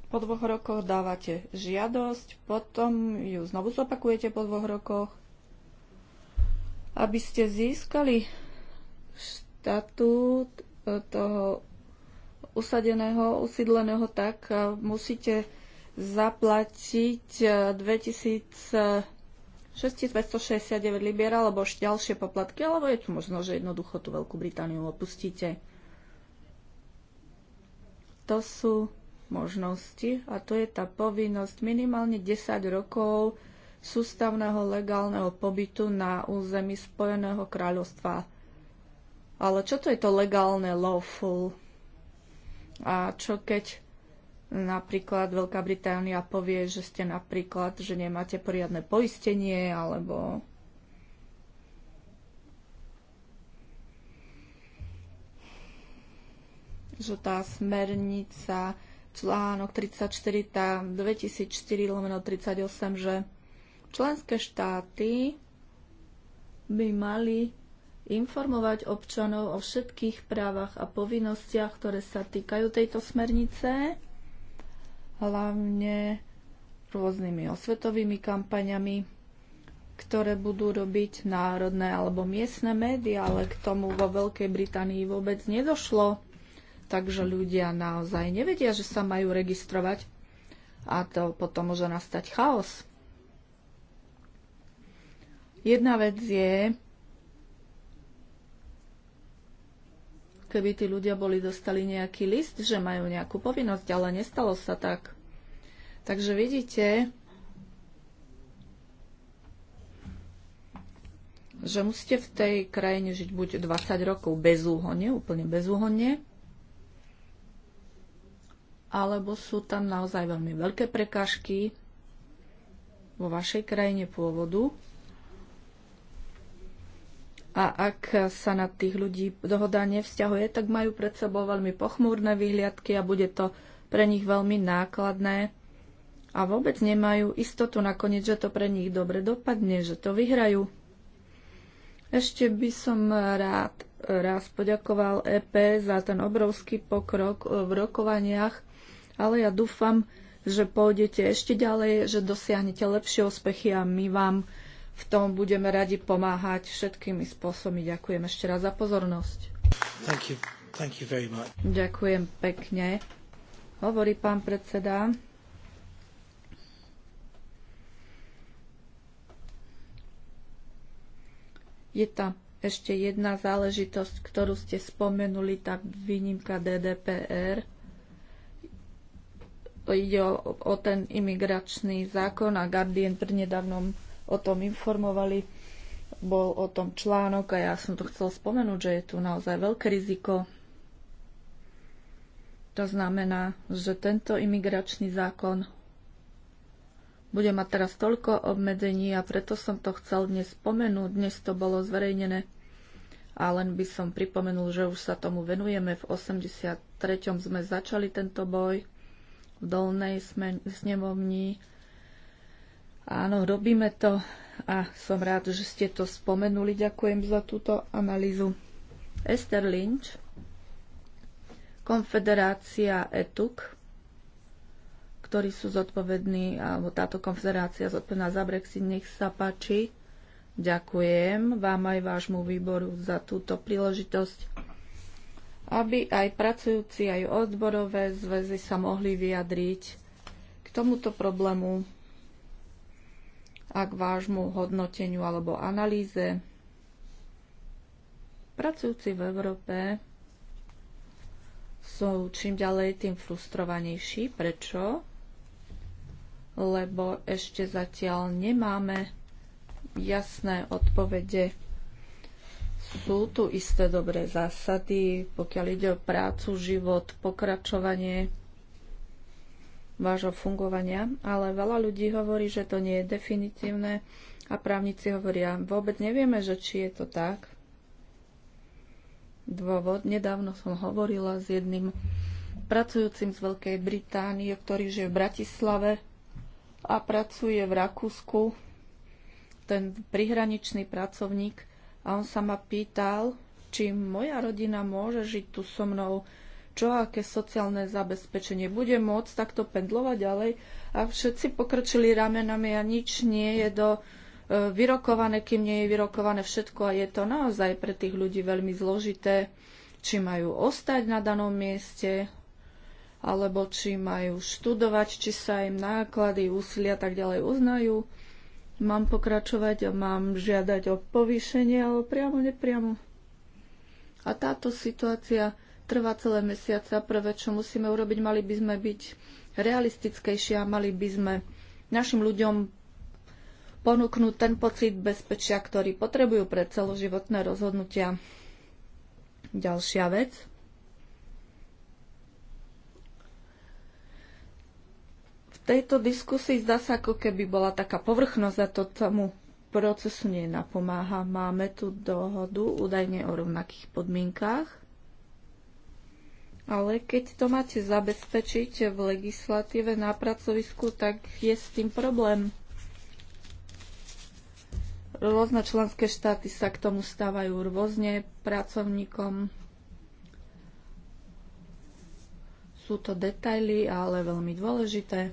Po dvoch rokoch dávate žiadosť, potom ju znovu zopakujete po dvoch rokoch, aby ste získali štatút eh, toho usadeného, usídleného, tak e, musíte zaplatiť 2669 e, libier alebo ďalšie poplatky, alebo je tu možno, že jednoducho tú Veľkú Britániu opustíte. To sú možnosti a to je tá povinnosť minimálne 10 rokov sústavného legálneho pobytu na území Spojeného kráľovstva. Ale čo to je to legálne lawful? A čo keď napríklad Veľká Británia povie, že ste napríklad, že nemáte poriadne poistenie alebo že tá smernica článok 34, tá 2004 lomeno 38, že členské štáty by mali informovať občanov o všetkých právach a povinnostiach, ktoré sa týkajú tejto smernice, hlavne rôznymi osvetovými kampaňami, ktoré budú robiť národné alebo miestne médiá, ale k tomu vo Veľkej Británii vôbec nedošlo. Takže ľudia naozaj nevedia, že sa majú registrovať a to potom môže nastať chaos. Jedna vec je, keby tí ľudia boli dostali nejaký list, že majú nejakú povinnosť, ale nestalo sa tak. Takže vidíte, že musíte v tej krajine žiť buď 20 rokov bezúhonne, úplne bezúhonne, alebo sú tam naozaj veľmi veľké prekážky vo vašej krajine pôvodu. A ak sa na tých ľudí dohoda nevzťahuje, tak majú pred sebou veľmi pochmúrne vyhliadky a bude to pre nich veľmi nákladné. A vôbec nemajú istotu nakoniec, že to pre nich dobre dopadne, že to vyhrajú. Ešte by som rád raz poďakoval EP za ten obrovský pokrok v rokovaniach, ale ja dúfam, že pôjdete ešte ďalej, že dosiahnete lepšie úspechy a my vám v tom budeme radi pomáhať všetkými spôsobmi. Ďakujem ešte raz za pozornosť. Thank you. Thank you very much. Ďakujem pekne. Hovorí pán predseda. Je tam ešte jedna záležitosť, ktorú ste spomenuli, tá výnimka DDPR. Ide o, o ten imigračný zákon a Guardian nedávnom o tom informovali. Bol o tom článok a ja som to chcel spomenúť, že je tu naozaj veľké riziko. To znamená, že tento imigračný zákon bude mať teraz toľko obmedzení a preto som to chcel dnes spomenúť. Dnes to bolo zverejnené a len by som pripomenul, že už sa tomu venujeme. V 83. sme začali tento boj v dolnej snemovni Áno, robíme to a som rád, že ste to spomenuli. Ďakujem za túto analýzu. Ester Lynch, Konfederácia ETUK, ktorí sú zodpovední, alebo táto konfederácia zodpovedná za Brexit, nech sa páči. Ďakujem vám aj vášmu výboru za túto príležitosť, aby aj pracujúci, aj odborové zväzy sa mohli vyjadriť k tomuto problému a k vášmu hodnoteniu alebo analýze. Pracujúci v Európe sú čím ďalej tým frustrovanejší. Prečo? Lebo ešte zatiaľ nemáme jasné odpovede. Sú tu isté dobré zásady, pokiaľ ide o prácu, život, pokračovanie vášho fungovania, ale veľa ľudí hovorí, že to nie je definitívne a právnici hovoria, vôbec nevieme, že či je to tak. Dôvod, nedávno som hovorila s jedným pracujúcim z Veľkej Británie, ktorý žije v Bratislave a pracuje v Rakúsku, ten prihraničný pracovník, a on sa ma pýtal, či moja rodina môže žiť tu so mnou, čo aké sociálne zabezpečenie bude môcť takto pendlovať ďalej. A všetci pokrčili ramenami a nič nie je do e, vyrokované, kým nie je vyrokované všetko a je to naozaj pre tých ľudí veľmi zložité, či majú ostať na danom mieste, alebo či majú študovať, či sa im náklady, úsilia tak ďalej uznajú. Mám pokračovať a mám žiadať o povýšenie, alebo priamo, nepriamo. A táto situácia trvá celé mesiace a prvé, čo musíme urobiť, mali by sme byť realistickejší a mali by sme našim ľuďom ponúknúť ten pocit bezpečia, ktorý potrebujú pre celoživotné rozhodnutia. Ďalšia vec. V tejto diskusii zdá sa, ako keby bola taká povrchnosť a to tomu procesu nenapomáha. Máme tu dohodu údajne o rovnakých podmienkách. Ale keď to máte zabezpečiť v legislatíve na pracovisku, tak je s tým problém. Rôzne členské štáty sa k tomu stávajú rôzne pracovníkom. Sú to detaily, ale veľmi dôležité.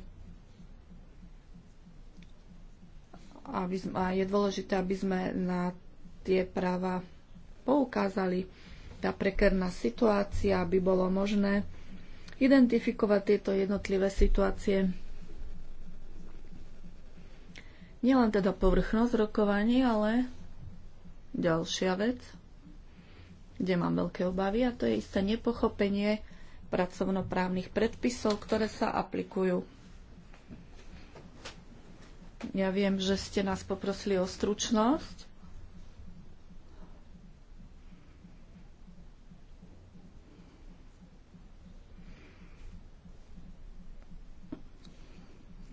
a je dôležité, aby sme na tie práva poukázali tá prekerná situácia, aby bolo možné identifikovať tieto jednotlivé situácie. Nielen teda povrchnosť rokovaní, ale ďalšia vec, kde mám veľké obavy, a to je isté nepochopenie pracovnoprávnych predpisov, ktoré sa aplikujú. Ja viem, že ste nás poprosili o stručnosť,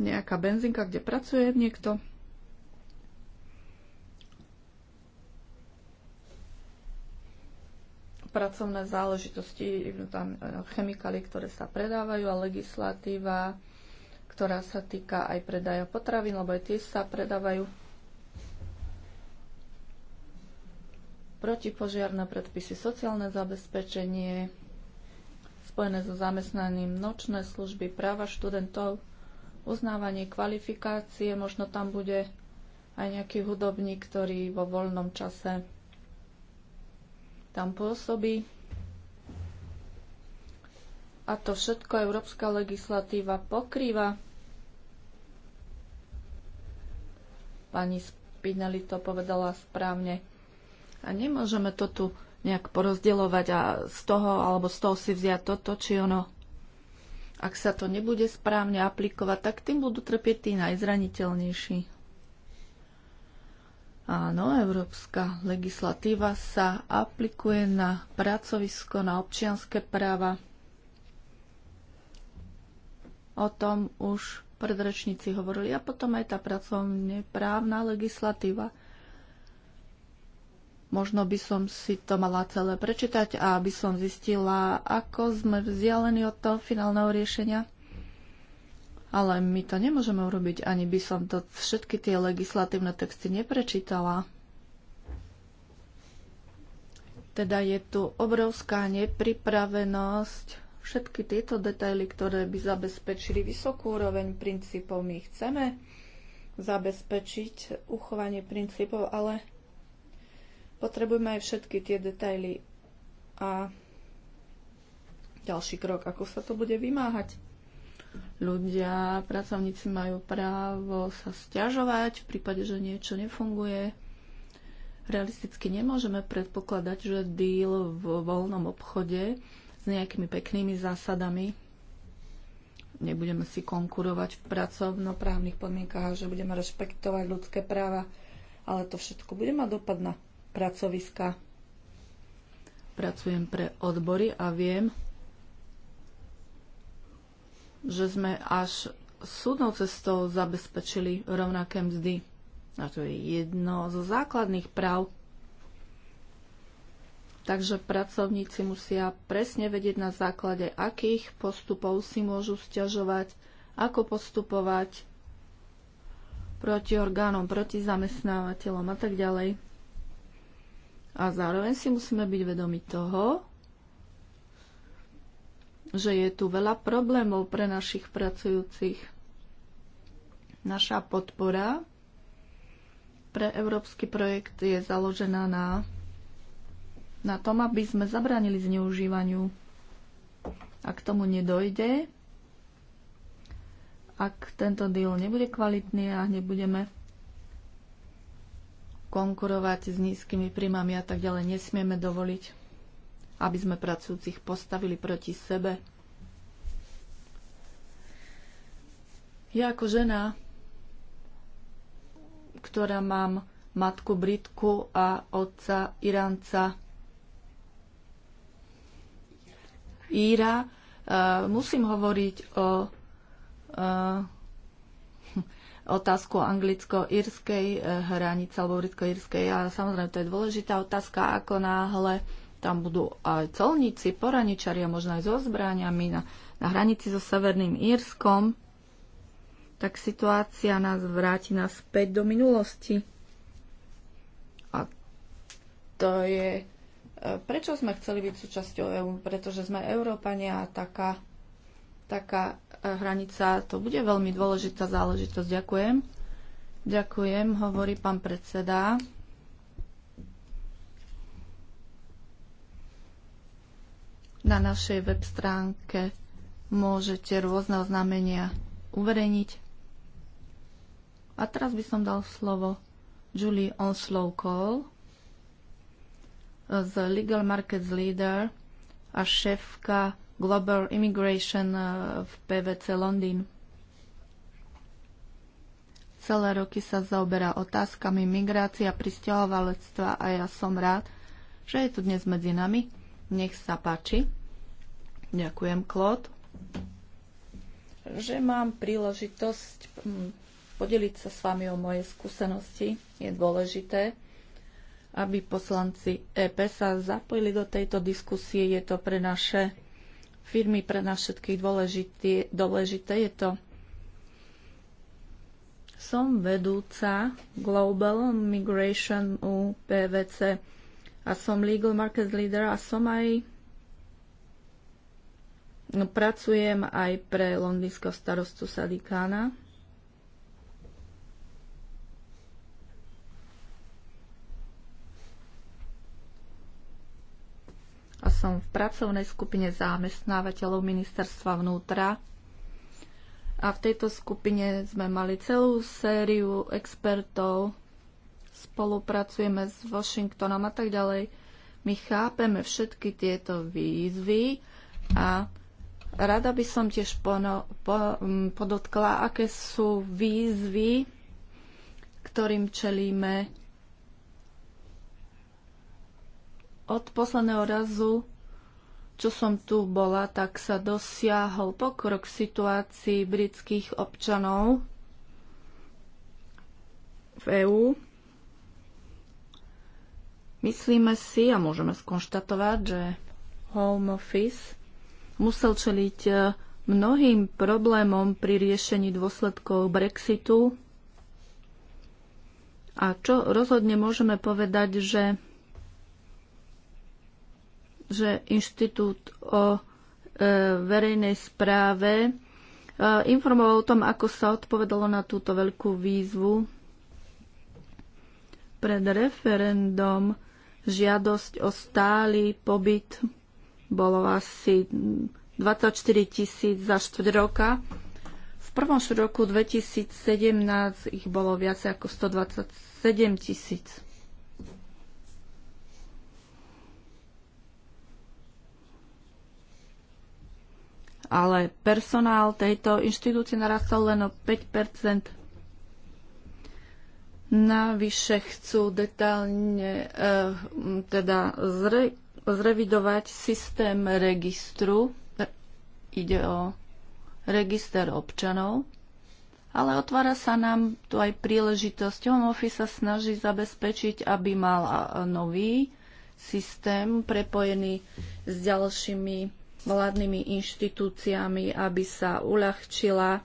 nejaká benzinka, kde pracuje niekto. Pracovné záležitosti, tam e, chemikály, ktoré sa predávajú a legislatíva, ktorá sa týka aj predaja potravín, lebo aj tie sa predávajú. Protipožiarne predpisy, sociálne zabezpečenie, spojené so zamestnaním, nočné služby, práva študentov, uznávanie kvalifikácie, možno tam bude aj nejaký hudobník, ktorý vo voľnom čase tam pôsobí. A to všetko európska legislatíva pokrýva. Pani Spinelli to povedala správne. A nemôžeme to tu nejak porozdielovať. a z toho alebo z toho si vziať toto či ono. Ak sa to nebude správne aplikovať, tak tým budú trpieť tí najzraniteľnejší. Áno, európska legislatíva sa aplikuje na pracovisko, na občianské práva. O tom už predrečníci hovorili a potom aj tá pracovne právna legislatíva. Možno by som si to mala celé prečítať a aby som zistila, ako sme vzdialení od toho finálneho riešenia. Ale my to nemôžeme urobiť, ani by som to všetky tie legislatívne texty neprečítala. Teda je tu obrovská nepripravenosť. Všetky tieto detaily, ktoré by zabezpečili vysokú úroveň princípov, my chceme zabezpečiť uchovanie princípov, ale Potrebujeme aj všetky tie detaily a ďalší krok, ako sa to bude vymáhať. Ľudia, pracovníci majú právo sa stiažovať v prípade, že niečo nefunguje. Realisticky nemôžeme predpokladať, že deal v voľnom obchode s nejakými peknými zásadami nebudeme si konkurovať v pracovnoprávnych podmienkách, že budeme rešpektovať ľudské práva, ale to všetko bude mať dopad na pracoviska. Pracujem pre odbory a viem, že sme až súdnou cestou zabezpečili rovnaké mzdy. A to je jedno zo základných práv Takže pracovníci musia presne vedieť na základe, akých postupov si môžu stiažovať, ako postupovať proti orgánom, proti zamestnávateľom a tak ďalej. A zároveň si musíme byť vedomi toho, že je tu veľa problémov pre našich pracujúcich. Naša podpora pre európsky projekt je založená na, na tom, aby sme zabranili zneužívaniu. Ak tomu nedojde, ak tento deal nebude kvalitný a nebudeme konkurovať s nízkymi príjmami a tak ďalej. Nesmieme dovoliť, aby sme pracujúcich postavili proti sebe. Ja ako žena, ktorá mám matku Britku a otca Iránca Íra, eh, musím hovoriť o eh, otázku anglicko-írskej eh, hranice alebo britsko-írskej. A samozrejme, to je dôležitá otázka, ako náhle tam budú aj colníci, poraničari a možno aj so zbraniami na, na hranici so Severným Írskom, tak situácia nás vráti naspäť do minulosti. A to je... Eh, prečo sme chceli byť súčasťou EÚ? Pretože sme Európania a taká, taká hranica, to bude veľmi dôležitá záležitosť. Ďakujem. Ďakujem, hovorí pán predseda. Na našej web stránke môžete rôzne oznámenia uverejniť. A teraz by som dal slovo Julie Onslow Call eh, z Legal Markets Leader a šéfka Global Immigration eh, v PVC Londýn. Celé roky sa zaoberá otázkami migrácia, pristahovalectva a ja som rád, že je tu dnes medzi nami. Nech sa páči. Ďakujem, Klod, že mám príležitosť mm, podeliť sa s vami o moje skúsenosti. Je dôležité, aby poslanci EP sa zapojili do tejto diskusie. Je to pre naše firmy pre nás všetkých dôležité, dôležité. Je to som vedúca Global Migration u PVC a som Legal Market Leader a som aj no, pracujem aj pre londýnskeho starostu Sadikána. som v pracovnej skupine zamestnávateľov ministerstva vnútra a v tejto skupine sme mali celú sériu expertov, spolupracujeme s Washingtonom a tak ďalej. My chápeme všetky tieto výzvy a Rada by som tiež pono, po, podotkla, aké sú výzvy, ktorým čelíme. Od posledného razu čo som tu bola, tak sa dosiahol pokrok v situácii britských občanov v EÚ. Myslíme si a môžeme skonštatovať, že Home Office musel čeliť e, mnohým problémom pri riešení dôsledkov Brexitu. A čo rozhodne môžeme povedať, že že Inštitút o e, verejnej správe e, informoval o tom, ako sa odpovedalo na túto veľkú výzvu pred referendum. Žiadosť o stály pobyt bolo asi 24 tisíc za štvrť roka. V prvom roku 2017 ich bolo viac ako 127 tisíc. ale personál tejto inštitúcie narastol len o 5 Navyše chcú detálne e, teda zre, zrevidovať systém registru. Ide o register občanov, ale otvára sa nám tu aj príležitosť. Home Office sa snaží zabezpečiť, aby mal nový systém prepojený s ďalšími vládnymi inštitúciami, aby sa uľahčila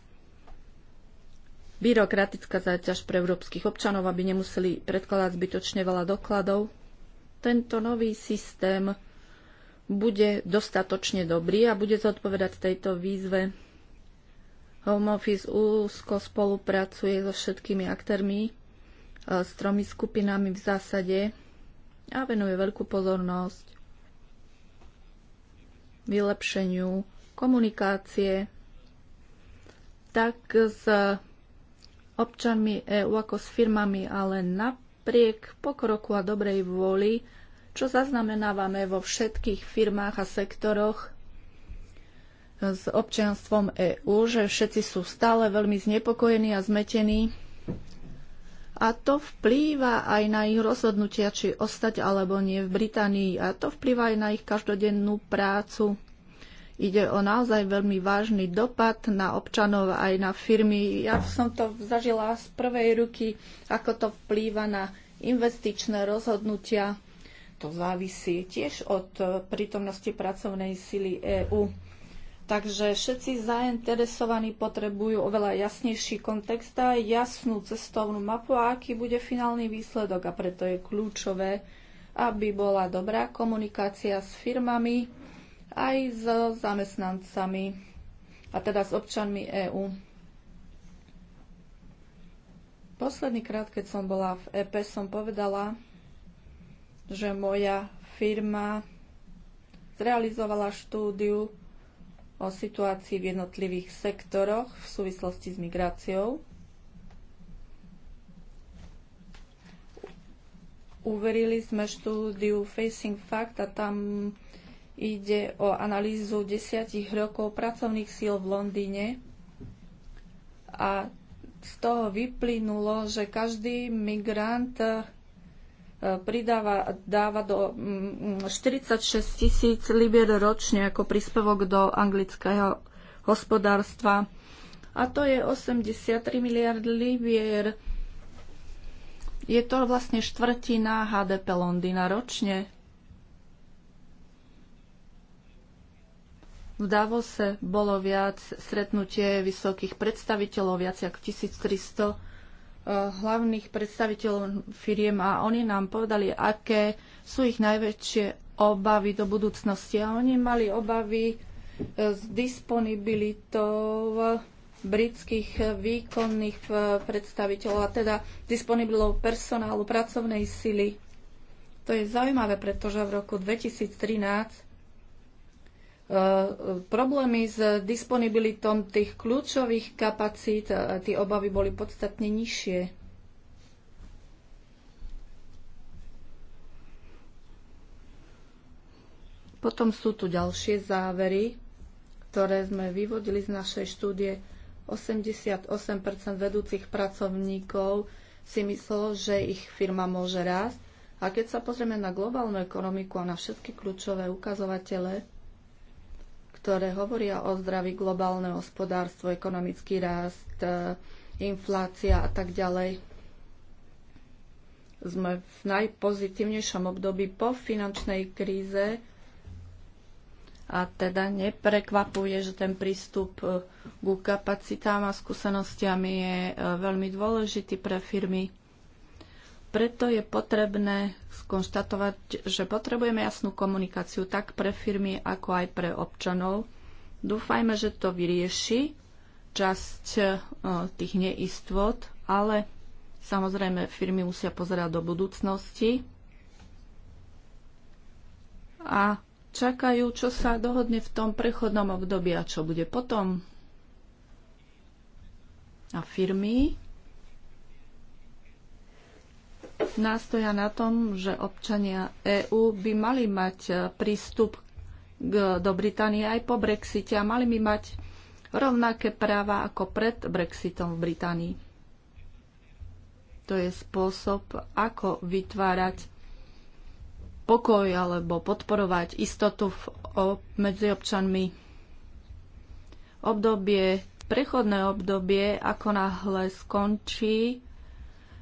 byrokratická záťaž pre európskych občanov, aby nemuseli predkladať zbytočne veľa dokladov. Tento nový systém bude dostatočne dobrý a bude zodpovedať tejto výzve. Home Office úzko spolupracuje so všetkými aktérmi, e, s tromi skupinami v zásade a venuje veľkú pozornosť vylepšeniu komunikácie tak s občanmi EU ako s firmami, ale napriek pokroku a dobrej vôli, čo zaznamenávame vo všetkých firmách a sektoroch s občianstvom EÚ, že všetci sú stále veľmi znepokojení a zmetení a to vplýva aj na ich rozhodnutia, či ostať alebo nie v Británii a to vplýva aj na ich každodennú prácu. Ide o naozaj veľmi vážny dopad na občanov aj na firmy. Ja som to zažila z prvej ruky, ako to vplýva na investičné rozhodnutia. To závisí tiež od eh, prítomnosti pracovnej sily EÚ. Takže všetci zainteresovaní potrebujú oveľa jasnejší kontext a jasnú cestovnú mapu, a aký bude finálny výsledok. A preto je kľúčové, aby bola dobrá komunikácia s firmami aj s zamestnancami, a teda s občanmi EÚ. Posledný krát, keď som bola v EP, som povedala, že moja firma zrealizovala štúdiu o situácii v jednotlivých sektoroch v súvislosti s migráciou. Uverili sme štúdiu Facing Fact a tam ide o analýzu desiatich rokov pracovných síl v Londýne a z toho vyplynulo, že každý migrant pridáva, dáva do 46 mm, tisíc libier ročne ako príspevok do anglického hospodárstva. A to je 83 miliard libier. Je to vlastne štvrtina HDP Londýna ročne. V Davose bolo viac stretnutie vysokých predstaviteľov, viac ako 1300 hlavných predstaviteľov firiem a oni nám povedali, aké sú ich najväčšie obavy do budúcnosti. A oni mali obavy s e, disponibilitou britských výkonných e, predstaviteľov, a teda disponibilou personálu pracovnej sily. To je zaujímavé, pretože v roku 2013 E, problémy s disponibilitom tých kľúčových kapacít, e, tie obavy boli podstatne nižšie. Potom sú tu ďalšie závery, ktoré sme vyvodili z našej štúdie. 88 vedúcich pracovníkov si myslelo, že ich firma môže rásť. A keď sa pozrieme na globálnu ekonomiku a na všetky kľúčové ukazovatele, ktoré hovoria o zdraví globálne hospodárstvo, ekonomický rast, e, inflácia a tak ďalej. Sme v najpozitívnejšom období po finančnej kríze a teda neprekvapuje, že ten prístup e, ku kapacitám a skúsenostiam je e, veľmi dôležitý pre firmy. Preto je potrebné skonštatovať, že potrebujeme jasnú komunikáciu tak pre firmy, ako aj pre občanov. Dúfajme, že to vyrieši časť e, tých neistvot, ale samozrejme firmy musia pozerať do budúcnosti a čakajú, čo sa dohodne v tom prechodnom období a čo bude potom. A firmy nástoja na tom, že občania EÚ by mali mať e, prístup k, do Británie aj po Brexite a mali by mať rovnaké práva ako pred Brexitom v Británii. To je spôsob, ako vytvárať pokoj alebo podporovať istotu v, o, medzi občanmi. Obdobie, prechodné obdobie, ako náhle skončí,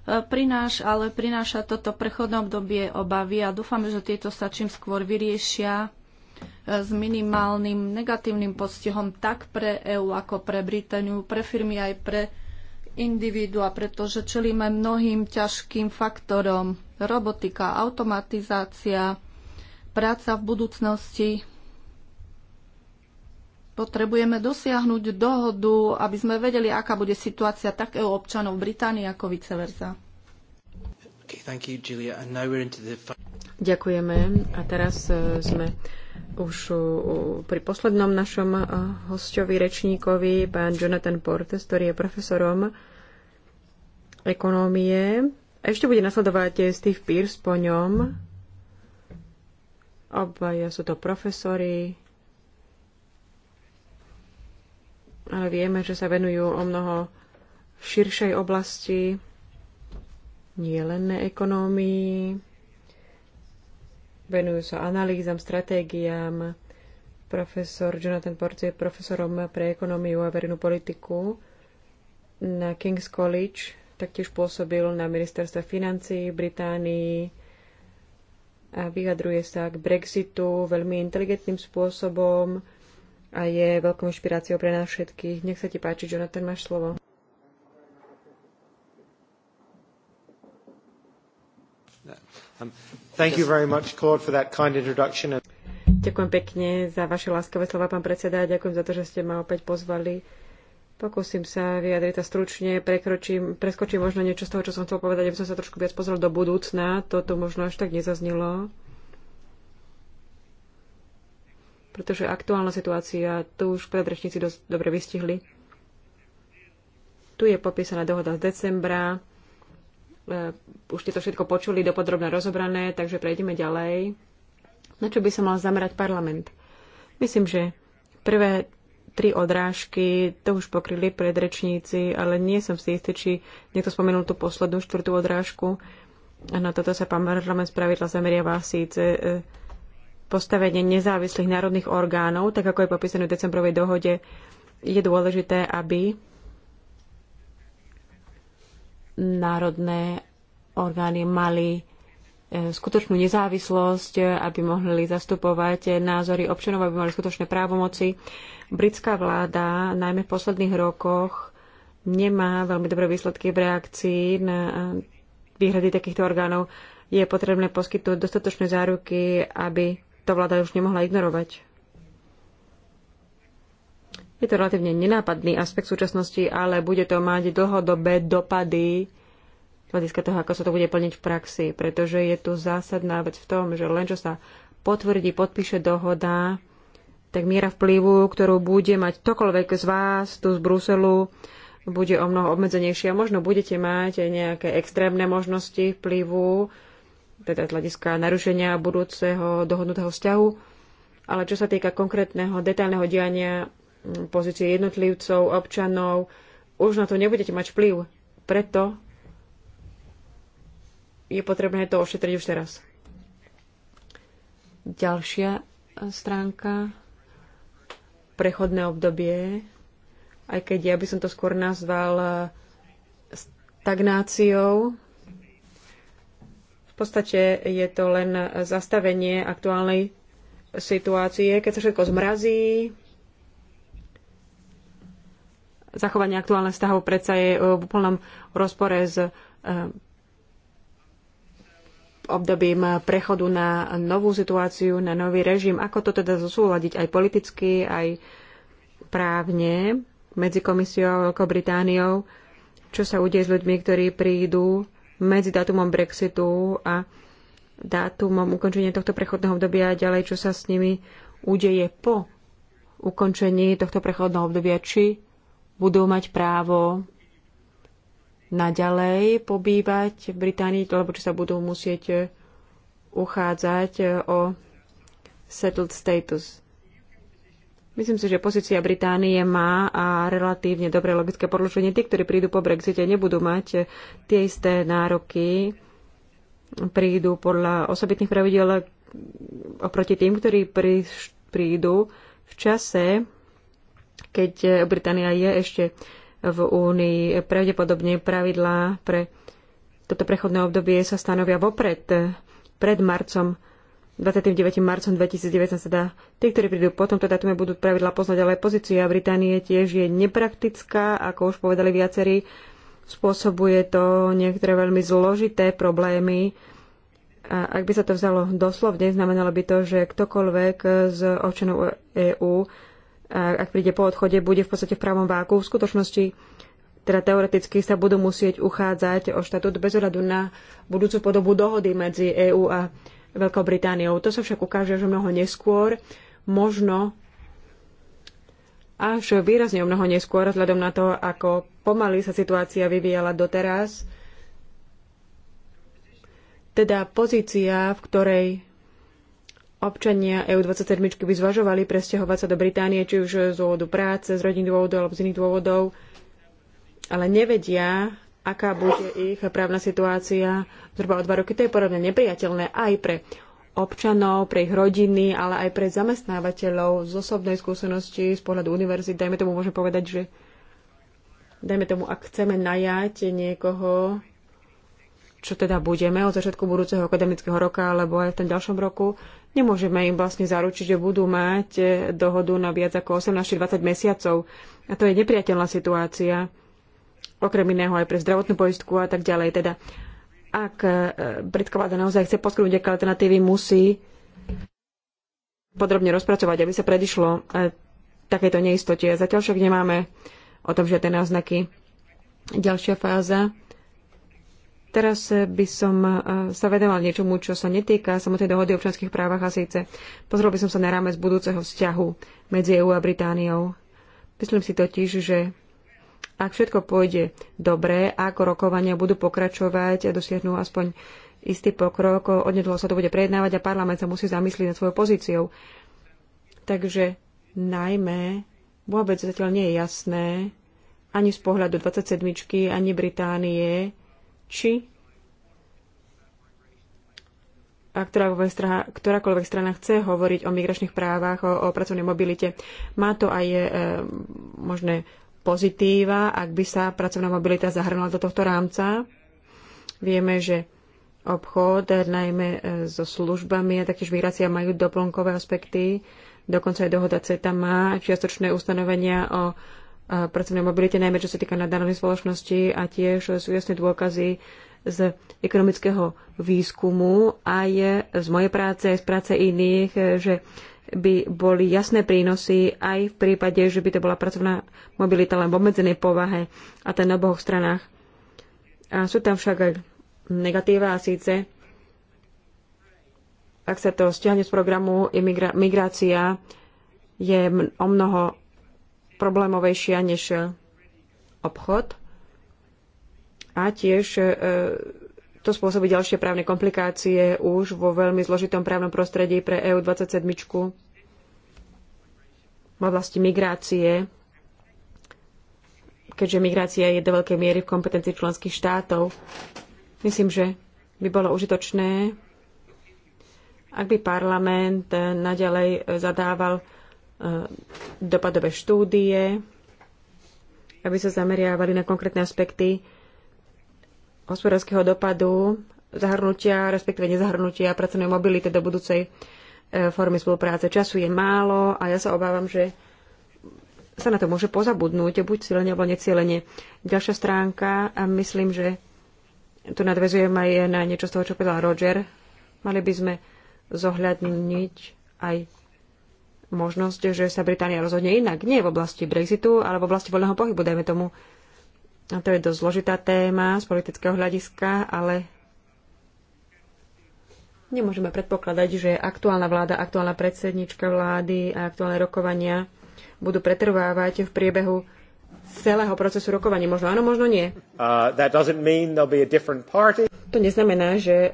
E, prináš, ale prináša toto prechodné obdobie obavy a dúfame, že tieto sa čím skôr vyriešia e, s minimálnym negatívnym postihom tak pre EÚ ako pre Britániu, pre firmy aj pre individua, pretože čelíme mnohým ťažkým faktorom. Robotika, automatizácia, práca v budúcnosti, potrebujeme dosiahnuť dohodu, aby sme vedeli, aká bude situácia takého e, občanov Británii ako vice versa. Okay, you, the... Ďakujeme. A teraz e, sme už pri poslednom našom e, hostovi, rečníkovi, pán Jonathan Portes, ktorý je profesorom ekonómie. Ešte bude nasledovať Steve Pierce po ňom. Obaja sú to profesori ale vieme, že sa venujú o mnoho širšej oblasti, nie len na ekonómii, venujú sa analýzam, stratégiám. Profesor Jonathan Porci je profesorom pre ekonómiu a verejnú politiku na King's College, taktiež pôsobil na ministerstve financí v Británii a vyjadruje sa k Brexitu veľmi inteligentným spôsobom a je veľkou inšpiráciou pre nás všetkých. Nech sa ti páči, Jonathan, máš slovo. Um, thank you very much, Claude, for that kind introduction. Ďakujem pekne za vaše láskavé slova, pán predseda. Ďakujem za to, že ste ma opäť pozvali. Pokúsim sa vyjadriť a stručne, prekročím, preskočím možno niečo z toho, čo som chcel povedať, aby som sa trošku viac pozrel do budúcna. Toto možno až tak nezaznilo. pretože aktuálna situácia tu už predrečníci dosť dobre vystihli. Tu je popísaná dohoda z decembra. E, už ste to všetko počuli, dopodrobne rozobrané, takže prejdeme ďalej. Na čo by sa mal zamerať parlament? Myslím, že prvé tri odrážky to už pokryli predrečníci, ale nie som si istý, či niekto spomenul tú poslednú štvrtú odrážku. A na toto sa pán parlament spravidla zameriava síce e, postavenie nezávislých národných orgánov, tak ako je popísané v decembrovej dohode, je dôležité, aby národné orgány mali e, skutočnú nezávislosť, aby mohli zastupovať názory občanov, aby mali skutočné právomoci. Britská vláda najmä v posledných rokoch nemá veľmi dobré výsledky v reakcii na e, výhrady takýchto orgánov. Je potrebné poskytnúť dostatočné záruky, aby to vláda už nemohla ignorovať. Je to relatívne nenápadný aspekt súčasnosti, ale bude to mať dlhodobé dopady z hľadiska toho, ako sa to bude plniť v praxi, pretože je tu zásadná vec v tom, že len čo sa potvrdí, podpíše dohoda, tak miera vplyvu, ktorú bude mať ktokoľvek z vás tu z Bruselu, bude o mnoho obmedzenejšia. Možno budete mať aj nejaké extrémne možnosti vplyvu, teda z hľadiska narušenia budúceho dohodnutého vzťahu. Ale čo sa týka konkrétneho detailného diania mm, pozície jednotlivcov, občanov, už na to nebudete mať vplyv. Preto je potrebné to ošetriť už teraz. Ďalšia stránka, prechodné obdobie, aj keď ja by som to skôr nazval stagnáciou, v podstate je to len zastavenie aktuálnej situácie, keď sa všetko zmrazí, zachovanie aktuálnych vzťahov predsa je e, v úplnom rozpore s e, obdobím prechodu na novú situáciu, na nový režim. Ako to teda zosúľadiť aj politicky, aj právne medzi komisiou a Veľkou Britániou? Čo sa udeje s ľuďmi, ktorí prídu medzi dátumom Brexitu a dátumom ukončenia tohto prechodného obdobia a ďalej, čo sa s nimi udeje po ukončení tohto prechodného obdobia, či budú mať právo naďalej pobývať v Británii, alebo či sa budú musieť uchádzať o settled status. Myslím si, že pozícia Británie má a relatívne dobré logické podloženie. Tí, ktorí prídu po Brexite, nebudú mať tie isté nároky, prídu podľa osobitných pravidel oproti tým, ktorí prídu v čase, keď Británia je ešte v Únii. Pravdepodobne pravidlá pre toto prechodné obdobie sa stanovia vopred, pred marcom 29. marcom 2019 sa Tí, ktorí prídu po tomto datume, budú pravidla poznať, ale pozícia Británie tiež je nepraktická, ako už povedali viacerí. Spôsobuje to niektoré veľmi zložité problémy. A ak by sa to vzalo doslovne, znamenalo by to, že ktokoľvek z občanov EÚ, ak príde po odchode, bude v podstate v právom váku. V skutočnosti teda teoreticky sa budú musieť uchádzať o štatút bez ohľadu na budúcu podobu dohody medzi EÚ a Veľkou Britániou. To sa však ukáže, že mnoho neskôr, možno až výrazne o mnoho neskôr, vzhľadom na to, ako pomaly sa situácia vyvíjala doteraz, teda pozícia, v ktorej občania EU27 by zvažovali presťahovať sa do Británie, či už z dôvodu práce, z rodinných dôvodov alebo z iných dôvodov, ale nevedia, aká bude ich právna situácia zhruba o dva roky. To je podobne nepriateľné aj pre občanov, pre ich rodiny, ale aj pre zamestnávateľov z osobnej skúsenosti, z pohľadu univerzity. Dajme tomu, môžem povedať, že dajme tomu, ak chceme najať niekoho, čo teda budeme od začiatku budúceho akademického roka alebo aj v tom ďalšom roku, nemôžeme im vlastne zaručiť, že budú mať dohodu na viac ako 18-20 mesiacov. A to je nepriateľná situácia okrem iného aj pre zdravotnú poistku a tak ďalej. Teda ak e, britská vláda naozaj chce poskytnúť nejaké alternatívy, musí podrobne rozpracovať, aby sa predišlo e, takéto neistote. Zatiaľ však nemáme o tom žiadne náznaky. Ďalšia fáza. Teraz e, by som sa vedoval niečomu, čo sa netýka samotnej dohody o občanských právach a síce pozrel by som sa na rámec budúceho vzťahu medzi EU a Britániou. Myslím si totiž, že ak všetko pôjde dobre, ako rokovania budú pokračovať a dosiahnu aspoň istý pokrok, odnedlho sa to bude prejednávať a parlament sa musí zamyslieť nad svojou pozíciou. Takže najmä vôbec zatiaľ nie je jasné, ani z pohľadu 27, ani Británie, či a ktorákoľvek strana, ktorákoľvek strana chce hovoriť o migračných právach, o, o pracovnej mobilite, má to aj e, možné pozitíva, ak by sa pracovná mobilita zahrnula do tohto rámca. Vieme, že obchod, najmä e, so službami a taktiež migrácia majú doplnkové aspekty. Dokonca aj dohoda CETA má čiastočné ustanovenia o e, pracovnej mobilite, najmä čo sa týka nadárovnej spoločnosti a tiež sú jasné dôkazy z ekonomického výskumu aj z mojej práce, aj z práce iných, e, že by boli jasné prínosy aj v prípade, že by to bola pracovná mobilita len v obmedzenej povahe a ten na oboch stranách. A sú tam však aj negatíva a síce ak sa to stiahne z programu, imigra- migrácia je o mnoho problémovejšia než e, obchod a tiež e, to spôsobí ďalšie právne komplikácie už vo veľmi zložitom právnom prostredí pre EU27 oblasti migrácie, keďže migrácia je do veľkej miery v kompetencii členských štátov. Myslím, že by bolo užitočné, ak by parlament eh, naďalej eh, zadával eh, dopadové štúdie, aby sa zameriavali na konkrétne aspekty hospodárskeho dopadu, zahrnutia, respektíve nezahrnutia pracovnej mobility do budúcej E, formy spolupráce. Času je málo a ja sa obávam, že sa na to môže pozabudnúť, buď cílenie alebo necielene. Ďalšia stránka, a myslím, že tu nadvezujem aj na niečo z toho, čo povedal Roger, mali by sme zohľadniť aj možnosť, že sa Británia rozhodne inak. Nie v oblasti Brexitu, ale v oblasti voľného pohybu, dajme tomu. A to je dosť zložitá téma z politického hľadiska, ale Nemôžeme predpokladať, že aktuálna vláda, aktuálna predsednička vlády a aktuálne rokovania budú pretrvávať v priebehu celého procesu rokovania. Možno áno, možno nie. Uh, to neznamená, že um,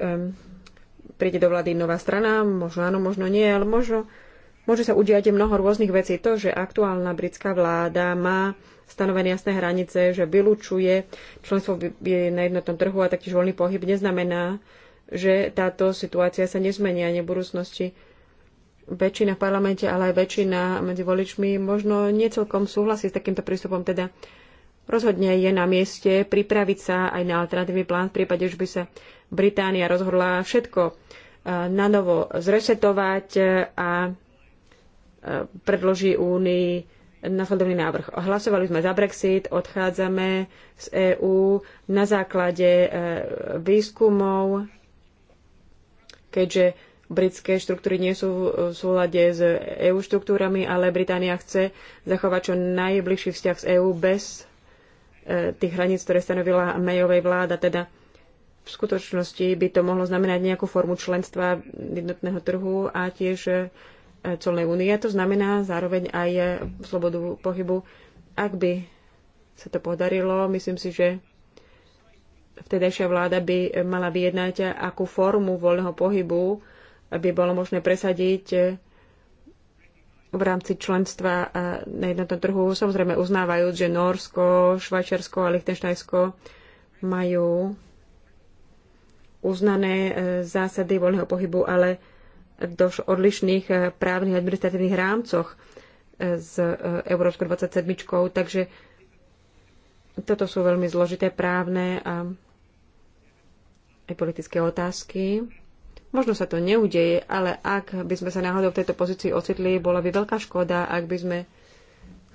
príde do vlády nová strana, možno áno, možno nie, ale možno môže sa udiať mnoho rôznych vecí. To, že aktuálna britská vláda má stanovené jasné hranice, že vylúčuje členstvo na jednotnom trhu a taktiež voľný pohyb, neznamená, že táto situácia sa nezmení ani v budúcnosti. Väčšina v parlamente, ale aj väčšina medzi voličmi možno necelkom súhlasí s takýmto prístupom. Teda rozhodne je na mieste pripraviť sa aj na alternatívny plán v prípade, že by sa Británia rozhodla všetko e, na novo zresetovať e, a e, predloží Únii nasledovný návrh. Hlasovali sme za Brexit, odchádzame z EÚ na základe výskumov keďže britské štruktúry nie sú v súlade s EU štruktúrami, ale Británia chce zachovať čo najbližší vzťah s EÚ bez e, tých hraníc, ktoré stanovila Mayovej vláda. Teda v skutočnosti by to mohlo znamenať nejakú formu členstva jednotného trhu a tiež e, colnej únie. To znamená zároveň aj e, slobodu pohybu. Ak by sa to podarilo, myslím si, že vtedajšia vláda by mala vyjednať, akú formu voľného pohybu by bolo možné presadiť v rámci členstva na jednotnom trhu, samozrejme uznávajúc, že Norsko, Švajčiarsko a Lichtenštajsko majú uznané e, zásady voľného pohybu, ale do odlišných e, právnych a administratívnych rámcoch s e, Európskou 27. Takže toto sú veľmi zložité právne a aj politické otázky. Možno sa to neudeje, ale ak by sme sa náhodou v tejto pozícii ocitli, bola by veľká škoda, ak by sme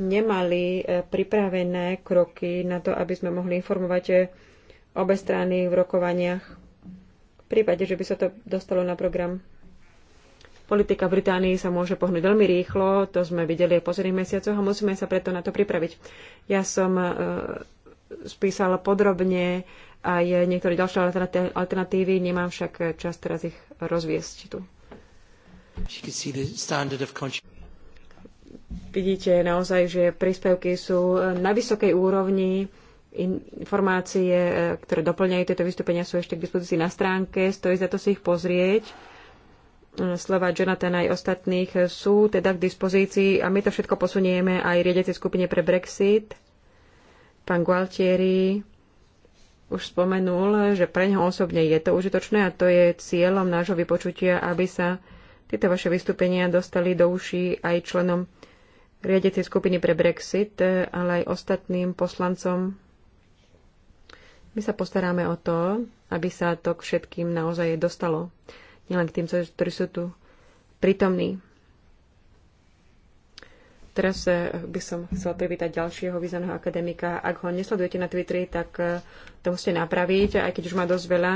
nemali e, pripravené kroky na to, aby sme mohli informovať e, obe strany v rokovaniach. V prípade, že by sa to dostalo na program Politika v Británii sa môže pohnúť veľmi rýchlo, to sme videli aj v posledných mesiacoch a musíme sa preto na to pripraviť. Ja som e, spísala podrobne aj niektoré ďalšie alternatívy, nemám však čas teraz ich rozviesť tu. Vidíte naozaj, že príspevky sú e, na vysokej úrovni. Informácie, e, ktoré doplňajú tieto vystúpenia, sú ešte k dispozícii na stránke. Stojí za to si ich pozrieť slova Jonathana aj ostatných eh, sú teda k dispozícii a my to všetko posunieme aj riadiacej skupine pre Brexit. Pán Gualtieri už spomenul, že pre neho osobne je to užitočné a to je cieľom nášho vypočutia, aby sa tieto vaše vystúpenia dostali do uší aj členom riadiacej skupiny pre Brexit, eh, ale aj ostatným poslancom. My sa postaráme o to, aby sa to k všetkým naozaj dostalo nielen k tým, ktorí sú tu prítomní. Teraz eh, by som chcela privítať ďalšieho významného akademika. Ak ho nesledujete na Twitteri, tak eh, to musíte napraviť, aj keď už má dosť veľa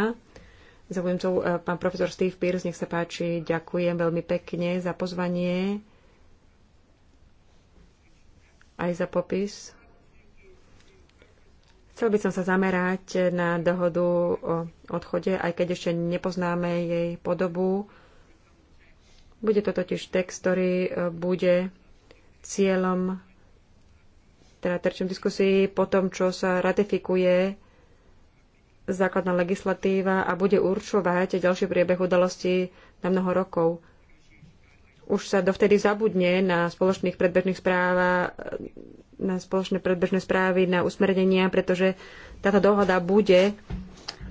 zaujímcov. Eh, pán profesor Steve Pierce, nech sa páči, ďakujem veľmi pekne za pozvanie aj za popis. Chcel by som sa zamerať na dohodu o odchode, aj keď ešte nepoznáme jej podobu. Bude to totiž text, ktorý e, bude cieľom teda terčom diskusii po tom, čo sa ratifikuje základná legislatíva a bude určovať ďalší priebeh udalostí na mnoho rokov už sa dovtedy zabudne na spoločných predbežných správ, na spoločné predbežné správy, na usmernenia, pretože táto dohoda bude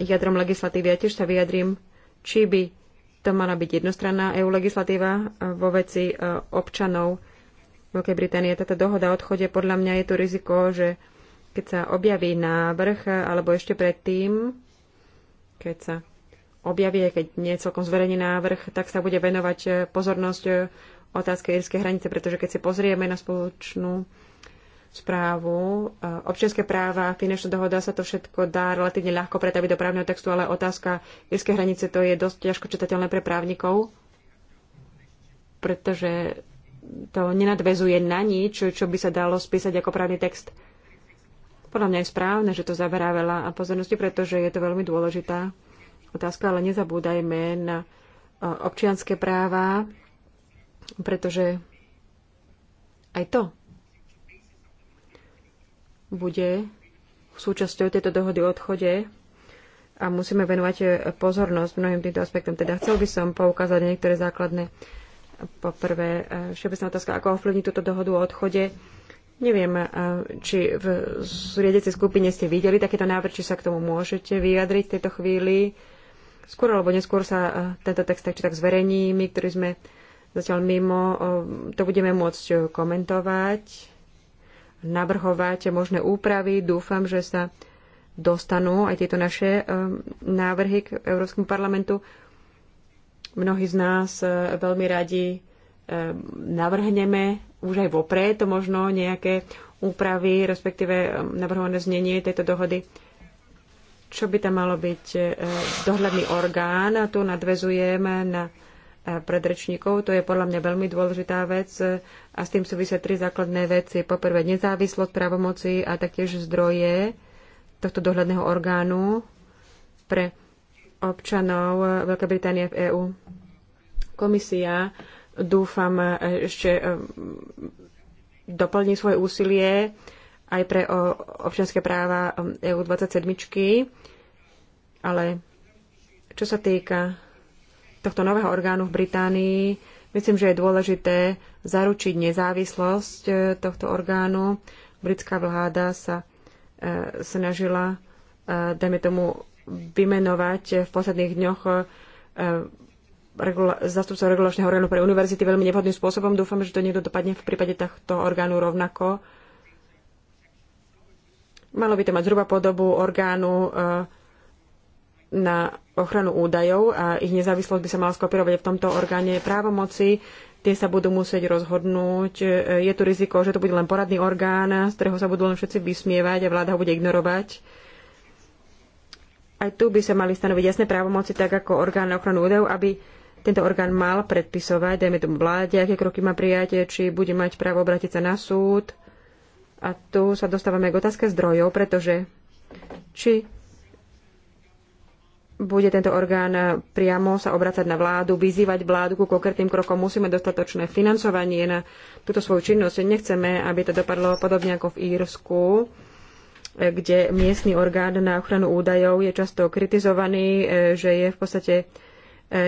jadrom legislatívy. Ja tiež sa vyjadrím, či by to mala byť jednostranná EU legislatíva vo veci e, občanov Veľkej Británie. Táto dohoda o odchode, podľa mňa je tu riziko, že keď sa objaví návrh, alebo ešte predtým, keď sa objaví, keď nie je celkom zverejný návrh, tak sa bude venovať e, pozornosť e, otázke írskej hranice, pretože keď si pozrieme na spoločnú správu, e, občianské práva, finančná dohoda sa to všetko dá relatívne ľahko pretaviť do právneho textu, ale otázka írskej hranice to je dosť ťažko čitateľné pre právnikov, pretože to nenadvezuje na nič, čo by sa dalo spísať ako právny text. Podľa mňa je správne, že to zaberá veľa pozornosti, pretože je to veľmi dôležitá otázka, ale nezabúdajme na e, občianské práva, pretože aj to bude súčasťou tejto dohody o odchode a musíme venovať pozornosť mnohým týmto aspektom. Teda chcel by som poukázať niektoré základné. Poprvé, e, všeobecná otázka, ako ovplyvniť túto dohodu o odchode. Neviem, e, či v riadecej skupine ste videli takéto návrh, či sa k tomu môžete vyjadriť v tejto chvíli. Skôr alebo neskôr sa e, tento text tak či tak zverejní, my, ktorí sme zatiaľ mimo, e, to budeme môcť e, komentovať, navrhovať možné úpravy. Dúfam, že sa dostanú aj tieto naše návrhy k Európskemu parlamentu. Mnohí z nás veľmi radi navrhneme už aj vopred to možno nejaké úpravy, respektíve navrhované znenie tejto dohody čo by tam malo byť e, dohľadný orgán. A tu nadvezujem na e, predrečníkov. To je podľa mňa veľmi dôležitá vec a s tým súvisia tri základné veci. Poprvé nezávislosť právomoci a taktiež zdroje tohto dohľadného orgánu pre občanov Veľkej Británie v EÚ. Komisia, dúfam, e, ešte doplní svoje úsilie aj pre občianské práva um, EU27, ale čo sa týka tohto nového orgánu v Británii, myslím, že je dôležité zaručiť nezávislosť e, tohto orgánu. Britská vláda sa e, snažila, e, dajme tomu, vymenovať v posledných dňoch regula- zastupcov regulačného orgánu pre univerzity veľmi nevhodným spôsobom. Dúfam, že to niekto dopadne v prípade tohto orgánu rovnako. Malo by to mať zhruba podobu orgánu e, na ochranu údajov a ich nezávislosť by sa mala skopírovať v tomto orgáne právomoci. Tie sa budú musieť rozhodnúť. E, je tu riziko, že to bude len poradný orgán, z ktorého sa budú len všetci vysmievať a vláda ho bude ignorovať. Aj tu by sa mali stanoviť jasné právomoci, tak ako orgán na ochranu údajov, aby tento orgán mal predpisovať, dajme tomu vláde, aké kroky má prijať, či bude mať právo obrátiť sa na súd, a tu sa dostávame k otázke zdrojov, pretože či bude tento orgán priamo sa obracať na vládu, vyzývať vládu ku konkrétnym krokom. Musíme dostatočné financovanie na túto svoju činnosť. Nechceme, aby to dopadlo podobne ako v Írsku, kde miestny orgán na ochranu údajov je často kritizovaný, e, že je v podstate e,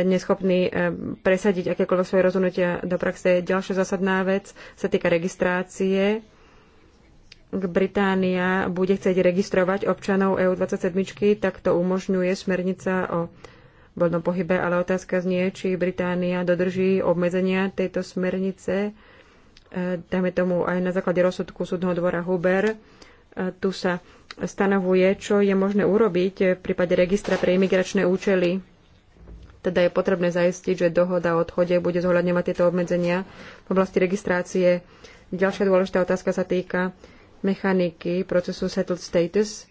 neschopný e, presadiť akékoľvek svoje rozhodnutia do praxe. Ďalšia zásadná vec sa týka registrácie Británia bude chcieť registrovať občanov EU27, tak to umožňuje smernica o voľnom pohybe, ale otázka znie, či Británia dodrží obmedzenia tejto smernice, e, dajme tomu aj na základe rozsudku súdneho dvora Huber. E, tu sa stanovuje, čo je možné urobiť v prípade registra pre imigračné účely. Teda je potrebné zaistiť, že dohoda o odchode bude zohľadňovať tieto obmedzenia v oblasti registrácie. Ďalšia dôležitá otázka sa týka mechaniky procesu Settled Status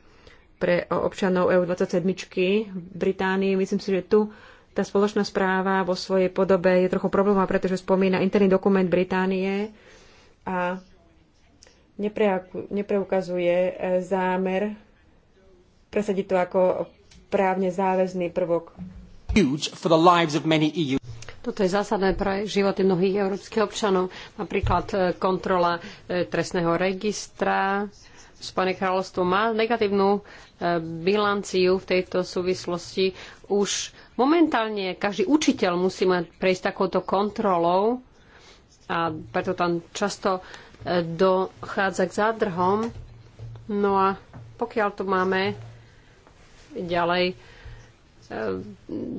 pre občanov EU27 v Británii. Myslím si, že tu tá spoločná správa vo svojej podobe je trochu problémová, pretože spomína interný dokument Británie a nepreukazuje e, zámer presadiť to ako právne záväzný prvok. Huge for the lives of many EU. Toto je zásadné pre životy mnohých európskych občanov. Napríklad e, kontrola e, trestného registra. Spojené kráľovstvo má negatívnu e, bilanciu v tejto súvislosti. Už momentálne každý učiteľ musí mať prejsť takouto kontrolou a preto tam často dochádza k zádrhom. No a pokiaľ tu máme ďalej E,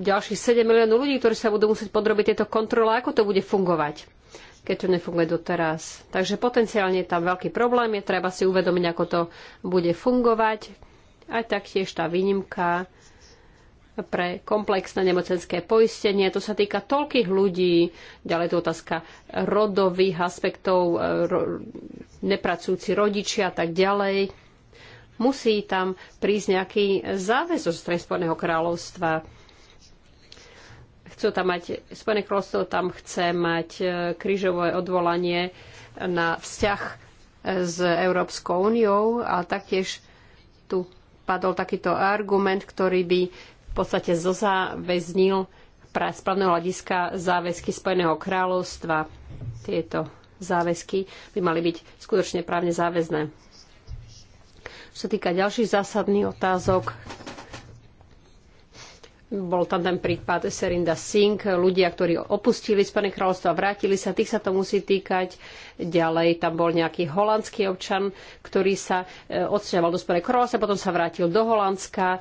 ďalších 7 miliónov ľudí, ktorí sa budú musieť podrobiť tieto kontrole, ako to bude fungovať, keď to nefunguje doteraz. Takže potenciálne je tam veľký problém, je treba si uvedomiť, ako to bude fungovať. A taktiež tá výnimka pre komplexné nemocenské poistenie. To sa týka toľkých ľudí. Ďalej tu otázka rodových aspektov, e, ro, nepracujúci rodičia a tak ďalej musí tam prísť nejaký záväzok z Spojeného kráľovstva. Chcú tam mať, Spojené kráľovstvo tam chce mať e, krížové odvolanie na vzťah e, s Európskou úniou a taktiež tu padol takýto argument, ktorý by v podstate zozáväznil pre správneho hľadiska záväzky Spojeného kráľovstva. Tieto záväzky by mali byť skutočne právne záväzné. Čo sa týka ďalších zásadných otázok, bol tam ten prípad Serinda Singh, ľudia, ktorí opustili Spojené kráľovstvo a vrátili sa, tých sa to musí týkať. Ďalej tam bol nejaký holandský občan, ktorý sa e, odsťahoval do Spojeného kráľovstva, potom sa vrátil do Holandska.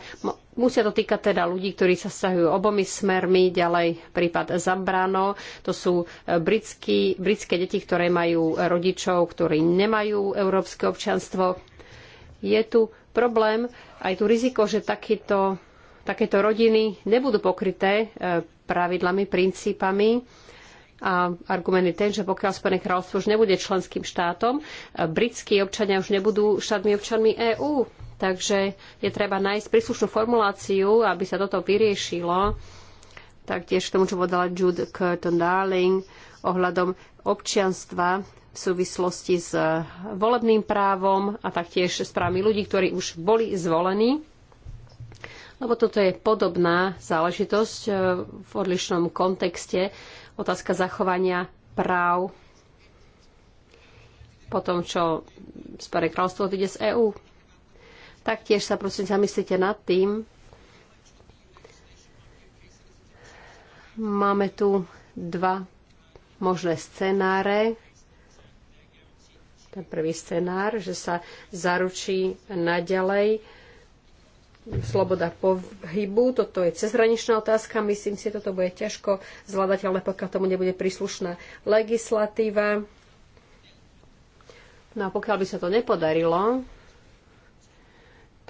Musia to týkať teda ľudí, ktorí sa stahujú obomi smermi. Ďalej prípad Zambrano, to sú e, britský, britské deti, ktoré majú rodičov, ktorí nemajú európske občanstvo je tu problém, aj tu riziko, že takýto, takéto rodiny nebudú pokryté e, pravidlami, princípami. A argument je ten, že pokiaľ Spojené kráľovstvo už nebude členským štátom, e, britskí občania už nebudú štátmi občanmi EÚ. Takže je treba nájsť príslušnú formuláciu, aby sa toto vyriešilo. Taktiež k tomu, čo povedala Jude Curtin Darling ohľadom občianstva v súvislosti s eh, volebným právom a taktiež s právmi ľudí, ktorí už boli zvolení. Lebo toto je podobná záležitosť eh, v odlišnom kontexte. Otázka zachovania práv po tom, čo Spojené kráľstvo odíde z EÚ. Taktiež sa prosím zamyslite nad tým. Máme tu dva možné scenáre, ten prvý scenár, že sa zaručí naďalej sloboda pohybu. Toto je cezhraničná otázka. Myslím si, toto bude ťažko zvládať, ale pokiaľ tomu nebude príslušná legislatíva. No a pokiaľ by sa to nepodarilo,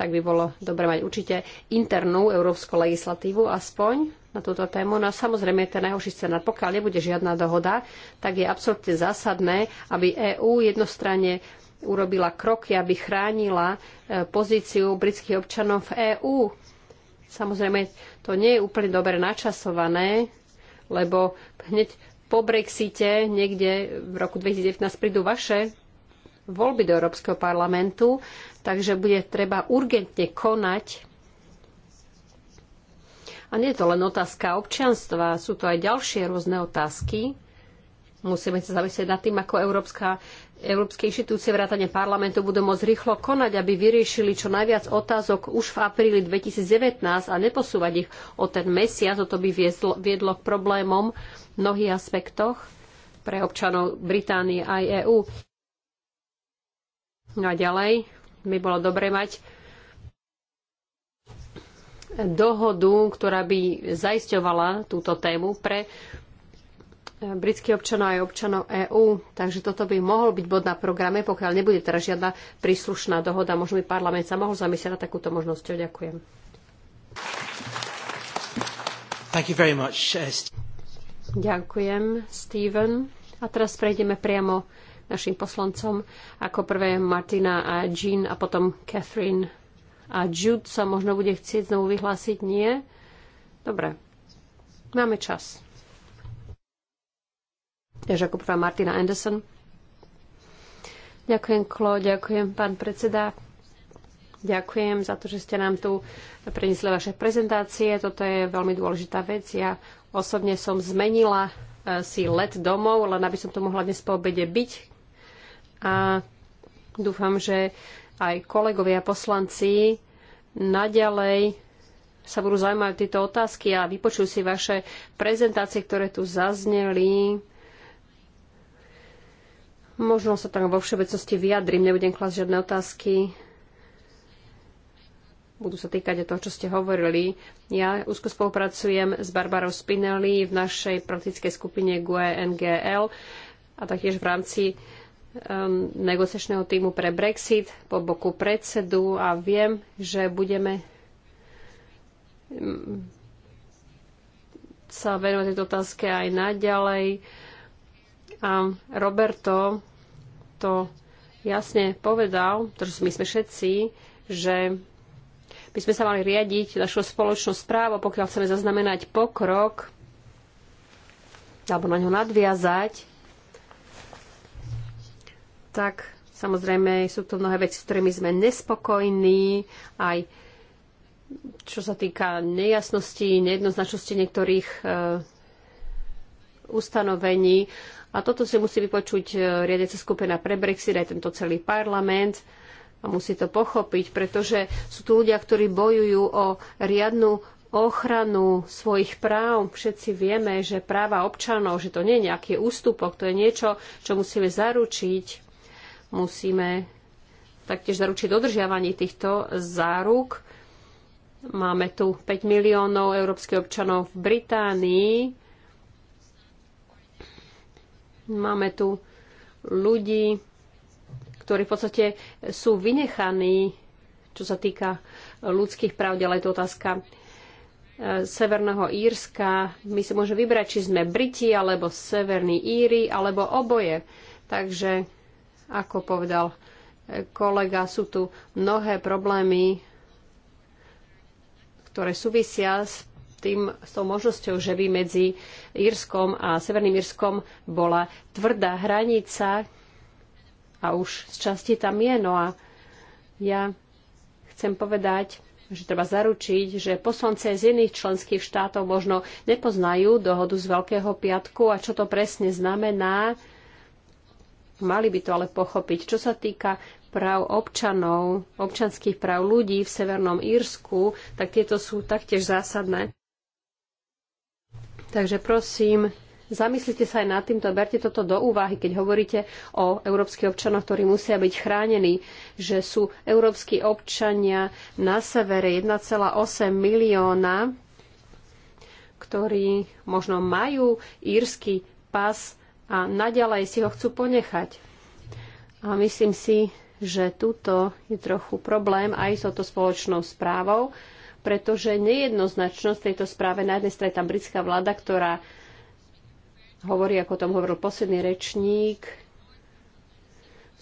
tak by bolo dobre mať určite internú európsku legislatívu aspoň na túto tému. No a samozrejme je ten najhorší scenár. Pokiaľ nebude žiadna dohoda, tak je absolútne zásadné, aby EÚ jednostranne urobila kroky, aby chránila e, pozíciu britských občanov v EÚ. Samozrejme, to nie je úplne dobre načasované, lebo hneď po Brexite niekde v roku 2019 prídu vaše voľby do Európskeho parlamentu Takže bude treba urgentne konať. A nie je to len otázka občianstva, sú to aj ďalšie rôzne otázky. Musíme sa zamyslieť nad tým, ako Európska, európske inštitúcie vrátane parlamentu budú môcť rýchlo konať, aby vyriešili čo najviac otázok už v apríli 2019 a neposúvať ich o ten mesiac. to by viedlo, viedlo k problémom v mnohých aspektoch pre občanov Británie aj EÚ. No a ďalej, by bolo dobre mať dohodu, ktorá by zaisťovala túto tému pre britských občanov aj občanov EÚ. Takže toto by mohol byť bod na programe, pokiaľ nebude teraz žiadna príslušná dohoda. Možno by parlament sa mohol zamyslieť na takúto možnosť. Ďakujem. Thank you very much, uh, Ďakujem, Steven. A teraz prejdeme priamo našim poslancom. Ako prvé Martina a Jean a potom Catherine a Jude sa možno bude chcieť znovu vyhlásiť. Nie? Dobre. Máme čas. Takže ako prvá Martina Anderson. Ďakujem, Klo, ďakujem, pán predseda. Ďakujem za to, že ste nám tu priniesli vaše prezentácie. Toto je veľmi dôležitá vec. Ja osobne som zmenila eh, si let domov, len aby som to mohla dnes po obede byť, a dúfam, že aj kolegovia poslanci naďalej sa budú zaujímať tieto otázky a vypočujú si vaše prezentácie, ktoré tu zazneli. Možno sa tam vo všeobecnosti vyjadrím, nebudem klasť žiadne otázky. Budú sa týkať aj toho, čo ste hovorili. Ja úzko spolupracujem s Barbarou Spinelli v našej praktickej skupine GUE NGL a taktiež v rámci um, negociačného týmu pre Brexit po boku predsedu a viem, že budeme mm, sa venovať tejto otázke aj naďalej. A Roberto to jasne povedal, pretože my sme všetci, že by sme sa mali riadiť našu spoločnú správu, pokiaľ chceme zaznamenať pokrok alebo na ňo nadviazať, tak samozrejme sú to mnohé veci, s ktorými sme nespokojní, aj čo sa týka nejasnosti, nejednoznačnosti niektorých e, ustanovení. A toto si musí vypočuť e, riadeca skupina pre Brexit, aj tento celý parlament a musí to pochopiť, pretože sú tu ľudia, ktorí bojujú o riadnu ochranu svojich práv. Všetci vieme, že práva občanov, že to nie je nejaký ústupok, to je niečo, čo musíme zaručiť. Musíme taktiež zaručiť dodržiavanie týchto záruk. Máme tu 5 miliónov európskych občanov v Británii. Máme tu ľudí, ktorí v podstate sú vynechaní, čo sa týka ľudských práv, ale je to otázka e, Severného Írska. My si môžeme vybrať, či sme Briti, alebo Severní Íry, alebo oboje. Takže ako povedal e, kolega, sú tu mnohé problémy, ktoré súvisia s tým, s tou možnosťou, že by medzi Írskom a Severným Írskom bola tvrdá hranica a už z časti tam je. No a ja chcem povedať, že treba zaručiť, že poslance z iných členských štátov možno nepoznajú dohodu z Veľkého piatku a čo to presne znamená, Mali by to ale pochopiť. Čo sa týka práv občanov, občanských práv ľudí v Severnom Írsku, tak tieto sú taktiež zásadné. Takže prosím, zamyslite sa aj nad týmto, berte toto do úvahy, keď hovoríte o európskych občanoch, ktorí musia byť chránení, že sú európsky občania na severe 1,8 milióna, ktorí možno majú írsky pas, a naďalej si ho chcú ponechať. A myslím si, že tuto je trochu problém aj s touto spoločnou správou, pretože nejednoznačnosť tejto správe, na jednej strane tá britská vláda, ktorá hovorí, ako o tom hovoril posledný rečník,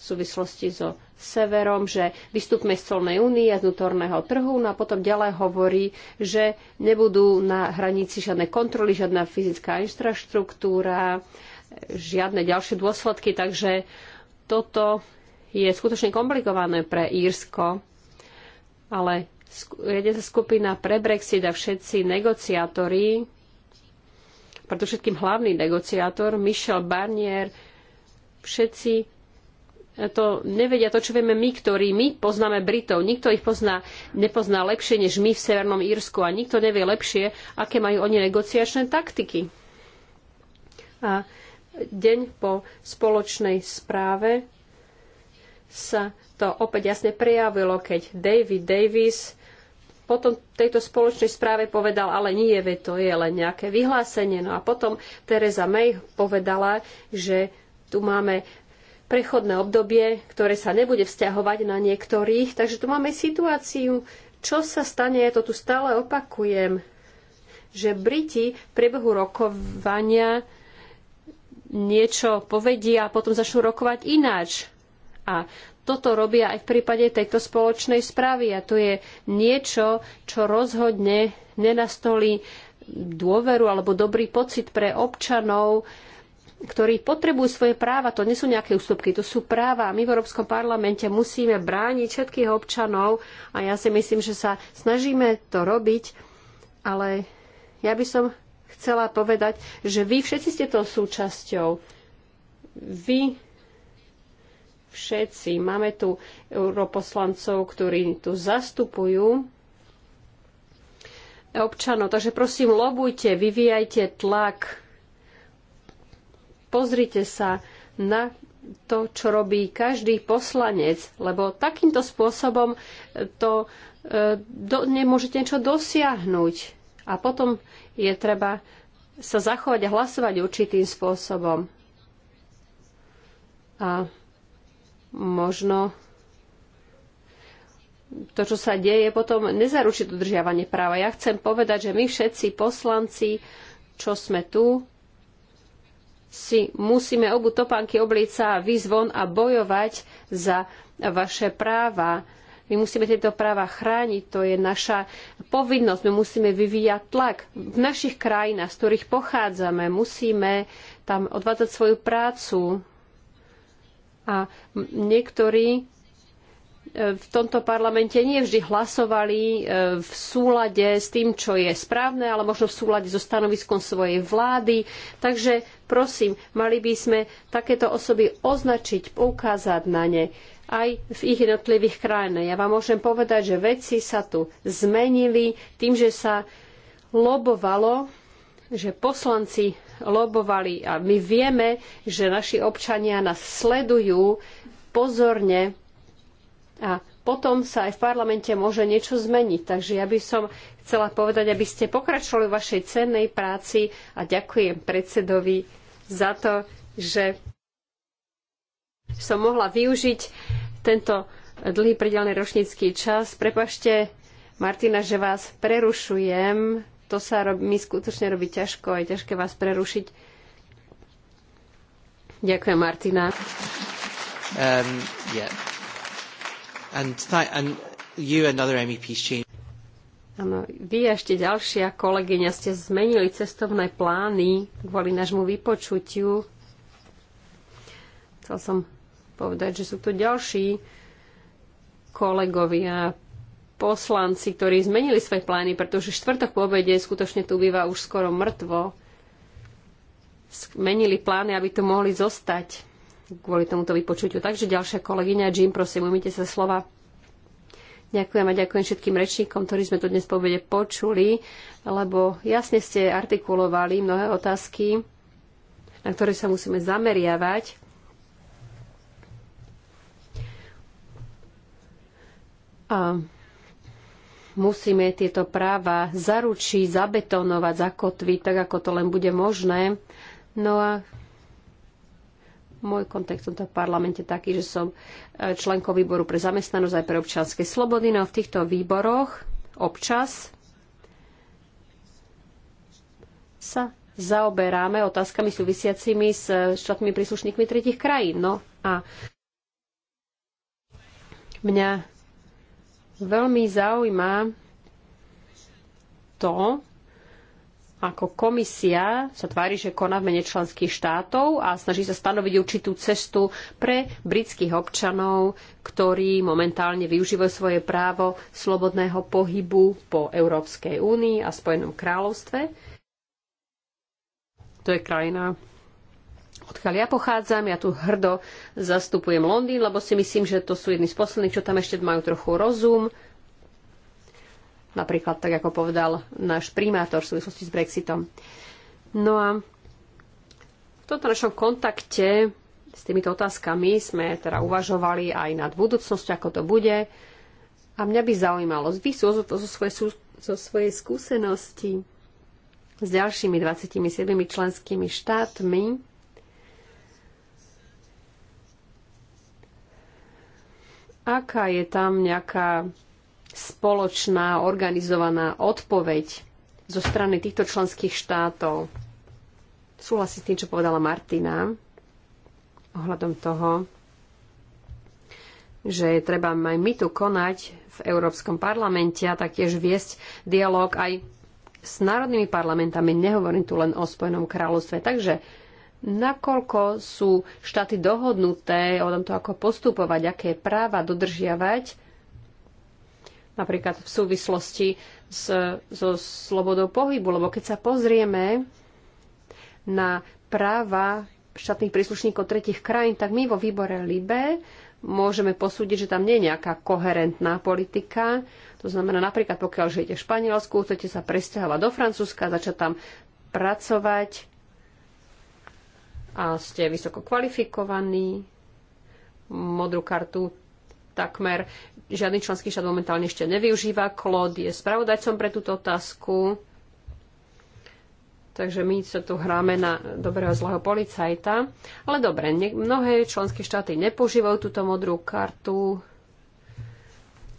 v súvislosti so severom, že vystúpme z colnej únie a z nutorného trhu, no a potom ďalej hovorí, že nebudú na hranici žiadne kontroly, žiadna fyzická infraštruktúra, žiadne ďalšie dôsledky, takže toto je skutočne komplikované pre Írsko, ale sa skupina pre Brexit a všetci negociátori, preto všetkým hlavný negociátor, Michel Barnier, všetci to nevedia to, čo vieme my, ktorí my poznáme Britov. Nikto ich pozná, nepozná lepšie než my v Severnom Írsku a nikto nevie lepšie, aké majú oni negociačné taktiky. A deň po spoločnej správe sa to opäť jasne prejavilo, keď David Davis potom tejto spoločnej správe povedal, ale nie, je, to je len nejaké vyhlásenie. No a potom Teresa May povedala, že tu máme prechodné obdobie, ktoré sa nebude vzťahovať na niektorých. Takže tu máme situáciu, čo sa stane, ja to tu stále opakujem, že Briti v priebehu rokovania niečo povedia a potom začnú rokovať ináč. A toto robia aj v prípade tejto spoločnej správy. A to je niečo, čo rozhodne nenastolí dôveru alebo dobrý pocit pre občanov, ktorí potrebujú svoje práva. To nie sú nejaké ústupky, to sú práva. My v Európskom parlamente musíme brániť všetkých občanov a ja si myslím, že sa snažíme to robiť, ale ja by som chcela povedať, že vy všetci ste to súčasťou. Vy všetci. Máme tu europoslancov, ktorí tu zastupujú občanov. Takže prosím, lobujte, vyvíjajte tlak. Pozrite sa na to, čo robí každý poslanec, lebo takýmto spôsobom to e, do, nemôžete niečo dosiahnuť. A potom je treba sa zachovať a hlasovať určitým spôsobom. A možno to, čo sa deje, potom nezaručí dodržiavanie práva. Ja chcem povedať, že my všetci poslanci, čo sme tu, si musíme obu topánky oblíca a vyzvon a bojovať za vaše práva. My musíme tieto práva chrániť, to je naša povinnosť, my musíme vyvíjať tlak v našich krajinách, z ktorých pochádzame, musíme tam odvádzať svoju prácu. A niektorí e, v tomto parlamente nie vždy hlasovali e, v súlade s tým, čo je správne, ale možno v súlade so stanoviskom svojej vlády. Takže prosím, mali by sme takéto osoby označiť, poukázať na ne aj v ich jednotlivých krajinách. Ja vám môžem povedať, že veci sa tu zmenili tým, že sa lobovalo, že poslanci lobovali a my vieme, že naši občania nás sledujú pozorne a potom sa aj v parlamente môže niečo zmeniť. Takže ja by som chcela povedať, aby ste pokračovali v vašej cennej práci a ďakujem predsedovi za to, že som mohla využiť tento dlhý predelný ročnícky čas. Prepašte, Martina, že vás prerušujem. To sa robí, mi skutočne robí ťažko, je ťažké vás prerušiť. Ďakujem, Martina. Um, yeah. and and you and MEPs change. vy a ešte ďalšia kolegyňa ste zmenili cestovné plány kvôli nášmu vypočutiu. Chcel som povedať, že sú tu ďalší kolegovia, poslanci, ktorí zmenili svoje plány, pretože štvrtok po obede skutočne tu býva už skoro mŕtvo. Zmenili plány, aby tu mohli zostať kvôli tomuto vypočutiu. Takže ďalšia kolegyňa Jim, prosím, umíte sa slova. Ďakujem a ďakujem všetkým rečníkom, ktorí sme tu dnes po obede počuli, lebo jasne ste artikulovali mnohé otázky, na ktoré sa musíme zameriavať A musíme tieto práva zaručiť, zabetonovať, zakotviť, tak ako to len bude možné. No a môj kontakt v tomto parlamente taký, že som e, členkou výboru pre zamestnanosť aj pre občianske slobody. No v týchto výboroch občas sa zaoberáme otázkami súvisiacimi s e, štátnymi príslušníkmi tretich krajín. No a mňa veľmi zaujíma to, ako komisia sa tvári, že koná v mene členských štátov a snaží sa stanoviť určitú cestu pre britských občanov, ktorí momentálne využívajú svoje právo slobodného pohybu po Európskej únii a Spojenom kráľovstve. To je krajina, odkiaľ ja pochádzam. Ja tu hrdo zastupujem Londýn, lebo si myslím, že to sú jedni z posledných, čo tam ešte majú trochu rozum. Napríklad tak, ako povedal náš primátor v súvislosti s Brexitom. No a v tomto našom kontakte s týmito otázkami sme teda uvažovali aj nad budúcnosťou, ako to bude. A mňa by zaujímalo, vy sú zo, zo, svojej, zo svojej skúsenosti s ďalšími 27 členskými štátmi, aká je tam nejaká spoločná, organizovaná odpoveď zo strany týchto členských štátov. Súhlasím s tým, čo povedala Martina ohľadom toho, že treba aj my tu konať v Európskom parlamente a taktiež viesť dialog aj s národnými parlamentami. Nehovorím tu len o Spojenom kráľovstve. Takže nakoľko sú štáty dohodnuté o to ako postupovať, aké práva dodržiavať, napríklad v súvislosti s, so slobodou pohybu. Lebo keď sa pozrieme na práva štátnych príslušníkov tretich krajín, tak my vo výbore LIBE môžeme posúdiť, že tam nie je nejaká koherentná politika. To znamená, napríklad pokiaľ žijete v Španielsku, chcete sa presťahovať do Francúzska, začať tam pracovať, a ste vysoko kvalifikovaní, modrú kartu takmer žiadny členský štát momentálne ešte nevyužíva. Klod je spravodajcom pre túto otázku. Takže my sa tu hráme na dobrého zlého policajta. Ale dobre, mnohé členské štáty nepoužívajú túto modrú kartu.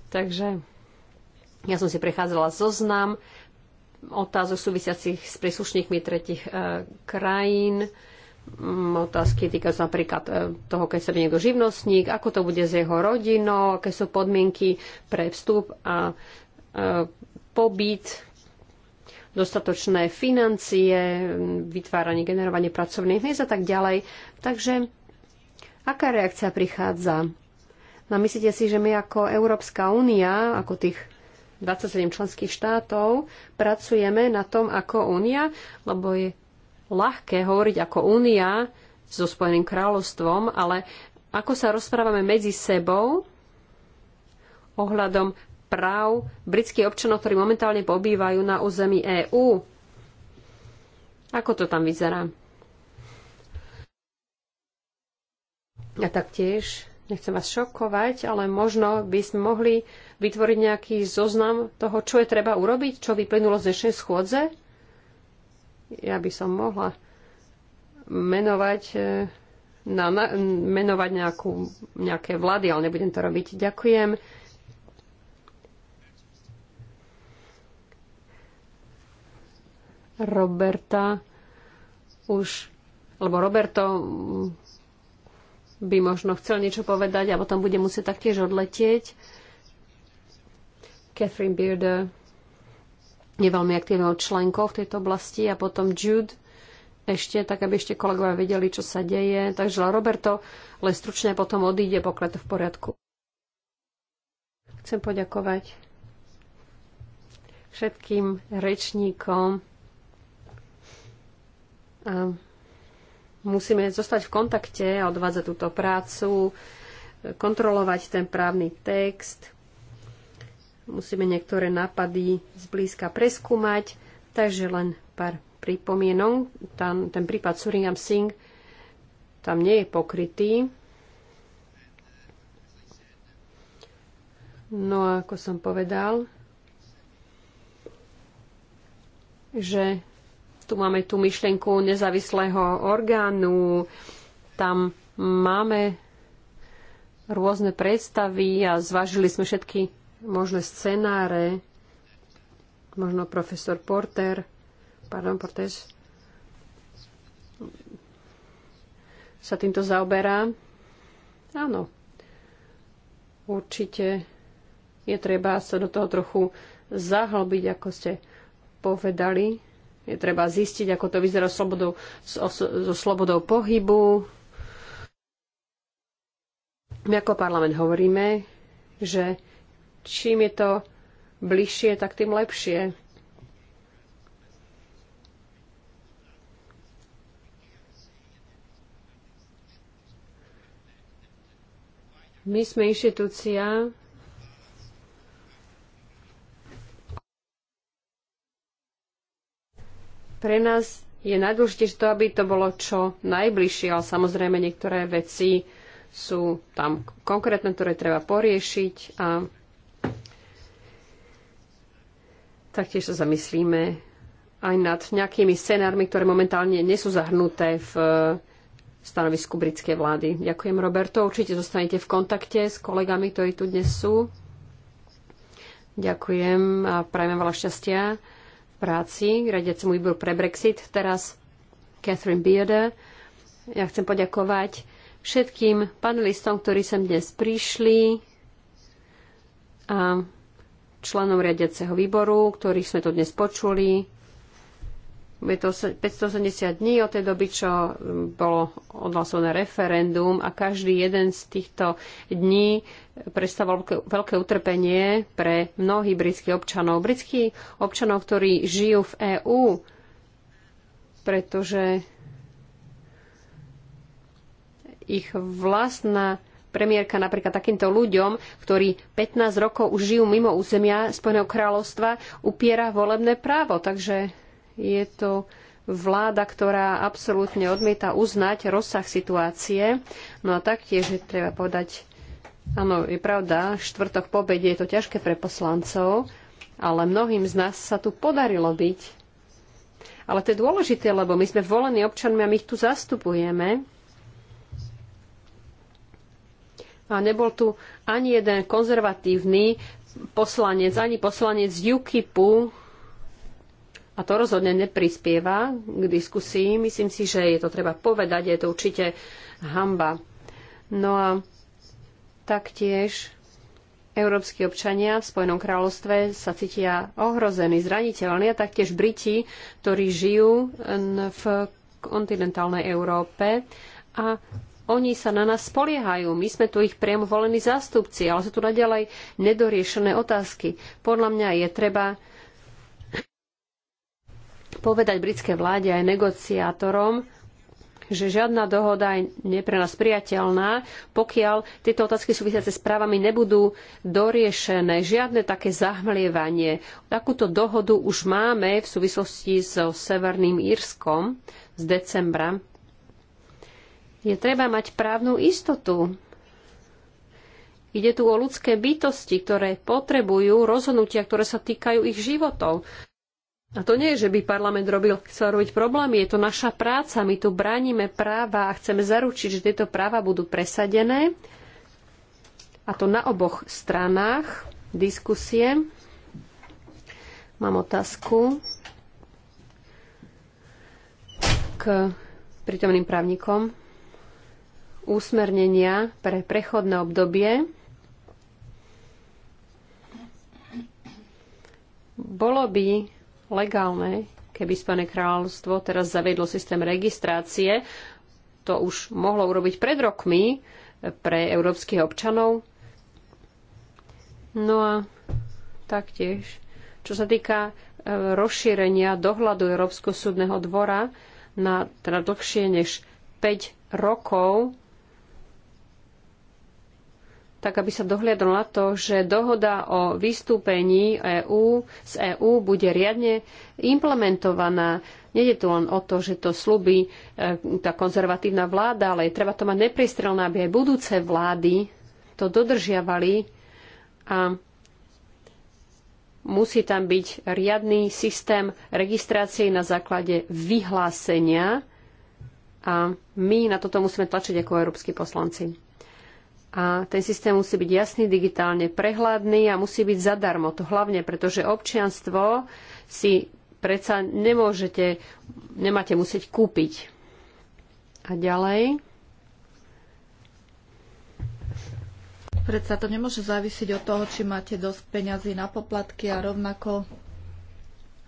Takže ja som si prechádzala zoznam otázok súvisiacich s príslušníkmi tretich e, krajín. E, Mm, otázky týka sa napríklad e, toho, keď sa niekto živnostník, ako to bude s jeho rodinou, aké sú podmienky pre vstup a e, pobyt, dostatočné financie, vytváranie, generovanie pracovných miest a tak ďalej. Takže aká reakcia prichádza? No myslíte si, že my ako Európska únia, ako tých 27 členských štátov, pracujeme na tom ako únia, lebo je ľahké hovoriť ako únia so Spojeným kráľovstvom, ale ako sa rozprávame medzi sebou ohľadom práv britských občanov, ktorí momentálne pobývajú na území EÚ. Ako to tam vyzerá? A taktiež, nechcem vás šokovať, ale možno by sme mohli vytvoriť nejaký zoznam toho, čo je treba urobiť, čo vyplynulo z dnešnej schôdze, ja by som mohla menovať, e, na, na, menovať nejakú, nejaké vlády, ale nebudem to robiť. Ďakujem. Roberta už, alebo Roberto by možno chcel niečo povedať a potom bude musieť taktiež odletieť. Catherine Bearder je veľmi aktívnou členkov v tejto oblasti a potom Jude ešte, tak aby ešte kolegovia vedeli, čo sa deje. Takže Roberto len stručne potom odíde, pokiaľ to v poriadku. Chcem poďakovať všetkým rečníkom. A musíme zostať v kontakte a odvádzať túto prácu, kontrolovať ten právny text, musíme niektoré nápady zblízka preskúmať, takže len pár pripomienok. Tam, ten prípad Surinam Singh tam nie je pokrytý. No a ako som povedal, že tu máme tú myšlienku nezávislého orgánu, tam máme rôzne predstavy a zvážili sme všetky možné scenáre. Možno profesor Porter, pardon, Portes, sa týmto zaoberá. Áno, určite je treba sa do toho trochu zahlbiť, ako ste povedali. Je treba zistiť, ako to vyzerá slobodou, so, so slobodou pohybu. My ako parlament hovoríme, že čím je to bližšie, tak tým lepšie. My sme inštitúcia, pre nás je najdôležitejšie to, aby to bolo čo najbližšie, ale samozrejme niektoré veci sú tam konkrétne, ktoré treba poriešiť a Taktiež sa zamyslíme aj nad nejakými scenármi, ktoré momentálne nie sú zahrnuté v e, stanovisku britskej vlády. Ďakujem, Roberto. Určite zostanete v kontakte s kolegami, ktorí tu dnes sú. Ďakujem a prajem veľa šťastia v práci k radiacemu výboru pre Brexit. Teraz Catherine Bearder. Ja chcem poďakovať všetkým panelistom, ktorí sem dnes prišli. A členov riadiaceho výboru, ktorých sme tu dnes počuli. Je to 580 dní od tej doby, čo bolo odhlasované referendum a každý jeden z týchto dní predstavoval veľké, veľké utrpenie pre mnohých britských občanov. Britských občanov, ktorí žijú v EÚ, pretože ich vlastná premiérka napríklad takýmto ľuďom, ktorí 15 rokov už žijú mimo územia Spojeného kráľovstva, upiera volebné právo. Takže je to vláda, ktorá absolútne odmieta uznať rozsah situácie. No a taktiež je treba povedať, áno, je pravda, štvrtok po obede je to ťažké pre poslancov, ale mnohým z nás sa tu podarilo byť. Ale to je dôležité, lebo my sme volení občanmi a my ich tu zastupujeme. a nebol tu ani jeden konzervatívny poslanec, ani poslanec UKIPu a to rozhodne neprispieva k diskusii. Myslím si, že je to treba povedať, je to určite hamba. No a taktiež európsky občania v Spojenom kráľovstve sa cítia ohrození, zraniteľní a taktiež Briti, ktorí žijú v kontinentálnej Európe a oni sa na nás spoliehajú, my sme tu ich priamo volení zástupci, ale sú tu naďalej nedoriešené otázky. Podľa mňa je treba povedať britskej vláde aj negociátorom, že žiadna dohoda je pre nás priateľná, pokiaľ tieto otázky súvisiace s právami nebudú doriešené. Žiadne také zahmlievanie. Takúto dohodu už máme v súvislosti so Severným Írskom z decembra je treba mať právnu istotu. Ide tu o ľudské bytosti, ktoré potrebujú rozhodnutia, ktoré sa týkajú ich životov. A to nie je, že by parlament robil, chcel robiť problémy, je to naša práca. My tu bránime práva a chceme zaručiť, že tieto práva budú presadené. A to na oboch stranách diskusie. Mám otázku k prítomným právnikom úsmernenia pre prechodné obdobie. Bolo by legálne, keby Spane kráľovstvo teraz zaviedlo systém registrácie. To už mohlo urobiť pred rokmi pre európskych občanov. No a taktiež, čo sa týka e, rozšírenia dohľadu Európskeho súdneho dvora na teda dlhšie než 5 rokov, tak aby sa dohliadlo na to, že dohoda o vystúpení EÚ z EÚ bude riadne implementovaná. Nede tu len o to, že to e, tá konzervatívna vláda, ale je treba to mať nepristrelné, aby aj budúce vlády to dodržiavali a musí tam byť riadny systém registrácie na základe vyhlásenia a my na toto musíme tlačiť ako európsky poslanci. A ten systém musí byť jasný, digitálne prehľadný a musí byť zadarmo. To hlavne, pretože občianstvo si predsa nemôžete, nemáte musieť kúpiť. A ďalej. Predsa to nemôže závisiť od toho, či máte dosť peňazí na poplatky a rovnako e,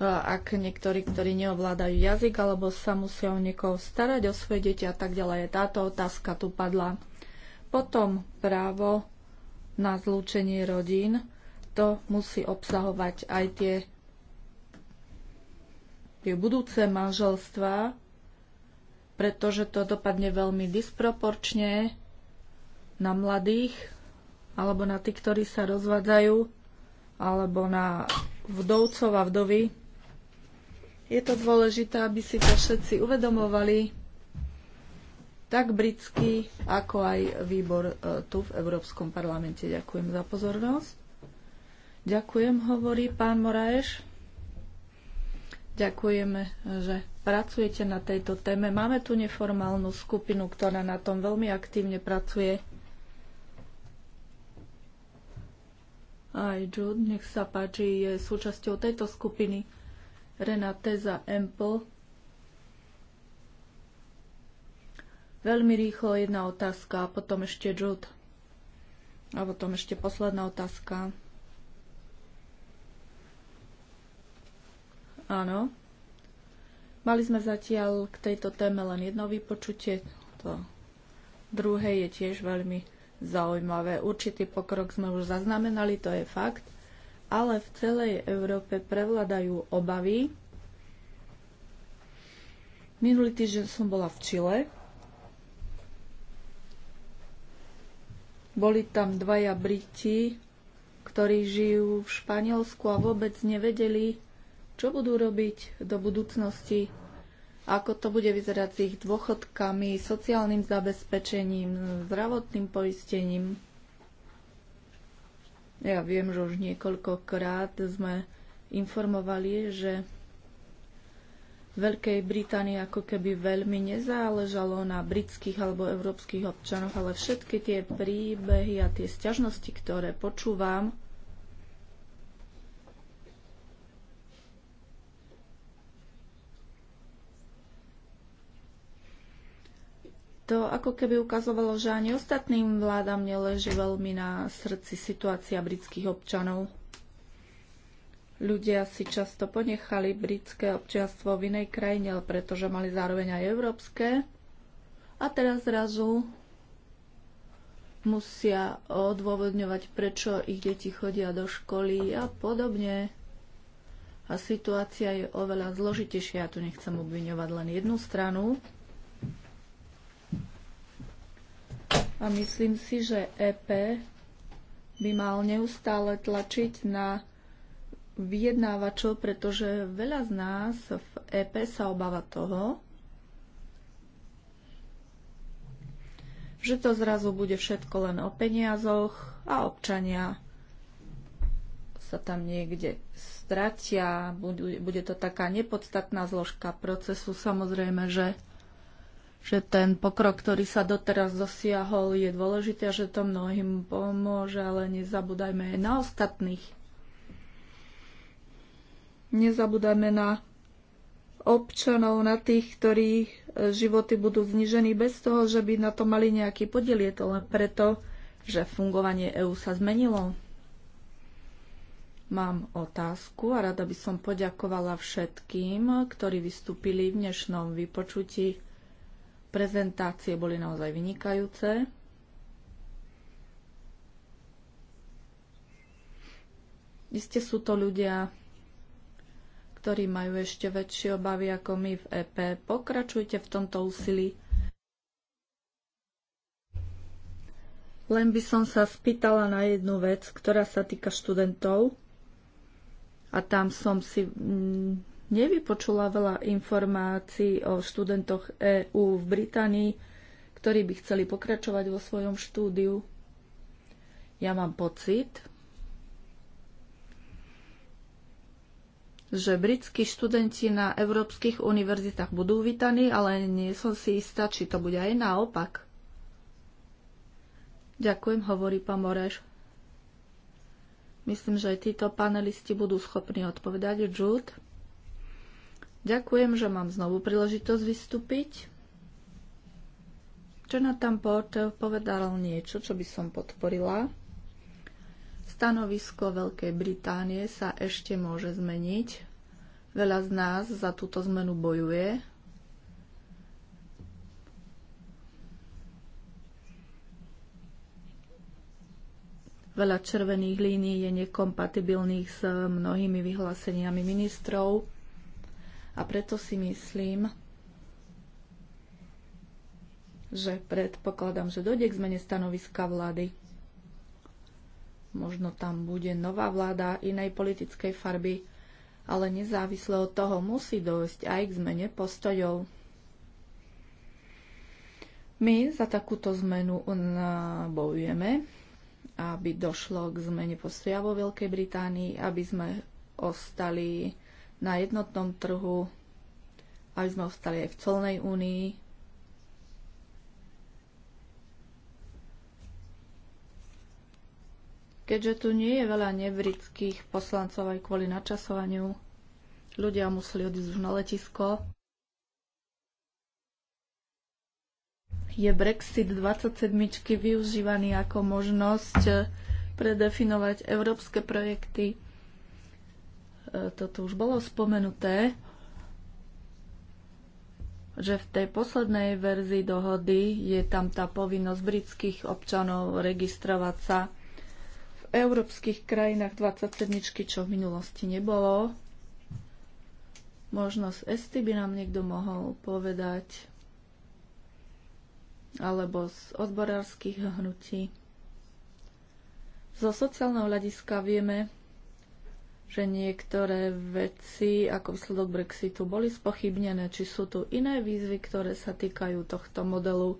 ak niektorí, ktorí neovládajú jazyk alebo sa musia o niekoho starať, o svoje deti a tak ďalej. Táto otázka tu padla. Potom právo na zlúčenie rodín, to musí obsahovať aj tie, tie budúce manželstvá, pretože to dopadne veľmi disproporčne na mladých, alebo na tých, ktorí sa rozvádzajú, alebo na vdovcov a vdovy. Je to dôležité, aby si to všetci uvedomovali, tak britský, ako aj výbor e, tu v Európskom parlamente. Ďakujem za pozornosť. Ďakujem, hovorí pán Moraeš. Ďakujeme, že pracujete na tejto téme. Máme tu neformálnu skupinu, ktorá na tom veľmi aktívne pracuje. Aj Jude, nech sa páči, je súčasťou tejto skupiny Renateza Empel. Ample Veľmi rýchlo jedna otázka, a potom ešte Jude. A potom ešte posledná otázka. Áno. Mali sme zatiaľ k tejto téme len jedno vypočutie. To druhé je tiež veľmi zaujímavé. Určitý pokrok sme už zaznamenali, to je fakt. Ale v celej Európe prevladajú obavy. Minulý týždeň som bola v Čile Boli tam dvaja Briti, ktorí žijú v Španielsku a vôbec nevedeli, čo budú robiť do budúcnosti, ako to bude vyzerať s ich dôchodkami, sociálnym zabezpečením, zdravotným poistením. Ja viem, že už niekoľkokrát sme informovali, že Veľkej Británii ako keby veľmi nezáležalo na britských alebo európskych občanoch, ale všetky tie príbehy a tie sťažnosti, ktoré počúvam, to ako keby ukazovalo, že ani ostatným vládam neleží veľmi na srdci situácia britských občanov. Ľudia si často ponechali britské občianstvo v inej krajine, pretože mali zároveň aj európske. A teraz zrazu musia odôvodňovať, prečo ich deti chodia do školy a podobne. A situácia je oveľa zložitejšia. Ja tu nechcem obviňovať len jednu stranu. A myslím si, že EP by mal neustále tlačiť na vyjednávačov, pretože veľa z nás v EP sa obáva toho, že to zrazu bude všetko len o peniazoch a občania sa tam niekde stratia, bude to taká nepodstatná zložka procesu. Samozrejme, že, že ten pokrok, ktorý sa doteraz dosiahol, je dôležitý a že to mnohým pomôže, ale nezabúdajme aj na ostatných Nezabúdajme na občanov, na tých, ktorých e, životy budú znižení bez toho, že by na to mali nejaký podiel. Je to len preto, že fungovanie EÚ sa zmenilo. Mám otázku a rada by som poďakovala všetkým, ktorí vystúpili v dnešnom vypočutí. Prezentácie boli naozaj vynikajúce. Isté sú to ľudia, ktorí majú ešte väčšie obavy ako my v EP. Pokračujte v tomto úsilí. Len by som sa spýtala na jednu vec, ktorá sa týka študentov. A tam som si mm, nevypočula veľa informácií o študentoch EÚ v Británii, ktorí by chceli pokračovať vo svojom štúdiu. Ja mám pocit, že britskí študenti na európskych univerzitách budú vítaní, ale nie som si istá, či to bude aj naopak. Ďakujem, hovorí pán Moreš. Myslím, že aj títo panelisti budú schopní odpovedať. Jude. Ďakujem, že mám znovu príležitosť vystúpiť. Jonathan Porter povedal niečo, čo by som podporila. Stanovisko Veľkej Británie sa ešte môže zmeniť. Veľa z nás za túto zmenu bojuje. Veľa červených línií je nekompatibilných s mnohými vyhláseniami ministrov a preto si myslím, že predpokladám, že dojde k zmene stanoviska vlády. Možno tam bude nová vláda inej politickej farby, ale nezávisle od toho musí dojsť aj k zmene postojov. My za takúto zmenu bojujeme, aby došlo k zmene postoja vo Veľkej Británii, aby sme ostali na jednotnom trhu, aby sme ostali aj v colnej únii Keďže tu nie je veľa nebritských poslancov aj kvôli načasovaniu, ľudia museli odísť už na letisko. Je Brexit 27 využívaný ako možnosť predefinovať európske projekty? E, toto už bolo spomenuté, že v tej poslednej verzii dohody je tam tá povinnosť britských občanov registrovať sa európskych krajinách 27, čo v minulosti nebolo. Možno z Esty by nám niekto mohol povedať, alebo z odborárskych hnutí. Zo sociálneho hľadiska vieme, že niektoré veci ako výsledok Brexitu boli spochybnené, či sú tu iné výzvy, ktoré sa týkajú tohto modelu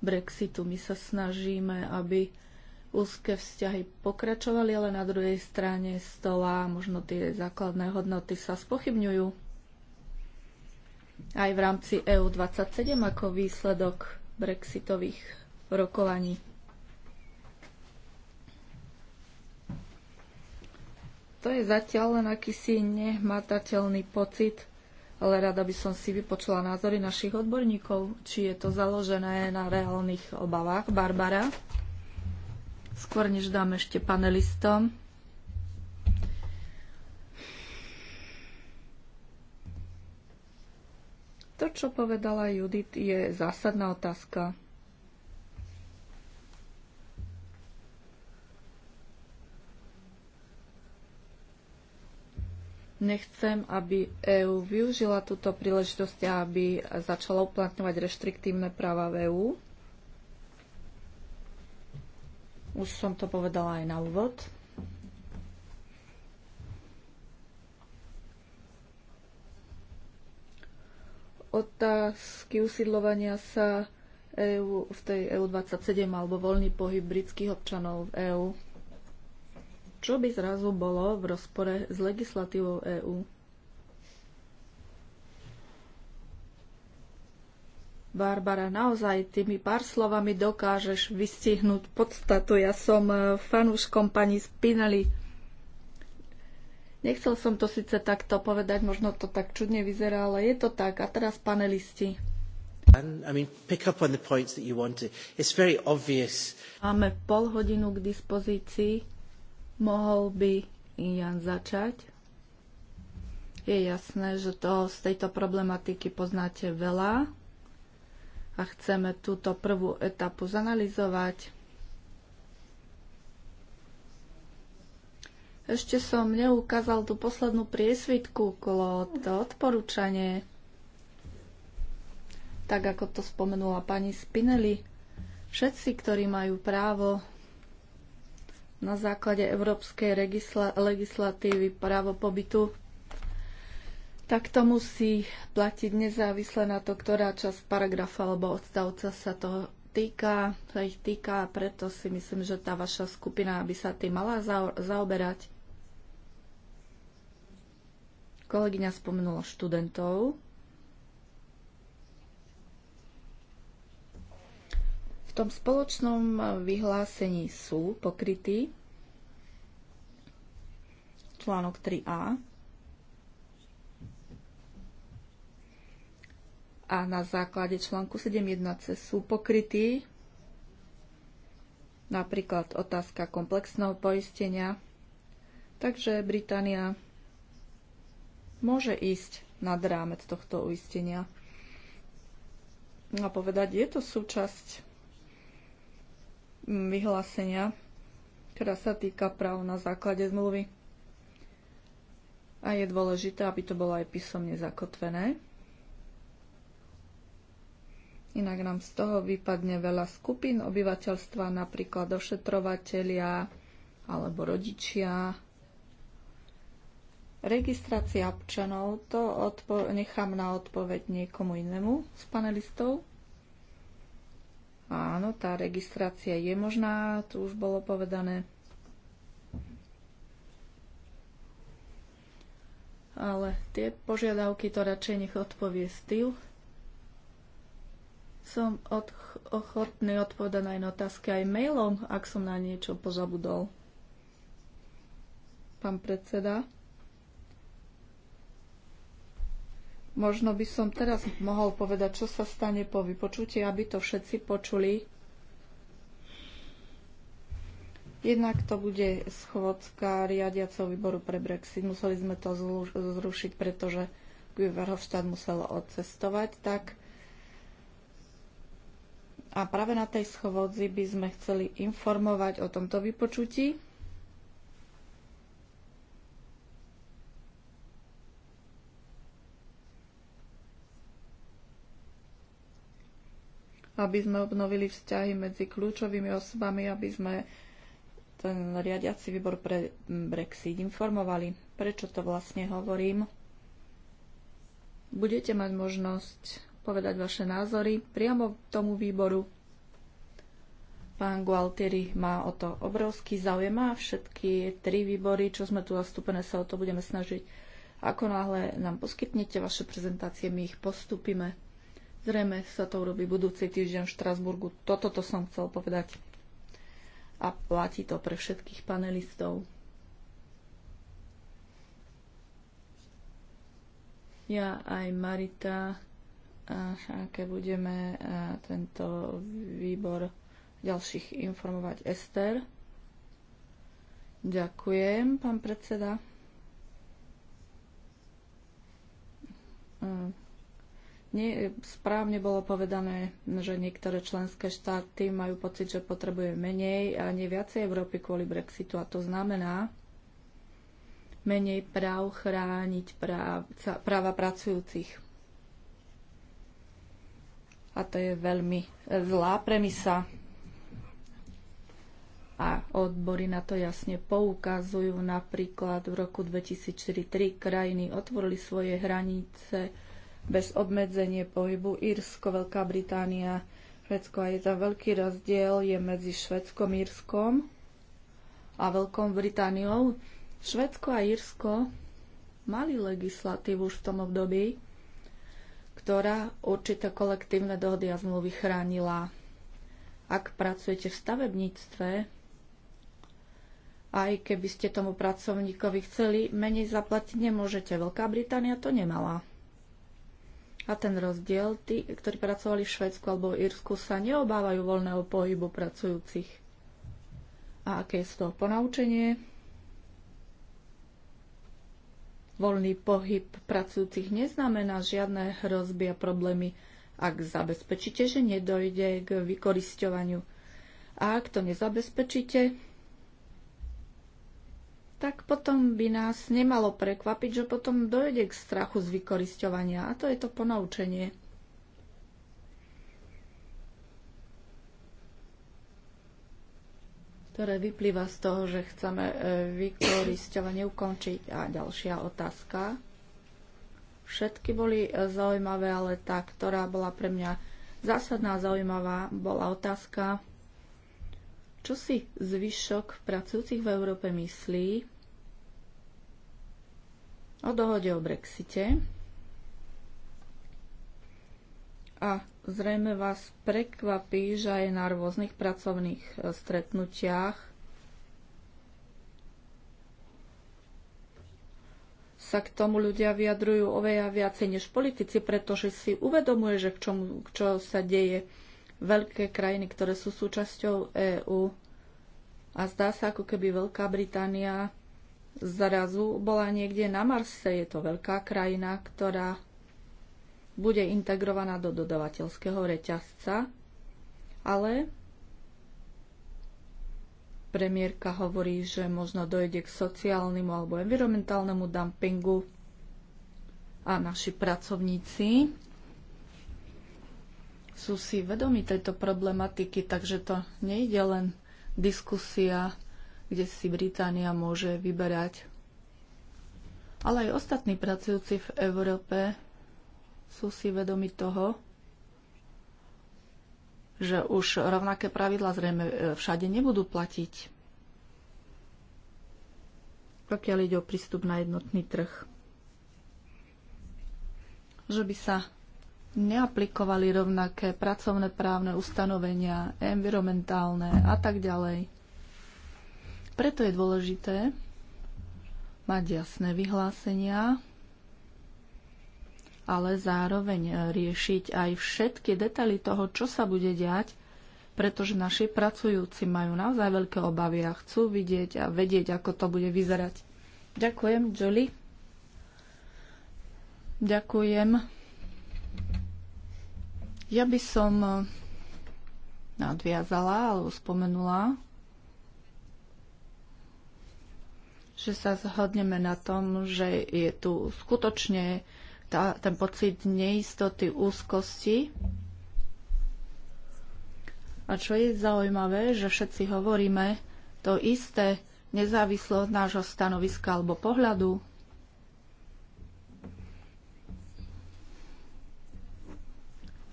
Brexitu. My sa snažíme, aby úzke vzťahy pokračovali, ale na druhej strane stola možno tie základné hodnoty sa spochybňujú aj v rámci EU27 ako výsledok brexitových rokovaní. To je zatiaľ len akýsi nehmatateľný pocit, ale rada by som si vypočula názory našich odborníkov, či je to založené na reálnych obavách. Barbara? skôr než dám ešte panelistom. To, čo povedala Judith, je zásadná otázka. Nechcem, aby EÚ využila túto príležitosť a aby začala uplatňovať reštriktívne práva v EÚ. Už som to povedala aj na úvod. Otázky usídlovania sa EU, v tej EU27 alebo voľný pohyb britských občanov v EÚ. Čo by zrazu bolo v rozpore s legislatívou EÚ? Barbara, naozaj tými pár slovami dokážeš vystihnúť podstatu. Ja som e, fanúškom pani Spinelli. Nechcel som to síce takto povedať, možno to tak čudne vyzerá, ale je to tak. A teraz panelisti. Máme pol hodinu k dispozícii. Mohol by Jan začať. Je jasné, že to z tejto problematiky poznáte veľa a chceme túto prvú etapu zanalizovať. Ešte som neukázal tú poslednú priesvitku okolo to odporúčanie, tak ako to spomenula pani Spinelli. Všetci, ktorí majú právo na základe európskej legislatívy právo pobytu tak to musí platiť nezávisle na to, ktorá časť paragrafa alebo odstavca sa toho týka, sa ich týka a preto si myslím, že tá vaša skupina by sa tým mala zaoberať. Kolegyňa spomenula študentov. V tom spoločnom vyhlásení sú pokrytí článok 3a a na základe článku 7.1c sú pokrytí napríklad otázka komplexného poistenia. Takže Británia môže ísť nad rámec tohto uistenia no a povedať, je to súčasť mm, vyhlásenia, ktorá sa týka práv na základe zmluvy. A je dôležité, aby to bolo aj písomne zakotvené. Inak nám z toho vypadne veľa skupín obyvateľstva, napríklad ošetrovatelia alebo rodičia. Registrácia občanov, to odpo- nechám na odpoveď niekomu inému z panelistov. Áno, tá registrácia je možná, tu už bolo povedané. Ale tie požiadavky to radšej nech odpovie styl. Som od, ochotný odpovedať aj na otázky aj mailom, ak som na niečo pozabudol. Pán predseda. Možno by som teraz mohol povedať, čo sa stane po vypočutí, aby to všetci počuli. Jednak to bude schôdzka riadiaceho výboru pre Brexit. Museli sme to zrušiť, pretože Guy Verhofstadt musel odcestovať. Tak a práve na tej schôdzi by sme chceli informovať o tomto vypočutí. aby sme obnovili vzťahy medzi kľúčovými osobami, aby sme ten riadiaci výbor pre Brexit informovali. Prečo to vlastne hovorím? Budete mať možnosť povedať vaše názory priamo tomu výboru. Pán Gualtieri má o to obrovský záujem a všetky tri výbory, čo sme tu zastúpené, sa o to budeme snažiť. Ako náhle nám poskytnete vaše prezentácie, my ich postupíme. Zrejme sa to urobí budúci týždeň v Štrasburgu. Toto to som chcel povedať. A platí to pre všetkých panelistov. Ja aj Marita aké budeme tento výbor ďalších informovať. Ester. Ďakujem, pán predseda. Nie, správne bolo povedané, že niektoré členské štáty majú pocit, že potrebuje menej a nie viacej Európy kvôli Brexitu. A to znamená menej práv chrániť práv, práva pracujúcich. A to je veľmi e, zlá premisa. A odbory na to jasne poukazujú. Napríklad v roku 2003 krajiny otvorili svoje hranice bez obmedzenie pohybu. Írsko, Veľká Británia, Švedsko a je tam veľký rozdiel je medzi Švedskom, Írskom a Veľkou Britániou. Švedsko a Írsko mali legislatívu už v tom období, ktorá určité kolektívne dohody a zmluvy chránila. Ak pracujete v stavebníctve, aj keby ste tomu pracovníkovi chceli menej zaplatiť, nemôžete. Veľká Británia to nemala. A ten rozdiel, tí, ktorí pracovali v Švedsku alebo v Írsku, sa neobávajú voľného pohybu pracujúcich. A aké je z toho ponaučenie? Voľný pohyb pracujúcich neznamená žiadne hrozby a problémy, ak zabezpečíte, že nedojde k vykorisťovaniu. A ak to nezabezpečíte, tak potom by nás nemalo prekvapiť, že potom dojde k strachu z vykorisťovania. A to je to ponaučenie. ktoré vyplýva z toho, že chceme e, vykoristovanie ukončiť. A ďalšia otázka. Všetky boli e, zaujímavé, ale tá, ktorá bola pre mňa zásadná a zaujímavá, bola otázka, čo si zvyšok pracujúcich v Európe myslí o dohode o Brexite a Zrejme vás prekvapí, že aj na rôznych pracovných e, stretnutiach sa k tomu ľudia vyjadrujú oveľa viacej než politici, pretože si uvedomuje, že k čomu, čo sa deje veľké krajiny, ktoré sú súčasťou EÚ. A zdá sa, ako keby Veľká Británia zrazu bola niekde na Marse. Je to veľká krajina, ktorá bude integrovaná do dodavateľského reťazca, ale premiérka hovorí, že možno dojde k sociálnemu alebo environmentálnemu dumpingu a naši pracovníci sú si vedomi tejto problematiky, takže to nejde len diskusia, kde si Británia môže vyberať. Ale aj ostatní pracujúci v Európe sú si vedomi toho, že už rovnaké pravidla zrejme e, všade nebudú platiť, pokiaľ ide o prístup na jednotný trh. Že by sa neaplikovali rovnaké pracovné právne ustanovenia, environmentálne a tak ďalej. Preto je dôležité mať jasné vyhlásenia ale zároveň e, riešiť aj všetky detaily toho, čo sa bude diať, pretože naši pracujúci majú naozaj veľké obavy a chcú vidieť a vedieť, ako to bude vyzerať. Ďakujem, Jolie. Ďakujem. Ja by som e, nadviazala alebo spomenula, že sa zhodneme na tom, že je tu skutočne tá, ten pocit neistoty, úzkosti. A čo je zaujímavé, že všetci hovoríme to isté, nezávislo od nášho stanoviska alebo pohľadu.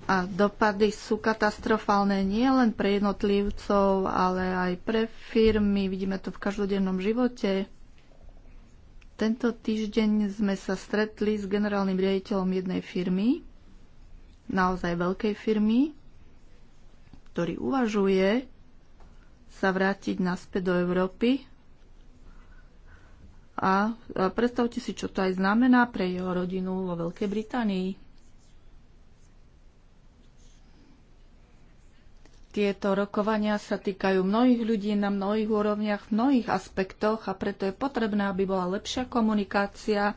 A dopady sú katastrofálne nie len pre jednotlivcov, ale aj pre firmy. Vidíme to v každodennom živote. Tento týždeň sme sa stretli s generálnym riaditeľom jednej firmy, naozaj veľkej firmy, ktorý uvažuje sa vrátiť naspäť do Európy. A predstavte si, čo to aj znamená pre jeho rodinu vo Veľkej Británii. Tieto rokovania sa týkajú mnohých ľudí na mnohých úrovniach, v mnohých aspektoch a preto je potrebné, aby bola lepšia komunikácia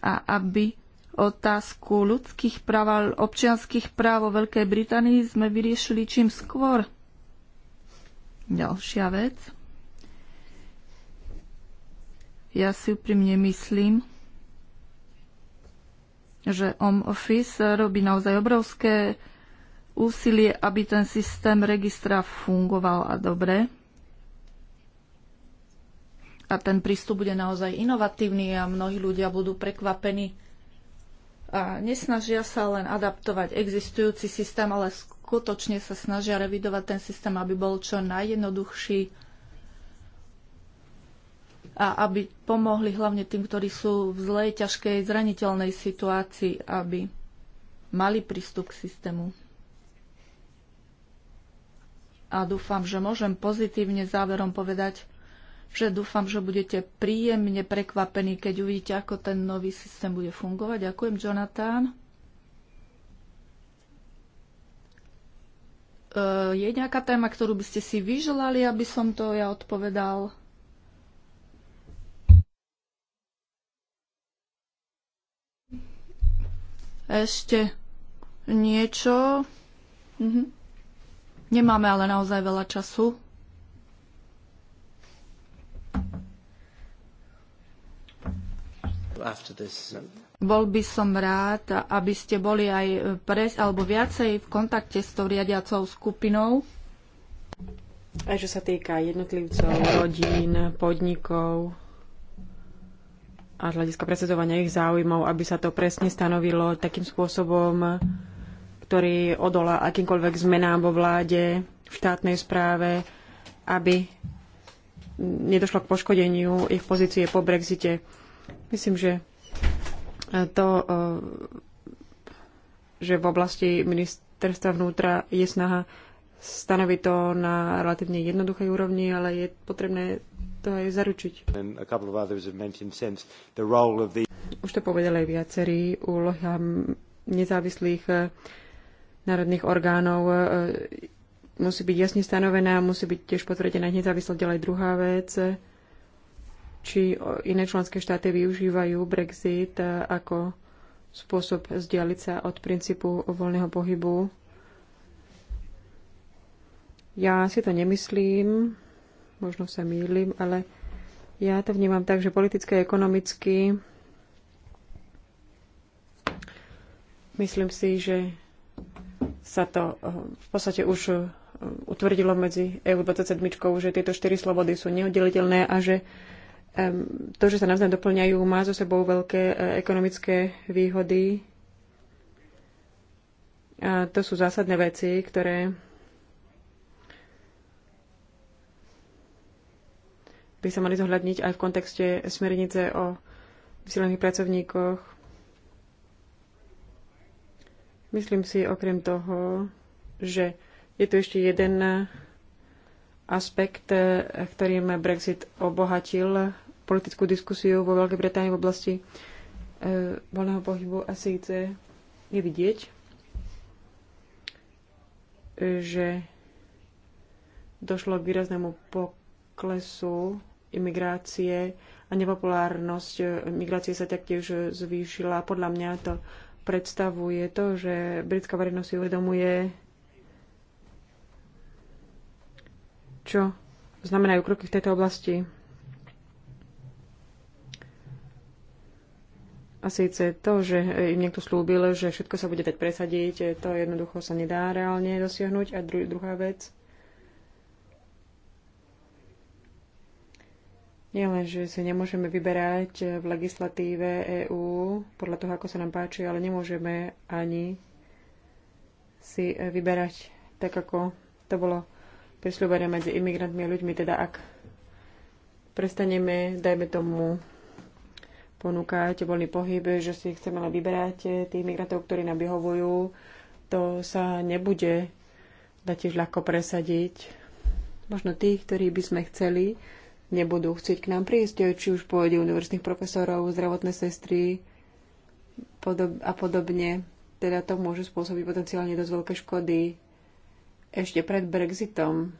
a aby otázku ľudských práv a občianských práv vo Veľkej Británii sme vyriešili čím skôr. Ďalšia vec. Ja si úprimne myslím, že Home Office robí naozaj obrovské úsilie, aby ten systém registra fungoval a dobre. A ten prístup bude naozaj inovatívny a mnohí ľudia budú prekvapení a nesnažia sa len adaptovať existujúci systém, ale skutočne sa snažia revidovať ten systém, aby bol čo najjednoduchší a aby pomohli hlavne tým, ktorí sú v zlej, ťažkej, zraniteľnej situácii, aby mali prístup k systému a dúfam, že môžem pozitívne záverom povedať, že dúfam, že budete príjemne prekvapení, keď uvidíte, ako ten nový systém bude fungovať. Ďakujem, Jonathan. E, je nejaká téma, ktorú by ste si vyželali, aby som to ja odpovedal? Ešte niečo? Mhm. Nemáme ale naozaj veľa času. Uh, Bol by som rád, aby ste boli aj pres alebo viacej v kontakte s tou riadiacou skupinou. Aj čo sa týka jednotlivcov, rodín, podnikov a z hľadiska predsedzovania ich záujmov, aby sa to presne stanovilo takým spôsobom, ktorý odolá akýmkoľvek zmenám vo vláde, v štátnej správe, aby nedošlo k poškodeniu ich pozície po Brexite. Myslím, že to, eh, že v oblasti ministerstva vnútra je snaha stanoviť to na relatívne jednoduchej úrovni, ale je potrebné to aj zaručiť. Už to povedali aj viacerí, úloha nezávislých eh, národných orgánov e, e, musí byť jasne stanovená, musí byť tiež potvrdená nezávislo ďalej druhá vec, či iné členské štáty využívajú Brexit e, ako spôsob vzdialiť sa od princípu voľného pohybu. Ja si to nemyslím, možno sa mýlim, ale ja to vnímam tak, že politicky a ekonomicky myslím si, že sa to eh, v podstate už eh, utvrdilo medzi EU27, že tieto štyri slobody sú neoddeliteľné a že to, že sa navzájom doplňajú, má so sebou veľké eh, ekonomické výhody. A to sú zásadné veci, ktoré by sa mali zohľadniť aj v kontexte smernice o vysielaných pracovníkoch Myslím si okrem toho, že je tu ešte jeden aspekt, ktorým Brexit obohatil politickú diskusiu vo Veľkej Británii v oblasti e, voľného pohybu a síce je vidieť, že došlo k výraznému poklesu imigrácie a nepopulárnosť migrácie sa taktiež zvýšila. Podľa mňa to predstavuje to, že britská verejnosť si uvedomuje, čo znamenajú kroky v tejto oblasti. A síce to, že im niekto slúbil, že všetko sa bude dať presadiť, to jednoducho sa nedá reálne dosiahnuť. A dru- druhá vec, Nie len, že si nemôžeme vyberať eh, v legislatíve EÚ podľa toho, ako sa nám páči, ale nemôžeme ani si eh, vyberať tak, ako to bolo prisľúbené medzi imigrantmi a ľuďmi. Teda ak prestaneme, dajme tomu, ponúkať voľný pohyb, že si chceme len vyberať eh, tých imigrantov, ktorí nám vyhovujú, to sa nebude dať tiež ľahko presadiť. Možno tých, ktorí by sme chceli, nebudú chcieť k nám prísť, eh, či už pôjde univerzitných profesorov, zdravotné sestry a podobne. Teda to môže spôsobiť potenciálne dosť veľké škody ešte pred Brexitom.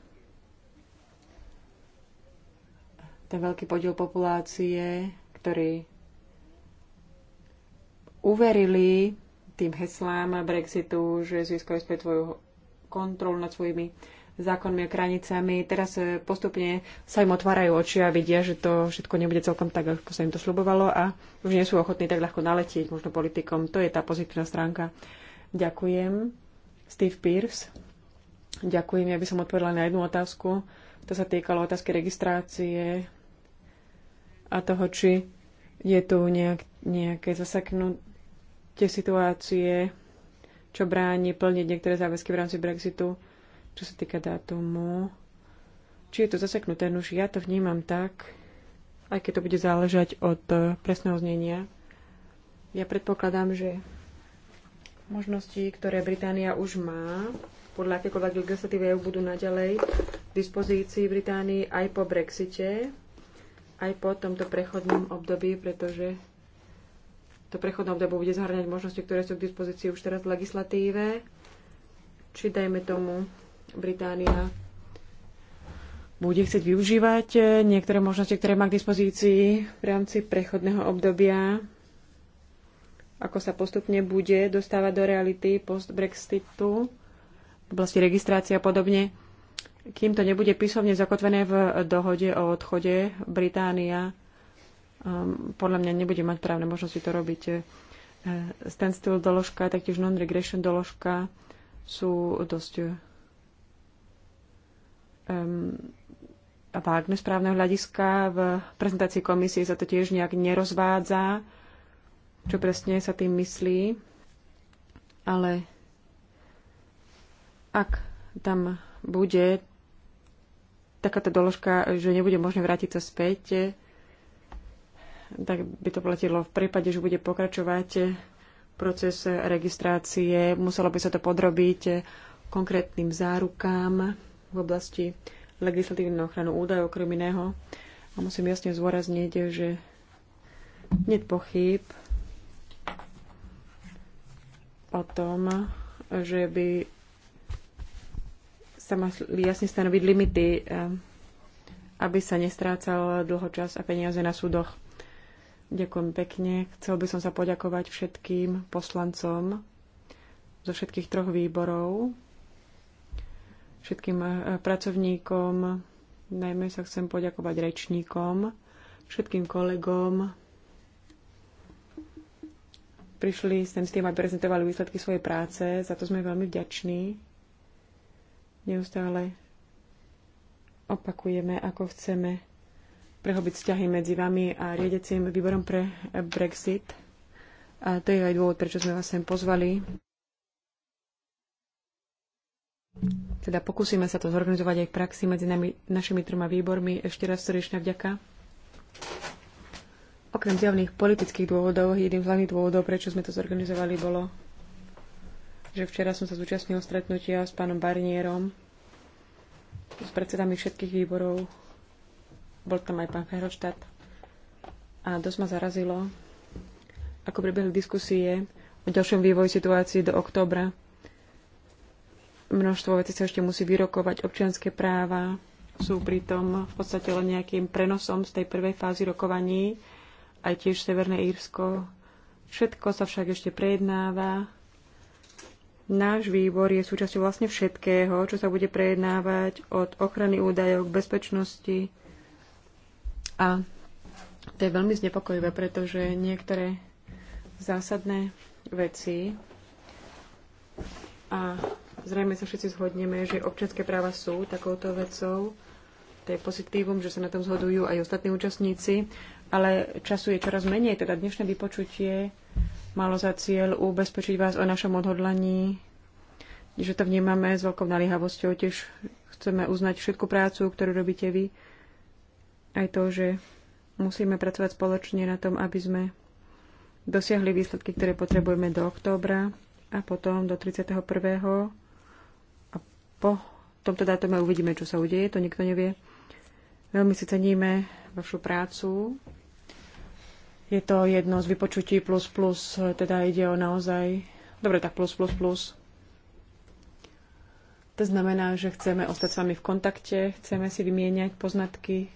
Ten veľký podiel populácie, ktorý uverili tým heslám Brexitu, že získali späť svoju kontrolu nad svojimi zákonmi a hranicami. Teraz e, postupne sa im otvárajú oči a vidia, že to všetko nebude celkom tak, ako sa im to slubovalo a už nie sú ochotní tak ľahko naletieť možno politikom. To je tá pozitívna stránka. Ďakujem. Steve Pierce. Ďakujem. Ja by som odpovedala na jednu otázku. To sa týkalo otázky registrácie a toho, či je tu nejak, nejaké zaseknutie situácie, čo bráni plniť niektoré záväzky v rámci Brexitu čo sa týka dátumu, či je to zaseknuté, už ja to vnímam tak, aj keď to bude záležať od e, presného znenia. Ja predpokladám, že možnosti, ktoré Británia už má, podľa akékoľvek legislatívy EU budú naďalej v dispozícii Británii aj po Brexite, aj po tomto prechodnom období, pretože to prechodné obdobie bude zahrňať možnosti, ktoré sú k dispozícii už teraz v legislatíve, či dajme tomu Británia bude chcieť využívať eh, niektoré možnosti, ktoré má k dispozícii v rámci prechodného obdobia, ako sa postupne bude dostávať do reality post-Brexitu v oblasti registrácie a podobne. Kým to nebude písomne zakotvené v dohode o odchode, Británia um, podľa mňa nebude mať právne možnosti to robiť. Eh, Standstill doložka, taktiež non-regression doložka sú dosť um, vágne no, správneho hľadiska. V prezentácii komisie sa to tiež nejak nerozvádza, čo presne sa tým myslí. Ale ak tam bude takáto doložka, že nebude možné vrátiť sa späť, tak by to platilo v prípade, že bude pokračovať proces registrácie, muselo by sa to podrobiť konkrétnym zárukám, v oblasti legislatívnej ochranu údajov, okrem iného. A musím jasne zvorazniť, že nie pochyb o tom, že by sa mali jasne stanoviť limity, eh, aby sa nestrácal dlho čas a peniaze na súdoch. Ďakujem pekne. Chcel by som sa poďakovať všetkým poslancom zo všetkých troch výborov všetkým eh, pracovníkom, najmä sa chcem poďakovať rečníkom, všetkým kolegom. Prišli sem s tým, aby prezentovali výsledky svojej práce, za to sme veľmi vďační. Neustále opakujeme, ako chceme prehobiť vzťahy medzi vami a riedecím výborom pre Brexit. A to je aj dôvod, prečo sme vás sem pozvali. Teda pokúsime sa to zorganizovať aj v praxi medzi nami, našimi troma výbormi. Ešte raz srdečná vďaka. Okrem zjavných politických dôvodov, jedným z hlavných dôvodov, prečo sme to zorganizovali, bolo, že včera som sa zúčastnil stretnutia s pánom Barnierom, s predsedami všetkých výborov. Bol tam aj pán Ferroštát. A dosť ma zarazilo, ako prebehli diskusie o ďalšom vývoji situácii do októbra Množstvo vecí sa ešte musí vyrokovať. Občianské práva sú pritom v podstate len nejakým prenosom z tej prvej fázy rokovaní. Aj tiež Severné Írsko. Všetko sa však ešte prejednáva. Náš výbor je súčasťou vlastne všetkého, čo sa bude prejednávať od ochrany údajov k bezpečnosti. A to je veľmi znepokojivé, pretože niektoré zásadné veci a Zrejme sa všetci zhodneme, že občianské práva sú takouto vecou. To je pozitívum, že sa na tom zhodujú aj ostatní účastníci, ale času je čoraz menej, teda dnešné vypočutie malo za cieľ ubezpečiť vás o našom odhodlaní, že to vnímame s veľkou naliehavosťou. Tiež chceme uznať všetku prácu, ktorú robíte vy. Aj to, že musíme pracovať spoločne na tom, aby sme dosiahli výsledky, ktoré potrebujeme do októbra a potom do 31 po tomto dátume uvidíme, čo sa udeje, to nikto nevie. Veľmi si ceníme vašu prácu. Je to jedno z vypočutí plus plus, teda ide o naozaj... Dobre, tak plus plus plus. To znamená, že chceme ostať s vami v kontakte, chceme si vymieňať poznatky.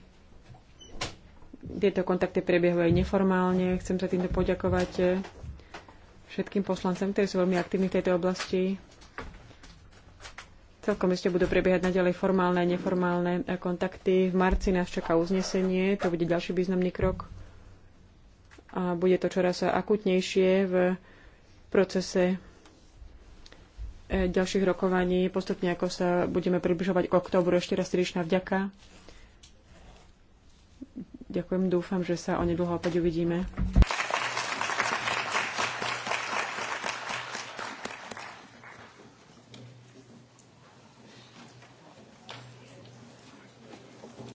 Tieto kontakty prebiehajú aj neformálne. Chcem sa týmto poďakovať všetkým poslancom, ktorí sú veľmi aktívni v tejto oblasti. Celkom ešte budú prebiehať naďalej formálne a neformálne kontakty. V marci nás čaká uznesenie, to bude ďalší významný krok. A bude to čoraz akutnejšie v procese e, ďalších rokovaní, postupne ako sa budeme približovať k oktobru, Ešte raz srdečná vďaka. Ďakujem, dúfam, že sa onedlho opäť uvidíme.